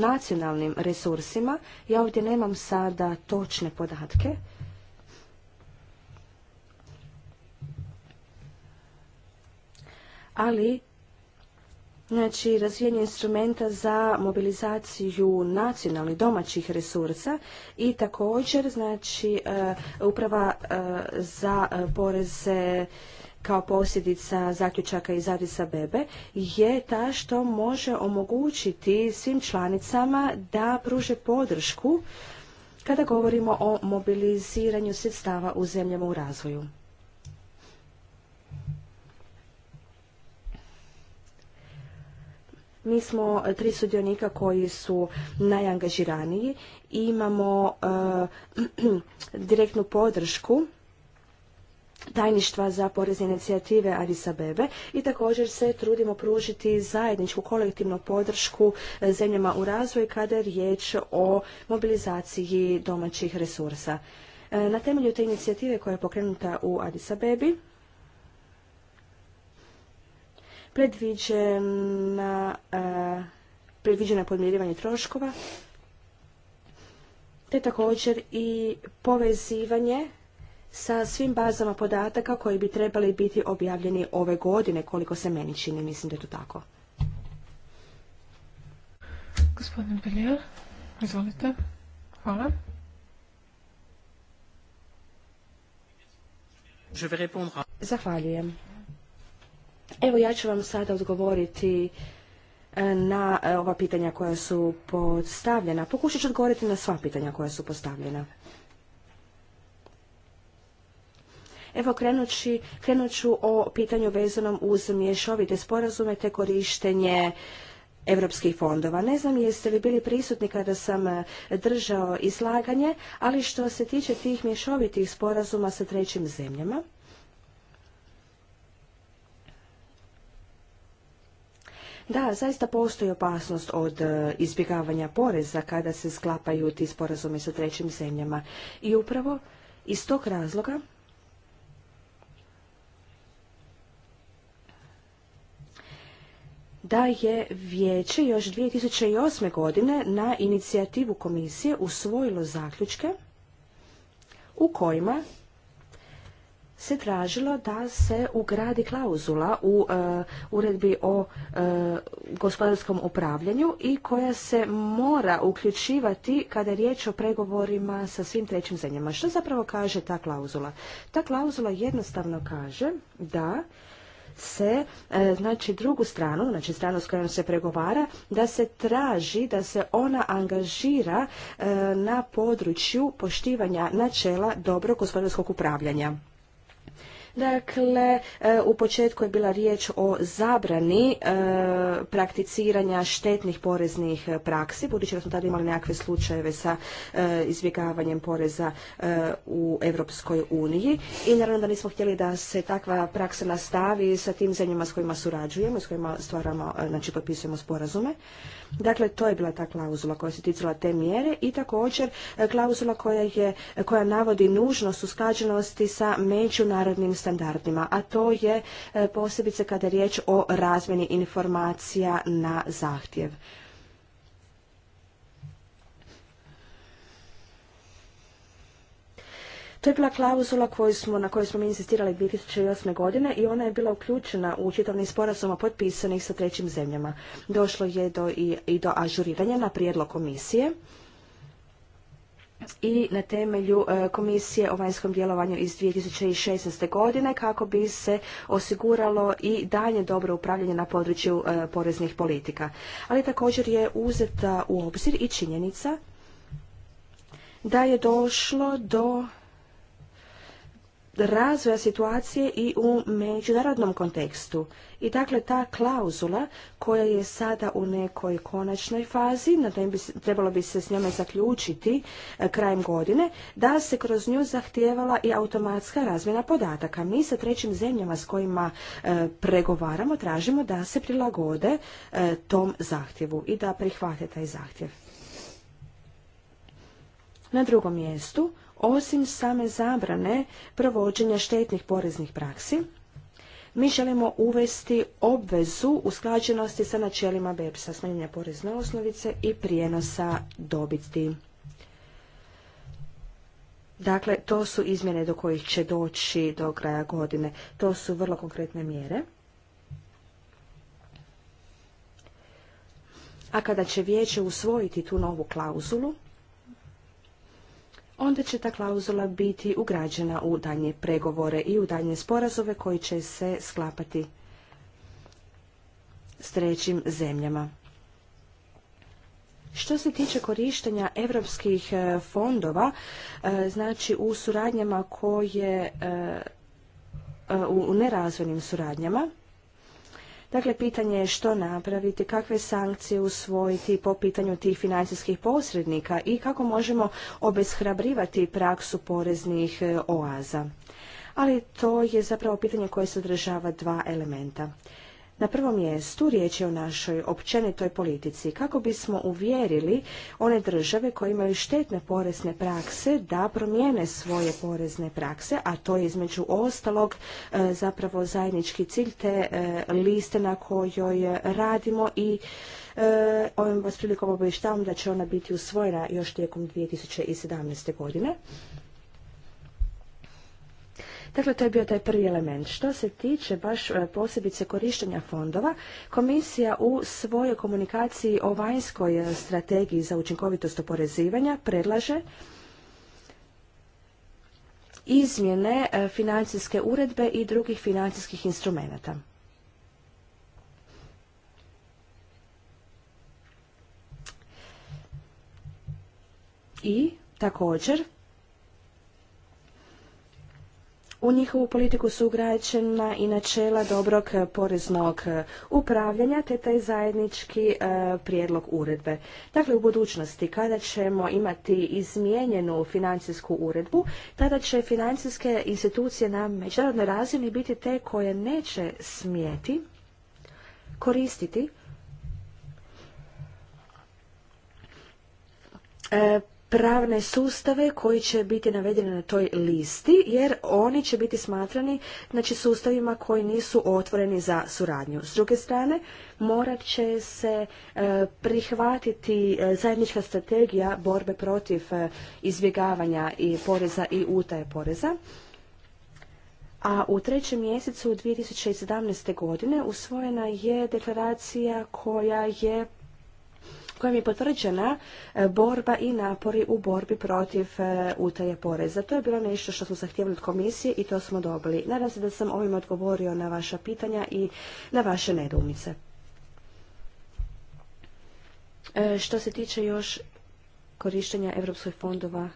S2: nacionalnim resursima, ja ovdje nemam sada točne podatke. Ali, znači, razvijenje instrumenta za mobilizaciju nacionalnih domaćih resursa i također, znači, e, uprava e, za poreze kao posljedica zaključaka iz Adisa Bebe je ta što može omogućiti svim članicama da pruže podršku kada govorimo o mobiliziranju sredstava u zemljama u razvoju. Mi smo tri sudionika koji su najangažiraniji i imamo eh, [clears throat] direktnu podršku tajništva za porezne inicijative Adisa Bebe i također se trudimo pružiti zajedničku kolektivnu podršku e, zemljama u razvoju kada je riječ o mobilizaciji domaćih resursa. E, na temelju te inicijative koja je pokrenuta u Addis Abebi, predviđena, e, predviđena podmirivanje troškova, te također i povezivanje sa svim bazama podataka koji bi trebali biti objavljeni ove godine, koliko se meni čini, mislim da je to tako.
S1: Gospodin Belijel, izvolite. Hvala.
S2: Zahvaljujem. Evo ja ću vam sada odgovoriti e, na e, ova pitanja koja su postavljena. Pokušat ću odgovoriti na sva pitanja koja su postavljena. Evo krenut ću o pitanju vezanom uz mješovite sporazume te korištenje europskih fondova. Ne znam jeste li bili prisutni kada sam e, držao izlaganje, ali što se tiče tih mješovitih sporazuma sa trećim zemljama, Da, zaista postoji opasnost od e, izbjegavanja poreza kada se sklapaju ti sporazumi sa trećim zemljama. I upravo iz tog razloga da je vijeće još 2008. godine na inicijativu komisije usvojilo zaključke u kojima se tražilo da se ugradi klauzula u e, uredbi o e, gospodarskom upravljanju i koja se mora uključivati kada je riječ o pregovorima sa svim trećim zemljama. Što zapravo kaže ta klauzula? Ta klauzula jednostavno kaže da se, e, znači drugu stranu, znači stranu s kojom se pregovara, da se traži da se ona angažira e, na području poštivanja načela dobrog gospodarskog upravljanja. Dakle, e, u početku je bila riječ o zabrani e, prakticiranja štetnih poreznih praksi, budući da smo tada imali nekakve slučajeve sa e, izbjegavanjem poreza u Europskoj uniji i naravno da nismo htjeli da se takva praksa nastavi sa tim zemljama s kojima surađujemo s kojima stvaramo, znači potpisujemo sporazume. Dakle, to je bila ta klauzula koja se ticala te mjere i također klauzula koja, je, koja navodi nužnost usklađenosti sa međunarodnim standardima, a to je e, posebice kada je riječ o razmjeni informacija na zahtjev. To je bila klauzula koju smo, na kojoj smo mi insistirali 2008. godine i ona je bila uključena u čitavnim sporazuma potpisanih sa trećim zemljama. Došlo je i, i do ažuriranja na prijedlog komisije i na temelju e, Komisije o vanjskom djelovanju iz 2016. godine kako bi se osiguralo i dalje dobro upravljanje na području e, poreznih politika. Ali također je uzeta u obzir i činjenica da je došlo do razvoja situacije i u međunarodnom kontekstu. I dakle ta klauzula koja je sada u nekoj konačnoj fazi, na bi, trebalo bi se s njome zaključiti e, krajem godine, da se kroz nju zahtijevala i automatska razmjena podataka. Mi sa trećim zemljama s kojima e, pregovaramo tražimo da se prilagode e, tom zahtjevu i da prihvate taj zahtjev. Na drugom mjestu osim same zabrane provođenja štetnih poreznih praksi, mi želimo uvesti obvezu usklađenosti sa načelima BEPS-a, smanjenja porezne osnovice i prijenosa dobiti. Dakle, to su izmjene do kojih će doći do kraja godine. To su vrlo konkretne mjere. A kada će vijeće usvojiti tu novu klauzulu, onda će ta klauzula biti ugrađena u daljnje pregovore i u daljnje sporazove koji će se sklapati s trećim zemljama. Što se tiče korištenja europskih e, fondova, e, znači u suradnjama koje, e, u nerazvojnim suradnjama, Dakle, pitanje je što napraviti, kakve sankcije usvojiti po pitanju tih financijskih posrednika i kako možemo obeshrabrivati praksu poreznih e, oaza. Ali to je zapravo pitanje koje sadržava dva elementa. Na prvom mjestu riječ je o našoj općenitoj politici kako bismo uvjerili one države koje imaju štetne porezne prakse da promijene svoje porezne prakse, a to je između ostalog e, zapravo zajednički cilj te e, liste na kojoj radimo i e, ovim vas prilikom obavještavam da će ona biti usvojena još tijekom 2017. godine. Dakle, to je bio taj prvi element. Što se tiče baš e, posebice korištenja fondova, komisija u svojoj komunikaciji o vanjskoj e, strategiji za učinkovitost oporezivanja predlaže izmjene e, financijske uredbe i drugih financijskih instrumenata. I također u njihovu politiku su ugrađena i načela dobrog poreznog upravljanja te taj zajednički e, prijedlog uredbe. Dakle, u budućnosti kada ćemo imati izmijenjenu financijsku uredbu, tada će financijske institucije na međunarodnoj razini biti te koje neće smijeti koristiti e, pravne sustave koji će biti navedeni na toj listi jer oni će biti smatrani znači sustavima koji nisu otvoreni za suradnju. S druge strane morat će se e, prihvatiti e, zajednička strategija borbe protiv e, izbjegavanja i poreza i utaje poreza. A u trećem mjesecu 2017. godine usvojena je deklaracija koja je kojim je potvrđena e, borba i napori u borbi protiv e, utaje poreza. To je bilo nešto što smo zahtijevali od komisije i to smo dobili. Nadam se da sam ovim odgovorio na vaša pitanja i na vaše nedoumice. E, što se tiče još korištenja europskih fondova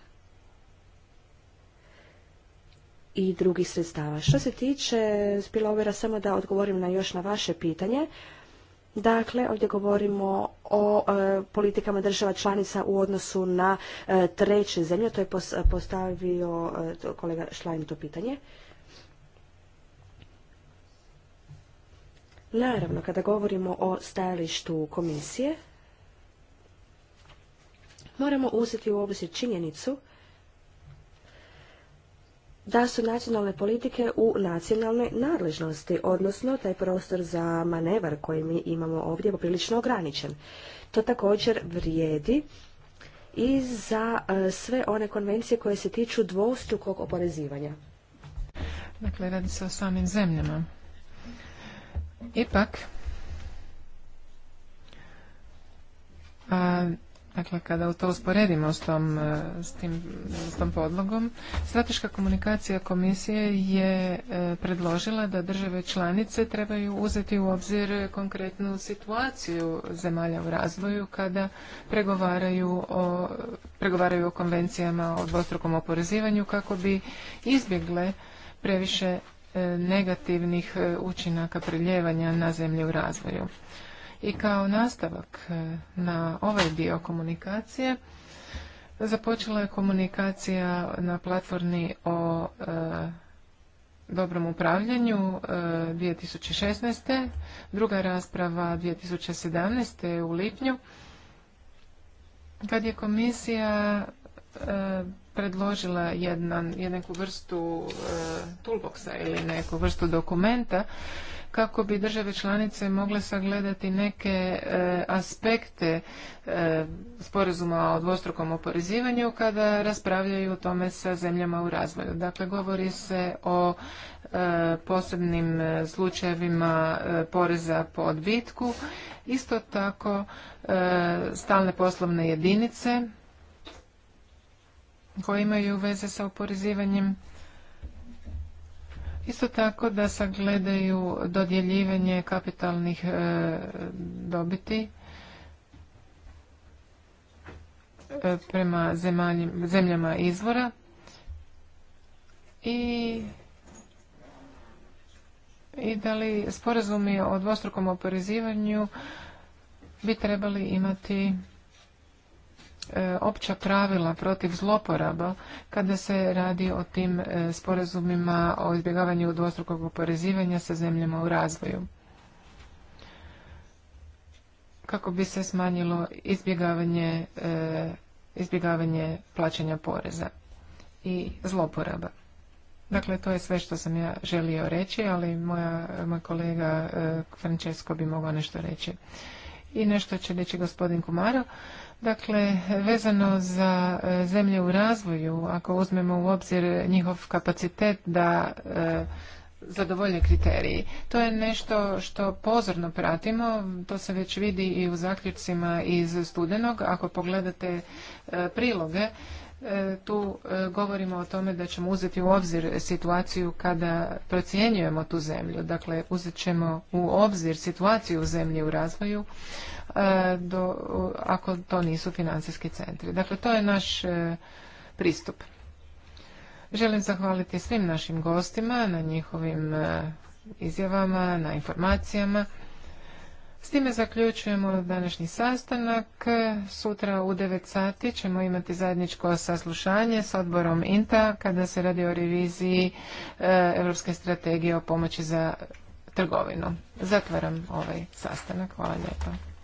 S2: i drugih sredstava. Što se tiče spilovera, samo da odgovorim na još na vaše pitanje. Dakle, ovdje govorimo o e, politikama država članica u odnosu na e, treće zemlje. To je e, postavio kolega Šlajn to pitanje. Naravno, kada govorimo o stajalištu komisije, moramo uzeti u obzir činjenicu da su nacionalne politike u nacionalnoj nadležnosti, odnosno taj prostor za manevar koji mi imamo ovdje je poprilično ograničen. To također vrijedi i za e, sve one konvencije koje se tiču dvostrukog oporezivanja.
S1: Dakle, radi se o samim zemljama. Ipak, Dakle, kada to usporedimo s tom, e, s, tim, s tom podlogom, strateška komunikacija komisije je e, predložila da države članice trebaju uzeti u obzir konkretnu situaciju zemalja u razvoju kada pregovaraju o, pregovaraju o konvencijama o dvostrukom oporezivanju kako bi izbjegle previše e, negativnih učinaka priljevanja na zemlje u razvoju. I kao nastavak e, na ovaj dio komunikacije, započela je komunikacija na platformi o e, dobrom upravljanju e, 2016. Druga rasprava 2017. u lipnju, kad je komisija e, predložila jedan, vrstu toolboxa ili neku vrstu dokumenta kako bi države članice mogle sagledati neke e, aspekte e, sporazuma o dvostrukom oporezivanju kada raspravljaju o tome sa zemljama u razvoju. Dakle, govori se o e, posebnim e, slučajevima poreza po odbitku, isto tako stalne poslovne jedinice koje imaju veze sa oporezivanjem Isto tako da sagledaju dodjeljivanje kapitalnih e, dobiti e, prema zemljama izvora i i da li sporazumi o dvostrukom oporezivanju bi trebali imati E, opća pravila protiv zloporaba kada se radi o tim e, sporazumima o izbjegavanju dvostrukog oporezivanja sa zemljama u razvoju kako bi se smanjilo izbjegavanje, e, izbjegavanje plaćanja poreza i zloporaba. Dakle, to je sve što sam ja želio reći, ali moja, moj kolega Francesco bi mogao nešto reći. I nešto će reći gospodin Kumaro. Dakle, vezano za e, zemlje u razvoju, ako uzmemo u obzir njihov kapacitet da e, zadovolje kriteriji. To je nešto što pozorno pratimo, to se već vidi i u zaključcima iz studenog. Ako pogledate e, priloge, E, tu e, govorimo o tome da ćemo uzeti u obzir situaciju kada procjenjujemo tu zemlju. Dakle, uzet ćemo u obzir situaciju u zemlji u razvoju e, do, ako to nisu financijski centri. Dakle, to je naš pristup. Želim zahvaliti svim našim gostima na njihovim izjavama, na informacijama. S time zaključujemo današnji sastanak. Sutra u 9 sati ćemo imati zajedničko saslušanje s odborom INTA kada se radi o reviziji e, Europske strategije o pomoći za trgovinu. Zatvaram ovaj sastanak. Hvala lijepa.